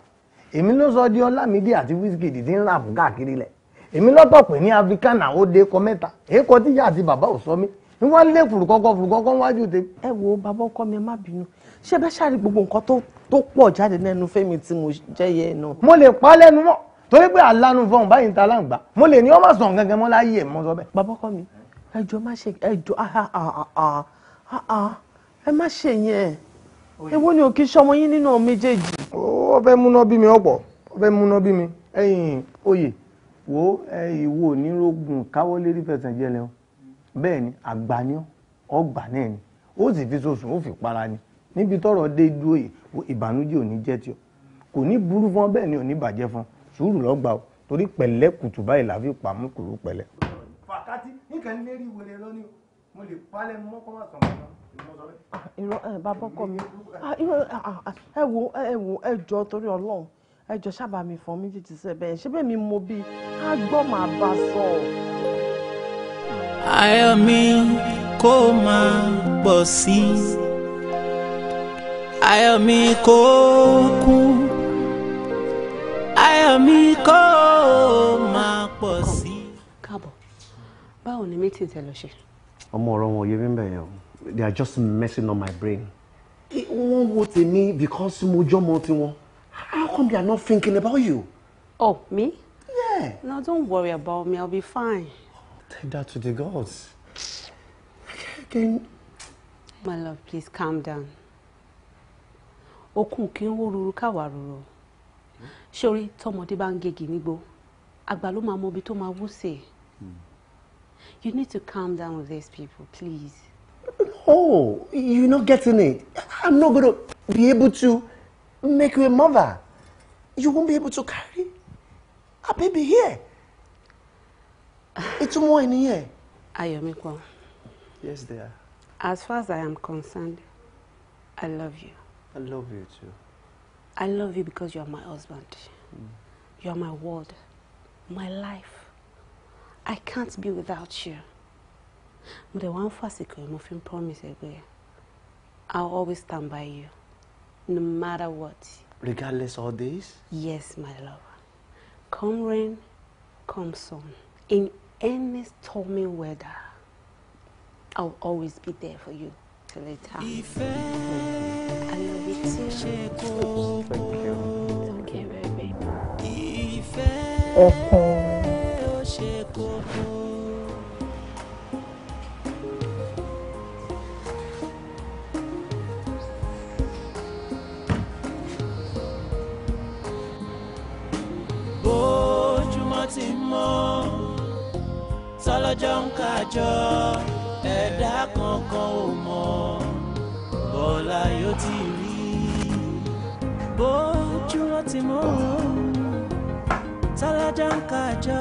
èmi náà sọ di ọlámídé àti wizkid ti ń rap káàkiri lẹ̀ èmi lọ́tọ̀ pé ní africana ó dé kọ mẹ́ta èkó tíyà àti bàbá ò sọ mí ní wọ́n lé fùrùkọ́kọ́ fùrùkọ́kọ́ wájú tèmi. ẹ wo bàbá ọkọ mi má bínú ṣé bẹ́ẹ̀ ṣàrí gbogbo nǹkan tó pọ̀ jáde lẹ́nu fẹ́mi tí mo jẹ́ yẹ náà. mo lè pa lẹ́nu mọ́ torí pé àlànà fọhùn báyìí ń ta láǹgbá mo lè ní ọmọ sàn gangan mọ́ láyé ẹ̀ mọ́ sọ bẹ́ẹ̀. bàbá ọkọ mi ẹjọ má ṣe ẹjọ ah, ah, ah, ẹ má ṣe yẹn èwo ni òkè sọmọ yín nínú méjèèjì. ó fẹ́ múná bí mi ọ̀pọ̀ ó fẹ́ múná bí mi ẹ̀yìn oyè wo ìwo onírógùn káwọ́ lérí fẹsẹ̀ jẹlẹ̀ o bẹ́ẹ̀ ni àgbà ni ọgbà náà ni ó sì fi sọ̀sùn ó fi para ni níbi tọ́rọ̀ dé dúró yìí ìbànújẹ́ ò ní jẹ́ tiọ́ kò ní burú fún ọ bẹ́ẹ̀ ni ò ní bàjẹ́ fún sùúrù lọ́gbà o torí pẹ̀lẹ́ kùtù báyìí làá fi pamọ́ kùrú pẹ̀lẹ́ nǹkan lérí wèrè lọ ni o mo lè palẹ̀ mọ́ kọ́ máa sàn mọ́ irọ́ ẹ bá bọ́kọ mi ah, ah, ah, ẹ wo ẹ wo ẹ jọ torí Ọlọ́run ẹ jọ sábà mi fọ́n mi títí sẹ́bẹ̀ ẹ̀ ṣé bẹ́ẹ̀ mi mo bí a gbọ́ màá bá sọ. ayọ̀ mi kò máa pọ̀ sí i ayọ̀ mi kò kú ayọ̀ mi kò máa báwo ni meeting tẹ lọ ṣe. ọmọ ọ̀rọ̀ wọn yé mi bẹ̀ yẹn o they are just messing up my brain. wọ́n wo tèmi because mo jọmọ tiwọn how come they are not thinking about you. oh me. yeah. no don't worry about me I'll be fine. take that to the gods. Then... my love please calm down. okun kì í wó ruru káwa roro ṣé orí tọmọdé bá ń gègé nígbó àgbà ló máa mọ ibi tó máa wú sí i. Hmm. You need to calm down with these people, please. Oh, you're not getting it. I'm not going to be able to make you a mother. You won't be able to carry a baby here. (sighs) It's more in here. Ayomiko. Yes, dear. As far as I am concerned, I love you. I love you too. I love you because you are my husband. Mm. You are my world, my life. I can't be without you. But dẹ̀ wá ń fàsìkò ẹ̀ mo fi ń promise ẹ I'll always stand by you no matter what. Regardless of this? Yes, my love. Come rain, come sun, in any stormy weather, I'll always be there for you till it happens. Ìfẹ́ ṣe kókó. It's okay, baby ṣe kókó. bójúmọ́ ti mọ́ tọ́lọ́jọ́ ń kájọ ẹ̀dá kankan ò mọ̀ bọ́lá yóò ti rí bójúmọ́ ti mọ́ tọ́lọ́jọ́ ń kájọ.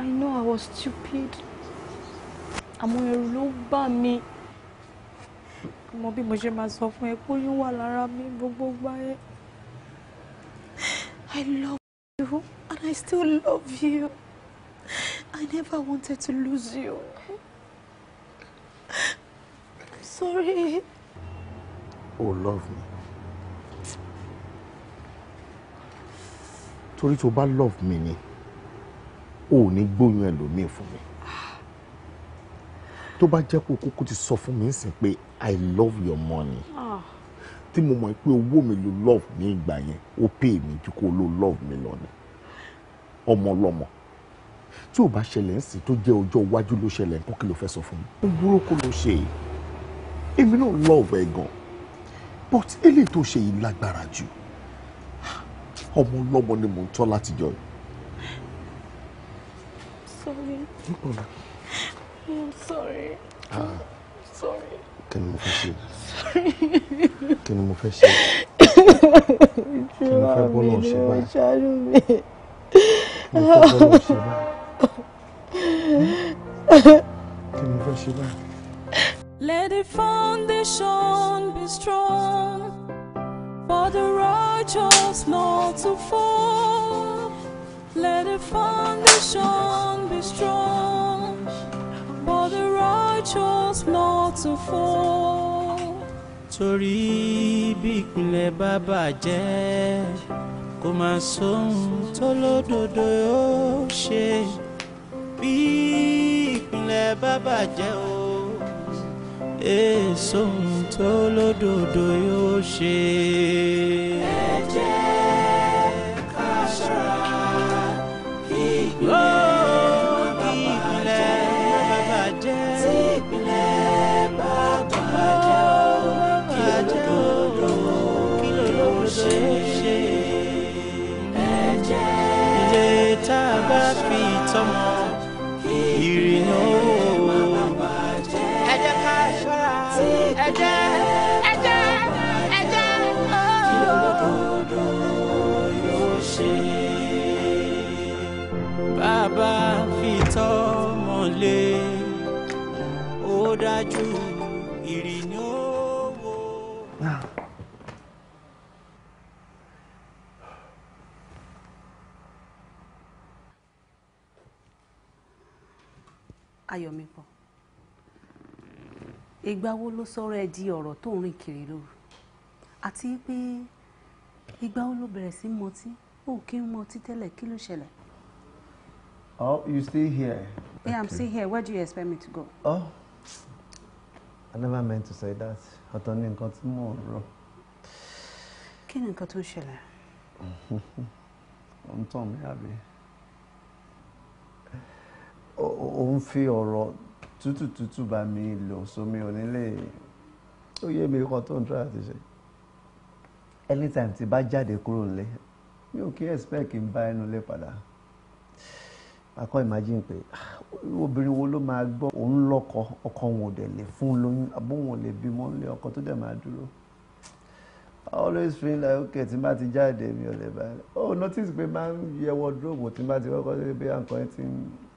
I know I was stupid. Àmọ́ ẹ̀rù ló bà mí. Mo bí mo ṣe máa sọ fún ẹ pé oyún wà lára mi gbogbo gbáyé. I love you and I still love you. I never wanted to lose you. I'm sorry. Oh, love me. Torí tó bá love mi ni, o ò ní gbóyún ẹlòmíì fún mi. Tó bá jẹ́ pé kúkú ti sọ fún mi ń sìn I love your money. Oh tí mo mọ̀ pé owó mi ló love ní ìgbà yẹn ó pè mí ju kó ló love mi lọ ni ọmọ lọmọ tí ò bá ṣẹlẹ̀ ń sìn tó jẹ́ ọjọ́ iwájú ló ṣẹlẹ̀ nǹkan kí ló fẹ́ sọ fún mi ó burúkú ló ṣe é èmi náà love ẹ gan but eléyìí tó ṣe yìí lágbára jù ọmọ ọlọ́mọ ni mò ń tọ́ láti jọ sorry. Ah. sorry. kí ni mo fi ṣe. (laughs) kí ni mo fẹ́ ṣe kí ni mo fẹ́ báyìí (laughs) kí ni mo fẹ́ báyìí. Let the foundation be strong for the righteous not to fall. Let the foundation be strong for the righteous not to fall. torí bí ìpínlẹ̀ bá bàjẹ́ kò má sóhun tó lódodo yóò ṣe bí ìpínlẹ̀ bá bàjẹ́ o èso ohun tó lódodo yóò ṣe. ẹ jẹ́ ká ṣọ́ra. ẹ̀jẹ̀ ẹ̀jẹ̀ ẹ̀jẹ̀ òdodo oh. yóò ṣe. bàbá fi tọ́ mọ́lé ó dájú ìrìnà owó. Ayọ̀míkún ìgbà wo ló sọ̀rọ̀ ẹ di ọ̀rọ̀ tó ń rìn kiri lóru àti pé ìgbà wo ló bẹ̀rẹ̀ sí mọtí ó kí ń mọtí tẹ́lẹ̀ kí ló ṣẹlẹ̀. oh you stay here. yeah i'm still here where do you expect me to go. oh i never meant to say that ọ̀tọ̀ ni nǹkan tí mò ń rò. kí ni nǹkan tó ṣẹlẹ̀. ó ń tàn mí àbí ó ń fi ọ̀rọ̀ tútù tútù bá mi lò sómi onílé ó yé mi kan tó ń tọ́ àti ṣe anytime tí bá jáde kúrò nílé mi ò kí expect kí n bá ẹnu lé padà akọ imagine pé ah, obìnrin wo ló máa gbọ́ òun lọ́kọ ọkọ òun ò dẹ̀ lè fún lóyún abóhùn ò lè bímọ nílé ọkọ tó dẹ̀ máa dúró I always feel like okay tí n bá ti jáde mi ò lè bá oh notice pé máa ń yẹ wardrobe tí n bá ti kọ́kọ́ sí pé àǹkọ́ ẹ ti ń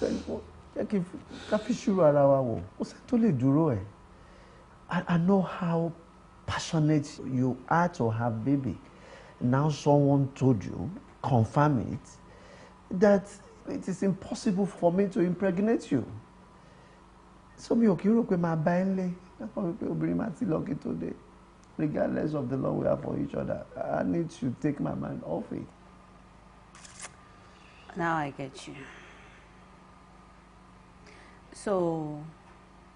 jẹ́ kí ká ara wa wò ó sẹ́ni tó lè dúró ẹ̀ I know how passionate you are to have baby now someone told you confirm it that it is impossible for me to impregnate you so mi ò kí rò pé máa bá ẹ lé lápá wípé obìnrin máa ti lọ kí tó dé regardless of the love we have for each other I need to take my mind off it. Now I get you so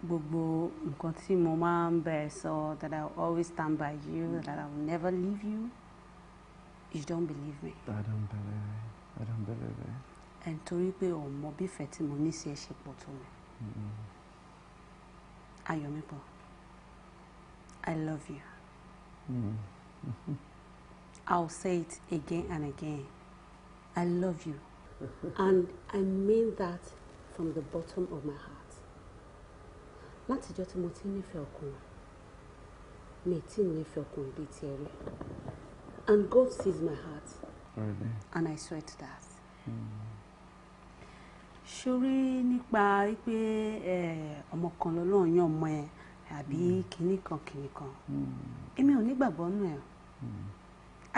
gbogbo nǹkan tí mo máa ń bẹ̀ sọ that I will always stand by you mm. that I will never leave you you don't believe me. I don't believe it I don't believe it. And ń torí pé òun mọ bí ìfẹ́ tí mo ní sí ẹ ṣe pọ̀ mi. ayọ̀ mi pọ̀ I love you. Mm. (laughs) I'll say it again and again I love you and I mean that from the bottom of my heart látijọ́ tí mo ti nífẹ̀ẹ́ ọkùnrin mi ti nífẹ̀ẹ́ ọkùnrin bíi ti ẹ̀rí and God sees my heart and I swear to that. ṣorí hmm. nípa pé eh, ọmọ kan lọ́lọ́run yàn ọmọ ẹ̀ àbí hmm. kinní kan kinní kan hmm. èmi ò nígbàgbọ́ nù ẹ̀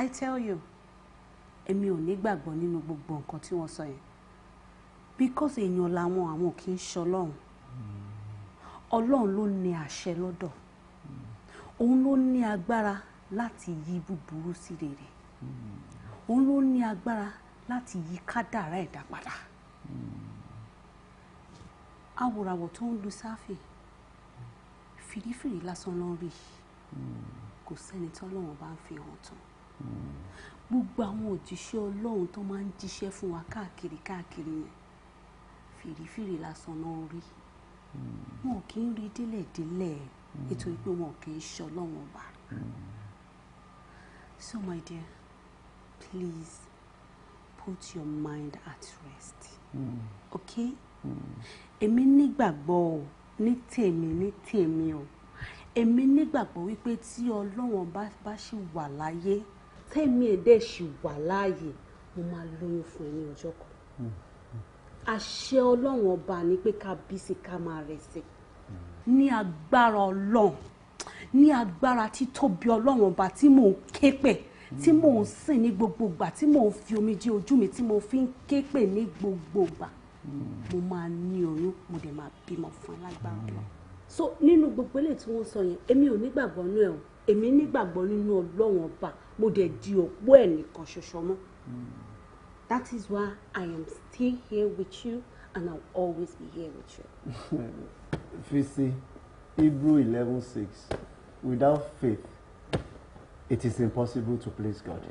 I tell you èmi ò nígbàgbọ́ nínú gbogbo nǹkan tí wọ́n sọ yẹn because èèyàn làwọn àwọn ò kí ń ṣọlọ́run. Mm ọlọ́run ló ní àṣẹ lọ́dọ̀ òun ló ní agbára láti yí búburú sí rere òun ló ní agbára láti yí kádàrá ẹ̀dá padà awòràwọ̀ tó ń lu sáfì fìrífìrí lásán ló ń rí kò sẹ́ni tọ́lọ́run bá ń fi hàn tán gbogbo àwọn òjíṣẹ́ ọlọ́run tó máa ń jíṣẹ́ fún wa káàkiri káàkiri yẹn fìrífìrí lásán ló ń rí wọn kì í rí délẹ̀délẹ̀ hmm. nítorí pé wọn kì í ṣe ọlọ́run ọba. Hmm. So my dear, please put your mind at rest. Mm. Okay? Hmm. Èmi nígbàgbọ́ o, ní tèmi ní tèmi o. Èmi nígbàgbọ́ wípé tí ọlọ́run bá ṣì wà láyé, tèmi ẹ̀ dẹ̀ ṣì wà láàyè, mo máa lóyún fún ẹ ní ọjọ́ kan. Mm àṣẹ ọlọ́run ọba ni pé ká bí sí ká máa rẹ̀ sí ní agbára ọlọ́run ní agbára títóbi ọlọ́run ọba tí mò ń ké pè tí mò ń sìn ní gbogbo ìgbà tí mò ń fi omijé ojú mi tí mo fi ń ké pè ní gbogbo ìgbà mo máa ní oyún mo dẹ̀ máa bímọ fún alágbára ọlọ́run so nínú gbogbo eléyìí tí wọ́n sọ yẹn èmi ò nígbàgbọ́ nínú ẹ̀ o èmi nígbàgbọ́ nínú ọlọ́run ọba mo dẹ̀ di òpó ẹ̀ nìkan ṣoṣo mọ́ That is why I am still here with you and I'll always be here with you. (laughs) Fisi, Hebrew 11 6. Without faith, it is impossible to please God.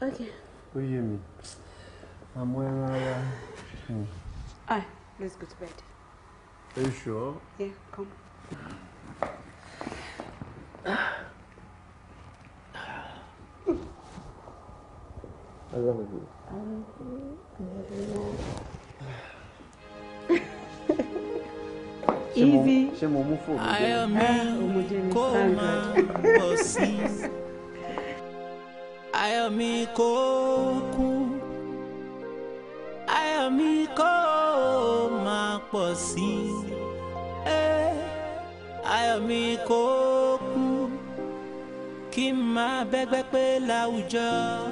Okay. Ó yé mi. Àmọ́ ẹran ara. Alright, let's go to bed. Are you sure? Yeah, come. Ah. I love you. I love you. I love you. Easy. Ṣé mo mú fòmù jẹ́? Ayọ̀ mi kò máa bọ̀ sí. Ayọ̀ mi kò kú. Ayọ̀ mi kò máa pọ̀ sí. Ayọ̀ mi kò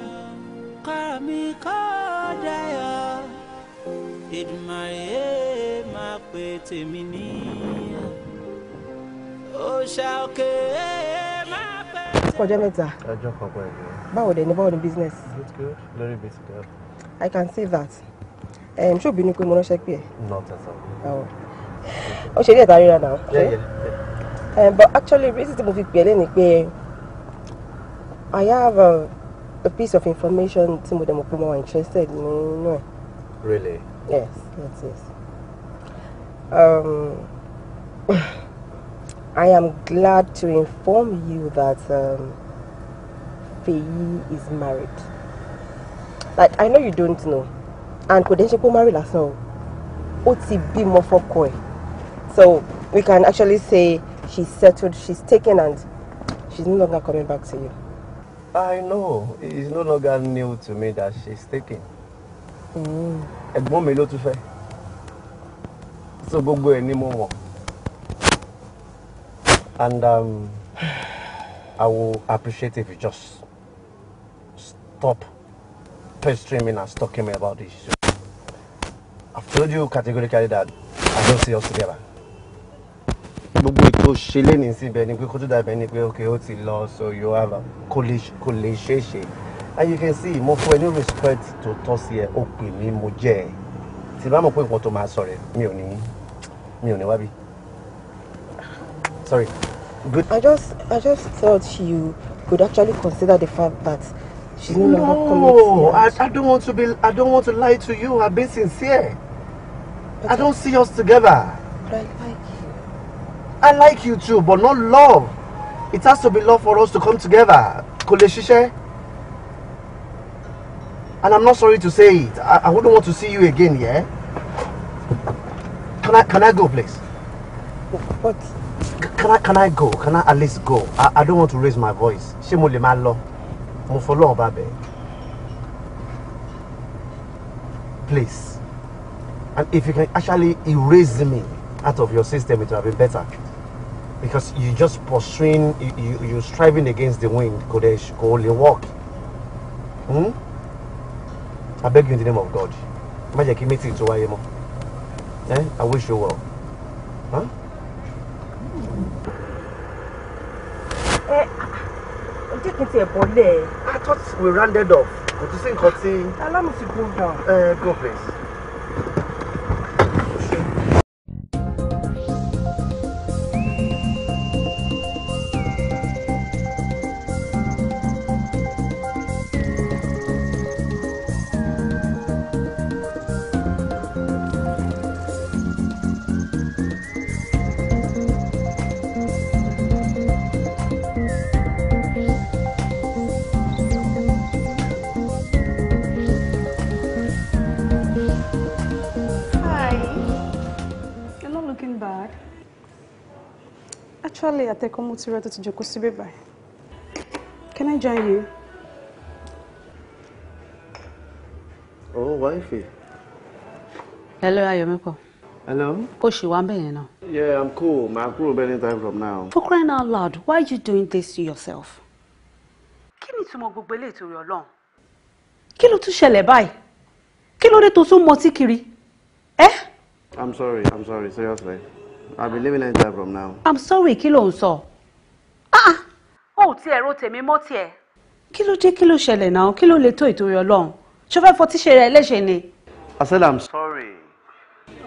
kú kami kodaya Èdùmàrè máa pè tèmi níyà òòṣà òkè máa pè. ọjọ́ mẹ́ta. ọjọ́ kan pẹ̀lú. báwo dẹ̀ ni báwo ni business. good good lórí bíi ti i can say that. Um, ṣé òbí ni pé mo ránṣẹ́ pé ẹ̀. not at all. ó ṣe ní ẹ̀ta ríra náà. yeah yeah. but actually reason tí mo fi pè é lẹ́nu pé I have. Uh, a piece of information some of them will be more interested nínú really. yes yes yes. Um, (sighs) I am glad to inform you that um, Feyi is married. Like, I know you don't know. And could dẹ̀ ṣe pé ó marry lásán o. marry lasan o more for bímọ So, we can actually say she's settled, she's taken, and she's no longer coming back to you. I know it's no longer new to me that she's taking. Mm. ẹ̀gbọ́n mi ló tún fẹ́ so gbogbo ẹ̀ ni mo mọ̀ and um, (sighs) I will appreciate if you just stop pestering me and stalking me about this I've told you categorically that I don't see us together gbogbo ètò ṣe lẹ́nu síbẹ̀ ni pé kó tó dàbẹ̀ ni pé okay ó ti lọ so you have kò lè ṣe é ṣe and you can see mo fún ẹ ní respect tó tọ́ sí ẹ ó pè mí mo jẹ́ ẹ tí bá mọ̀ pé nǹkan tó máa sọ rẹ̀ mi ò ní mi ò ní wábí sorry good. I just I just thought you could actually consider the fact that she's no longer committed. No, I, I don't want to be I don't want to lie to you. I've been sincere. But I don't see us together. But I, I I like you too, but not love. It has to be love for us to come together. Kò And I'm not sorry to say it. I, I wouldn't want to see you again, yeah? Can I can I go, please? What? Can I can I go? Can I at least go? I, I don't want to raise my voice. Ṣé mo lè máa lọ? Mo Please. And if you can actually erase me out of your system, it would have been better because you just pursuing you, you you striving against the wind Kodesh. Go only walk. hmm? I beg you in the name of God má jẹ́ kí meeting tó wáyé eh? I wish you well. Huh? Eh, ah, ah. jẹ́ kí n tiẹ̀ bọ́lẹ̀. I thought we rounded off. Kò tún sí nǹkan tí. Allow me to go down. Uh, eh, go please. Actually, I think I'm to ready to jókòó sí bíbá. Can I join you? Oh, wifey. Hello, Ayọ̀mípọ̀. Hello? Kò ṣì wà ńbẹ̀ yẹn náà. Yeah, I'm cool. Màá kúrò bẹ́ẹ̀ time from now. For crying out loud, why are you doing this to yourself? Kí ni ìtumọ̀ gbogbo eléyìí torí Ọlọ́run? Kí ló tún ṣẹlẹ̀ báyìí? Kí ló dé tó tún mọtí kiri? Ẹ́. Eh? I'm sorry, I'm sorry, seriously. I'll be leaving anytime from now. I'm sorry, kilo ló Ah! Oh, ti ẹ̀rọ tèmi mọ́ tiẹ̀. Kí ló dé kí ló ṣẹlẹ̀ náà? Kí ló lè long. Chofa Ọlọ́run? Ṣo le fọ I said I'm sorry.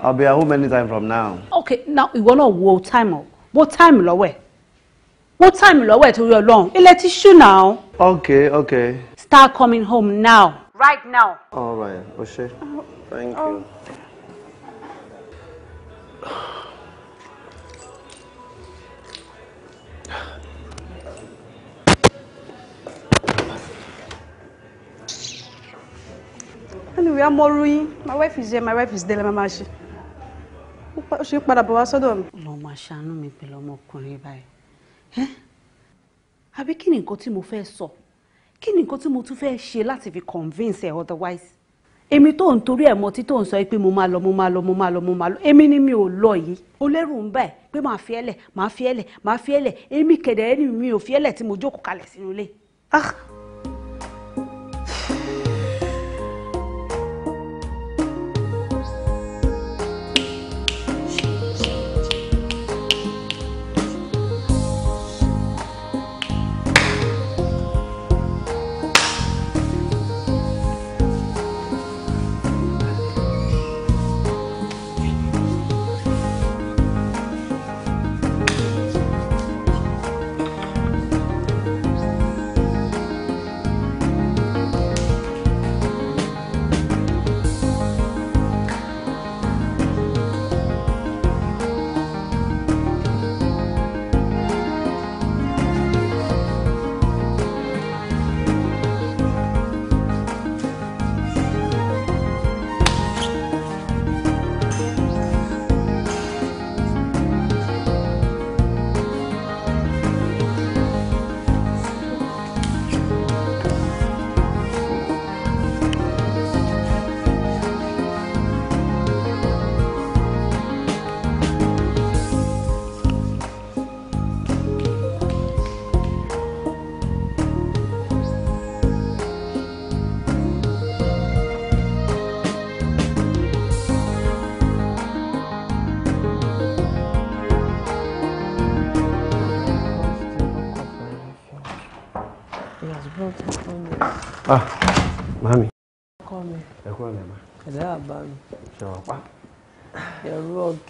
I'll be at home anytime from now. Okay, now ìwọ náà wo time up. Wo time lọ́wọ́ ẹ̀? Wo time lọ́wọ́ ẹ̀ torí Ọlọ́run? Ilẹ̀ ti ṣú now. Okay, okay. Start coming home now. Right now. All right, Oshé. Oh. Thank you. Oh. anyway amọ̀rú yín my wife is here my wife is there lẹ́mọ̀ máa ṣe ó ṣe padà bọ̀ wá sọ́dọ̀ mi. mo máa ṣàánú mi pẹ̀lú ọmọkùnrin báyìí àbí kí ni nǹkan tí mo fẹ́ sọ kí ni mo tún fẹ́ ṣe láti fi convince ẹ otherwise èmi tó ń torí ẹ̀ mọtí tó ń sọ pé mo máa lọ mo máa lọ mo máa lọ mo máa lọ èmi ni mi ò lọ yìí ó lẹ́rù ń báyìí pé màá fi ẹlẹ̀ màá fi ẹlẹ̀ màá fi ẹlẹ̀ èmi kẹ̀dẹ̀ ẹni mi ò fi ẹlẹ̀ tí mo jókòó kalẹ̀ sínú ilé. ah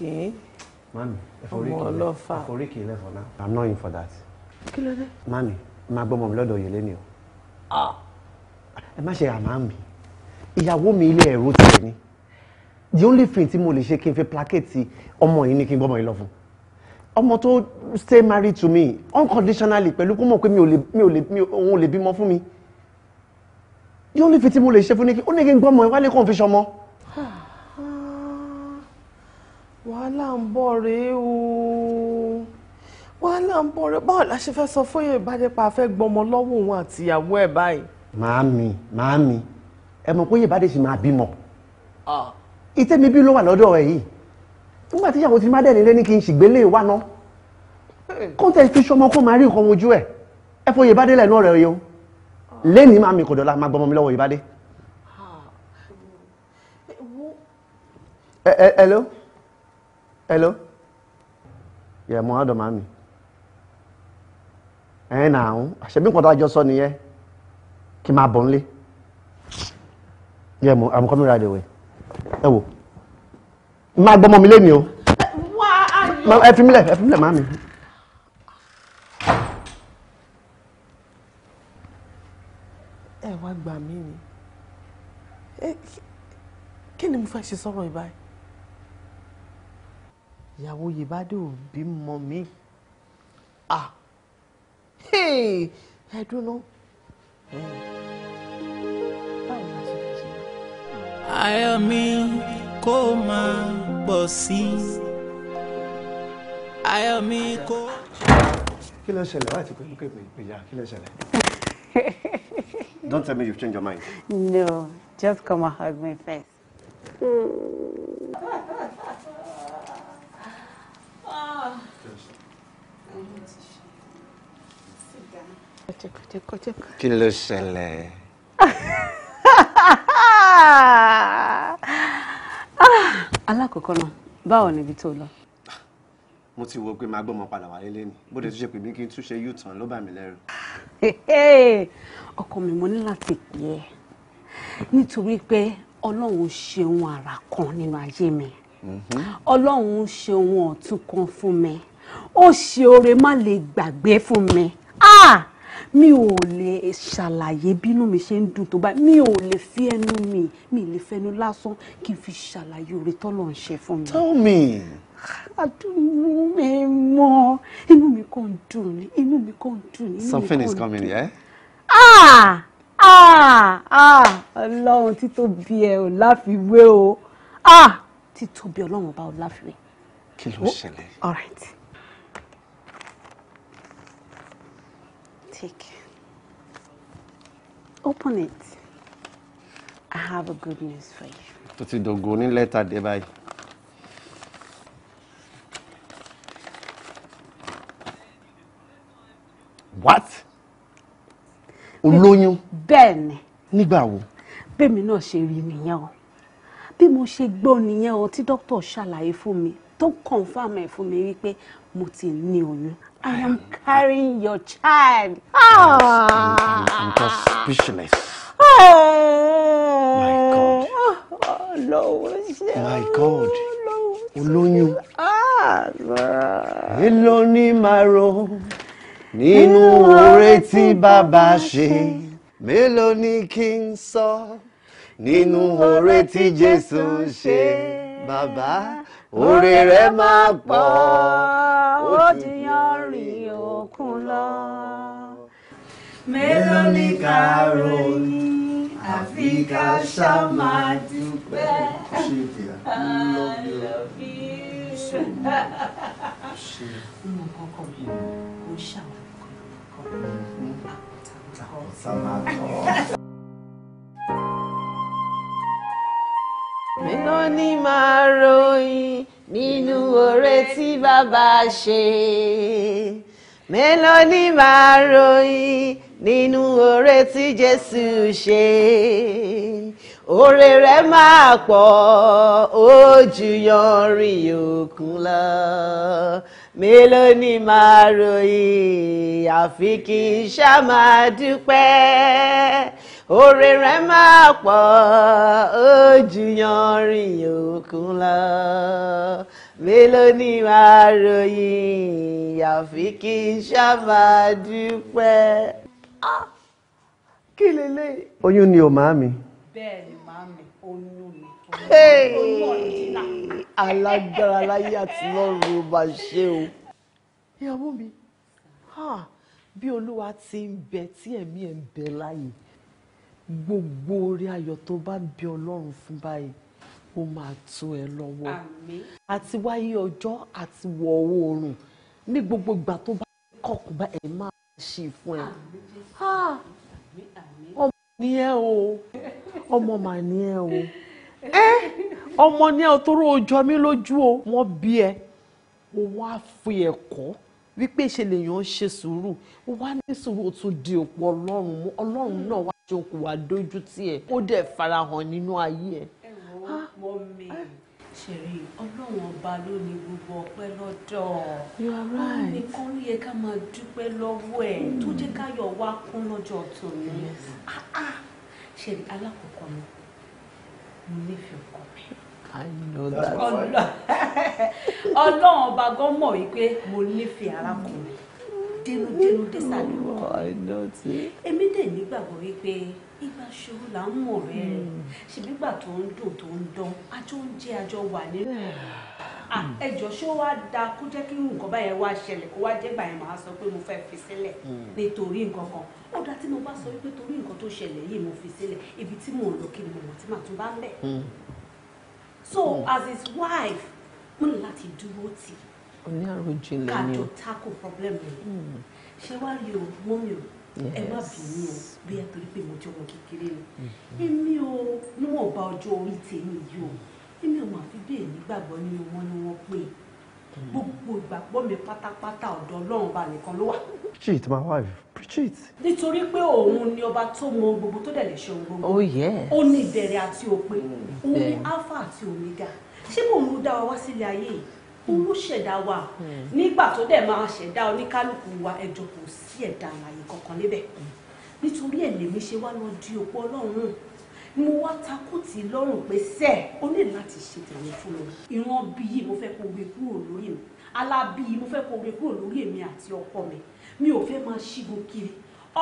okay. mami ẹ̀fọ́ríkì lẹ́fọ̀ náà i'm not in for that. kí ló dé. mami máa gbọ́mọ mi lọ́dọ̀ yẹlé ni o ẹ má ṣe àmà mi ìyàwó mi ilé ẹ̀rọ tiẹ̀ ni the only thing tí mo lè ṣe kí n fi placate ọmọ yìí ni kí n gbọ́mọ yìí lọ fún ọmọ tó stay married to me unconditionally pẹ̀lú kó mọ̀ pé mi ò lè mi ò lè mi òun ò lè bímọ fún mi the only thing tí mo lè ṣe fún ni kí ó ní kí n gbọ́mọ ẹ wálé kó n fi ṣọmọ wàhálà ń bọ̀ rèé o wàhálà ń bọ̀ rèé báwo la ṣe fẹ́ sọ fún yẹn ìbádẹ́pà fẹ́ gbọmọ lọ́wọ́ òun àti ìyàwó ẹ̀ báyìí. màámi màámi ẹ mọ̀ pé yèbádé ṣì máa bímọ ìtẹ́mi bí ló wà lọ́dọ̀ ẹ̀ yìí nígbà tí ìyàwó ti má dẹ̀ nílé ní kí n ṣìgbélé wa ná kọ́ńtẹ̀ fi ṣọmọ kó máa rí nǹkan ojú ẹ̀ ẹ fọ yèbádé lẹ̀ náà rẹ̀ o lẹ́ni máa mi kò dọ̀la máa gbọmọ mi lọ́wọ́ yèbádé. ẹ ẹ ẹ hello yẹ mọ ọdọ màmí ẹ eh, nà áhùn àṣẹbí nǹkan tó àjọ sọ nìyẹn kí n máa bọ̀ nílé yẹ mọ I'm coming right away ẹ wò máa gbọ́mọ mi lẹ́nu o ẹ fi mílẹ̀ ẹ fi mílẹ̀ màmí. ẹ wá gbà mí ni eh, kí ni mo fẹ́ ṣe sọ̀rọ̀ ìbáyìí ìyàwó Yèbádé ò bímọ mi ah ẹ dúró báwo ayọ̀ mi kò máa pọ̀ sí ayọ̀ mi kò. kí ló ṣẹlẹ̀ láti pé lókè ìyá kí ló ṣẹlẹ̀. (laughs) Don't tell me you've changed your mind. No, just come and hug me first. Mm. kí ló ṣẹlẹ̀. alákọ̀ọ́kọ́ náà báwo ni ibi tó lọ. mo ti wo pé máa gbọ́mọ padà wálé lẹ́nu bó de tún ṣe pè mí kí n tún ṣe u-turn ló bà mí lẹ́rù. (laughs) ọkọ mi mo ní láti pè é nítorí pé ọlọ́run ṣeun àrà kan nínú ayé mi mhm. ọlọ́run ṣeun ọ̀tún kan fún mi ó ṣe oore má lè gbàgbé fún mi. Ah! mi ò lè ṣàlàyé bínú mi ṣe ń dùn tó báyìí mi ò lè fi ẹnu mi mi lè fẹnu lásán kí n fi ṣàlàyé oore tọ́lọ̀ ń ṣe fún mi. tell me. àdúrú mi mọ inú mi kàn ń dùn ní inú mi kàn ń dùn ní. something is coming yeah. ah ah ah ọlọ́run títóbi ẹ ò láfiwé o ah títóbi ọlọ́run ọba ò láfiwé. kí ló ṣẹlẹ̀. all right. take. Open it. I have a good news for you. Ó ti dògò ní lẹ́tà What? Olóyún? Ben. Nígbà wo? mi náà ṣe rí nìyẹn o. Bí mo ṣe gbọ́ nìyẹn o tí dókítà ṣàlàyé fún mi tó confam ẹ̀ fún mi wípé mo ti ní oyún I am carrying your child. Ah. I'm, I'm just speechless. Oh. My God. Oh, Lord. My God. Oh, Olóyún. Ah. Èló ni màá rò nínú oore tí bàbá ṣe. Mélòó ni kí n sọ nínú oore tí Jésù ṣe. Bàbá oore rẹ̀ máa pọ̀ ó ti yan rìn òkun lọ. mélòó ni ká ròyìn àfi ká ṣá máa dúpẹ́ I love you. mélòó ni màá ròyìn nínú oore tí bàbá ṣe mélòó ni màá ròyìn nínú oore tí Jésù ṣe oore rẹ̀ máa pọ̀ ó jù yanrìn òkun lọ mélòó ni màá ròyìn àfi kí ṣá máa dúpẹ́ oore rẹ̀ máa pọ̀ ó jiyàn rìn òkun lọ mélòó ni màá ròyìn àfi kí n ṣáàbà dúpẹ́. Ah, kí leléyìí. oyún ni o màámi. bẹ́ẹ̀ ni màámi oyún ni alágbára láyé àti lọ́rùn bá ṣe o. ìyàwó mi bí olúwa ti ń bẹ tí ẹ̀mí ẹ̀ ń bẹ láyé gbogbo orí ayọ̀ tó bá ń bí ọlọ́run fún báyìí ó máa tó ẹ lọ́wọ́ àti wáyé ọjọ́ àti wọ̀ oòrùn ní gbogbo ìgbà tó bá kọ̀kùn bá ẹ̀ máa ṣe fún ẹ ah! ọmọ ni ẹ o ọmọ mà ni ẹ o (laughs) ẹ ọmọ ni ẹ o tóró ojọ mi lójú o wọ́n bí ẹ o wá fi ẹ̀kọ́ wípé ṣe lèèyàn ṣe sùúrù o wá ní sùúrù o tún di òpó ọlọ́run mú ọlọ́run náà wá jókòó adójú tí ẹ ó dẹ̀ farahàn nínú ayé ẹ. ẹ wo mi ṣèrí ọlọ́run ọba ló gbogbo ọpẹ́ lọ́dọ̀ nìkan ló yẹ ká máa dúpẹ́ lọ́wọ́ ẹ̀ hmm. tó jẹ́ káyọ̀ wá kún lọ́jọ́ tòní ah, ah. ṣèrí alákọ̀ọ́kọ́ mi mo nífẹ̀ẹ́ ọkọ mi. (laughs) ọlọ́run ọba gan mọ̀ wípé mo nífẹ̀ẹ́ arákùnrin dénúdénú dé sàlẹ̀ wọn. èmi dẹ̀ nígbàgbọ́ wípé ìgbà ṣòro là ń mọ̀ rẹ̀ ṣèbígbà tó ń dùn tó ń dán àjọ ń jẹ́ àjọ wà nínú ẹjọ́ ṣé ó wá da kó jẹ́ kí nǹkan báyẹn wá ṣẹlẹ̀ kó wá jẹ́ báyẹn máa sọ pé mo fẹ́ fi sílẹ̀ nítorí nǹkan kan ó dá tí mo bá sọ wípé torí nǹkan tó ṣẹlẹ̀ yìí mo fi sílẹ̀ ibi tí mò lọ kí ni mo mọ̀ tí màá tún bá ń bẹ̀. Hmm. so as his wife mo ní láti dúró tì í ó ní àròjinlẹ̀ ni o káàtó tako problem rẹ hmm. ṣé wàá rí o mi o ẹ má bínú o bí ẹ torí pé mo jẹ́ ọmọ kékeré ni mm-hmm. èmi o níwọ̀nba ọjọ́ orí tèmi yìí o èmi ò mà fi bẹ́ẹ̀ nígbàgbọ́ nínú wọn ni wọ́n pè é hmm. gbogbo ìgbàgbọ́ mi pátápátá ọ̀dọ̀ ọlọ́run bá nìkan ló wà. cheat my wife cheat. nítorí pé òun ni ọba tó mọ gbogbo tó dẹ̀ ṣe ohun gbogbo. oh yes. ó ní ìbẹ̀rẹ̀ àti òpin hmm. òun ni alpha àti omega ṣé mò ń dá wa wá sílé ayé yìí olùṣẹ̀dá wa nígbà tó dẹ̀ máa ṣẹ̀dá oníkálukú wa ẹjọ́ kò sí ẹ̀dá àlàyé kankan níbẹ̀ nítorí ẹ̀ lèmi ṣe wá lọ di òpó ọlọ́run mo wá takú tí lọ́rùn pé sẹ́ ó ní láti ṣe tèmi fún mi ìran bíi mo fẹ́ kó gbé kúrò lórí mi alábíi mo fẹ́ kó gbé kúrò lórí èmi àti ọkọ mi mi ò fẹ́ máa ṣígun kiri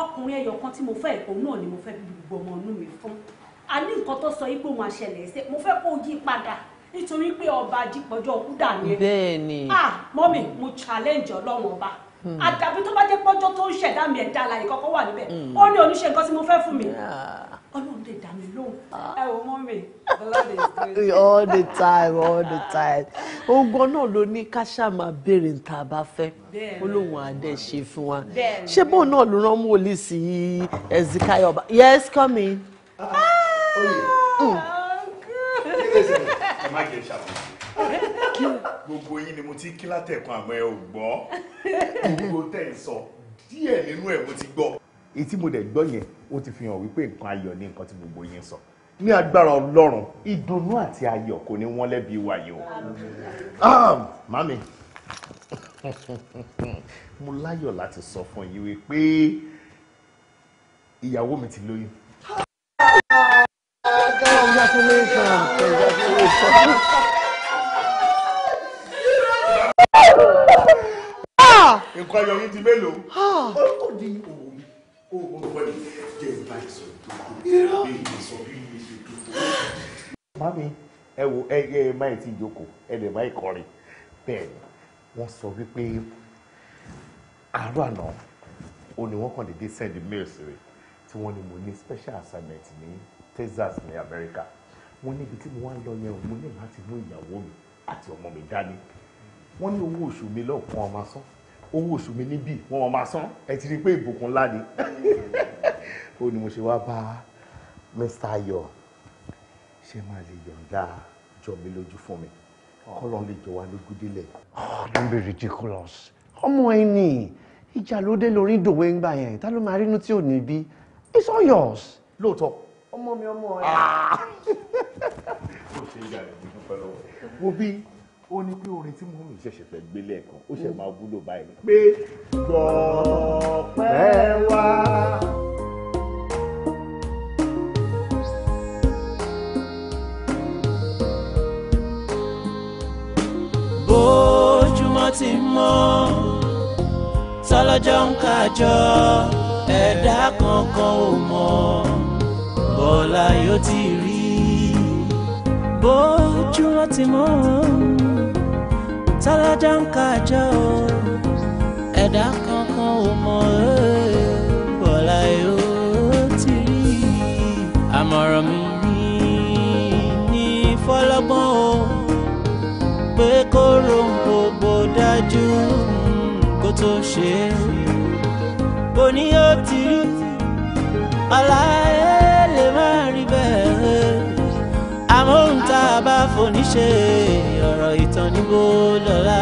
ọkùnrin ẹyọ kan tí mo fẹ́ ẹ̀kọ́ náà ni mo fẹ́ gbogbo ọmọ inú mi fún a ní nǹkan tó sọ yìí pé òun àṣẹlẹ̀ ẹsẹ̀ mo fẹ́ kó yí padà nítorí pé ọba àdìpọ̀jọ́ kúdà yẹn bẹ́ẹ̀ ni ah mọ́mì mo challenge ọlọ́run ọba hmm. àdàbí tó bá jẹ́ pọ́jọ́ tó ń ṣẹ̀dá mi ẹ̀dá alàyè kọ́kọ́ wà níbẹ̀ hmm. ó ní oníṣe nǹkan tí mo fẹ́ fún mi ah. ọlọ́run lè dá mi lóhùn ah. ẹ wò mọ́mì all the time all the time ogun náà ló ní ká ṣàmà béèrè níta bá fẹ́ olóhùn adé ṣe fún wa ṣé bóun náà ló rán wòlíì sí Ezekiel yes come in. Ah, hmm má jẹ ṣàfihàn gbogbo yín ni mo ti kí látẹ̀kùn àmọ́ ẹ ò gbọ́ gbogbo tẹ̀ ń sọ díẹ̀ nínú ẹ̀ mo ti gbọ́. èyí tí mo dẹ̀ gbọ́ yẹn ó ti fi hàn wípé nǹkan ayọ̀ ni nǹkan tí gbogbo yín sọ ní agbára ọlọ́run ìdùnnú àti ayọ̀ kò ní wọ́n lẹ́bi wa yìí o. mami mo láyọ̀ láti sọ fún yín wípé ìyàwó mi ti lóyún. Congratulations. Congratulations. Nǹkan ayọ̀ yín ti mélòó? Ó kò di òwò mi. Ó mọ pẹ́ mi. Jẹ́ ìbá ìsọ̀ ìdókòwò. Irọ́. Bí ìsọ̀ bí mi ṣe dúró. Mami, ẹ wo ẹ ẹ máa ti jókòó, ẹ lè máa kọrin. Bẹ́ẹ̀ni, wọ́n sọ wípé àárọ̀ àná o ni kàn dédé send mail sí rẹ̀ tí wọ́n ní mo ní special assignment ní Texas ní America. wọ́n níbi tí mo wá ń lọ yẹn mo ní láti mú ìyàwó mi àti ọmọ mi dání wọ́n ní owó oṣù mi lọ́ọ̀kan ọmọ asán owó oṣù mi níbí wọ́n máa san ẹ ti rí i pé ìbùkún ńlá ni (laughs) ó ní mo ṣe wá bá Mr. Ayọ̀ ṣe máa lè yọ̀ǹda jọ mi lójú fún mi kọ́lọ́ lè jọ wá lójú délẹ̀. Ah, don't be ridiculous ọmọ ẹ ní ìjà ló dé lórí ìdòwe ńgbà yẹn ta ló máa rínú tí ò ní bí it's all yours. lóòótọ́ ọmọ mi ọmọ ẹ. Ah. ó ṣe ìyá rẹ̀ dúpẹ́ lọ́wọ́ wo bí ó ní pé orin tí mọ́mí ṣẹ̀ṣẹ̀ fẹ́ gbé lẹ́ẹ̀kan ó ṣẹ̀ máa wúlò báyìí pé gbọ̀pẹ́ wá. bójúmọ́ ti mọ́ tọ́lọ́jọ́ ń kájọ ẹ̀dá kankan ò mọ̀ bọ́lá yóò ti rí bójú wọn ti mọ́ tálájà ń kájọ ẹ̀dá kankan ò mọ̀ bọ́lá yóò ti rí àmọ̀ràn mi ní fọlọ́gbọ́n o pé kó ronú bó dájú kó tó ṣe bó ni ó ti rí ọ̀la ẹ̀ má rí bẹ́ẹ̀ àmọ́ ń tá a bá foni ṣe ọ̀rọ̀ ìtàn níbo lọ́la.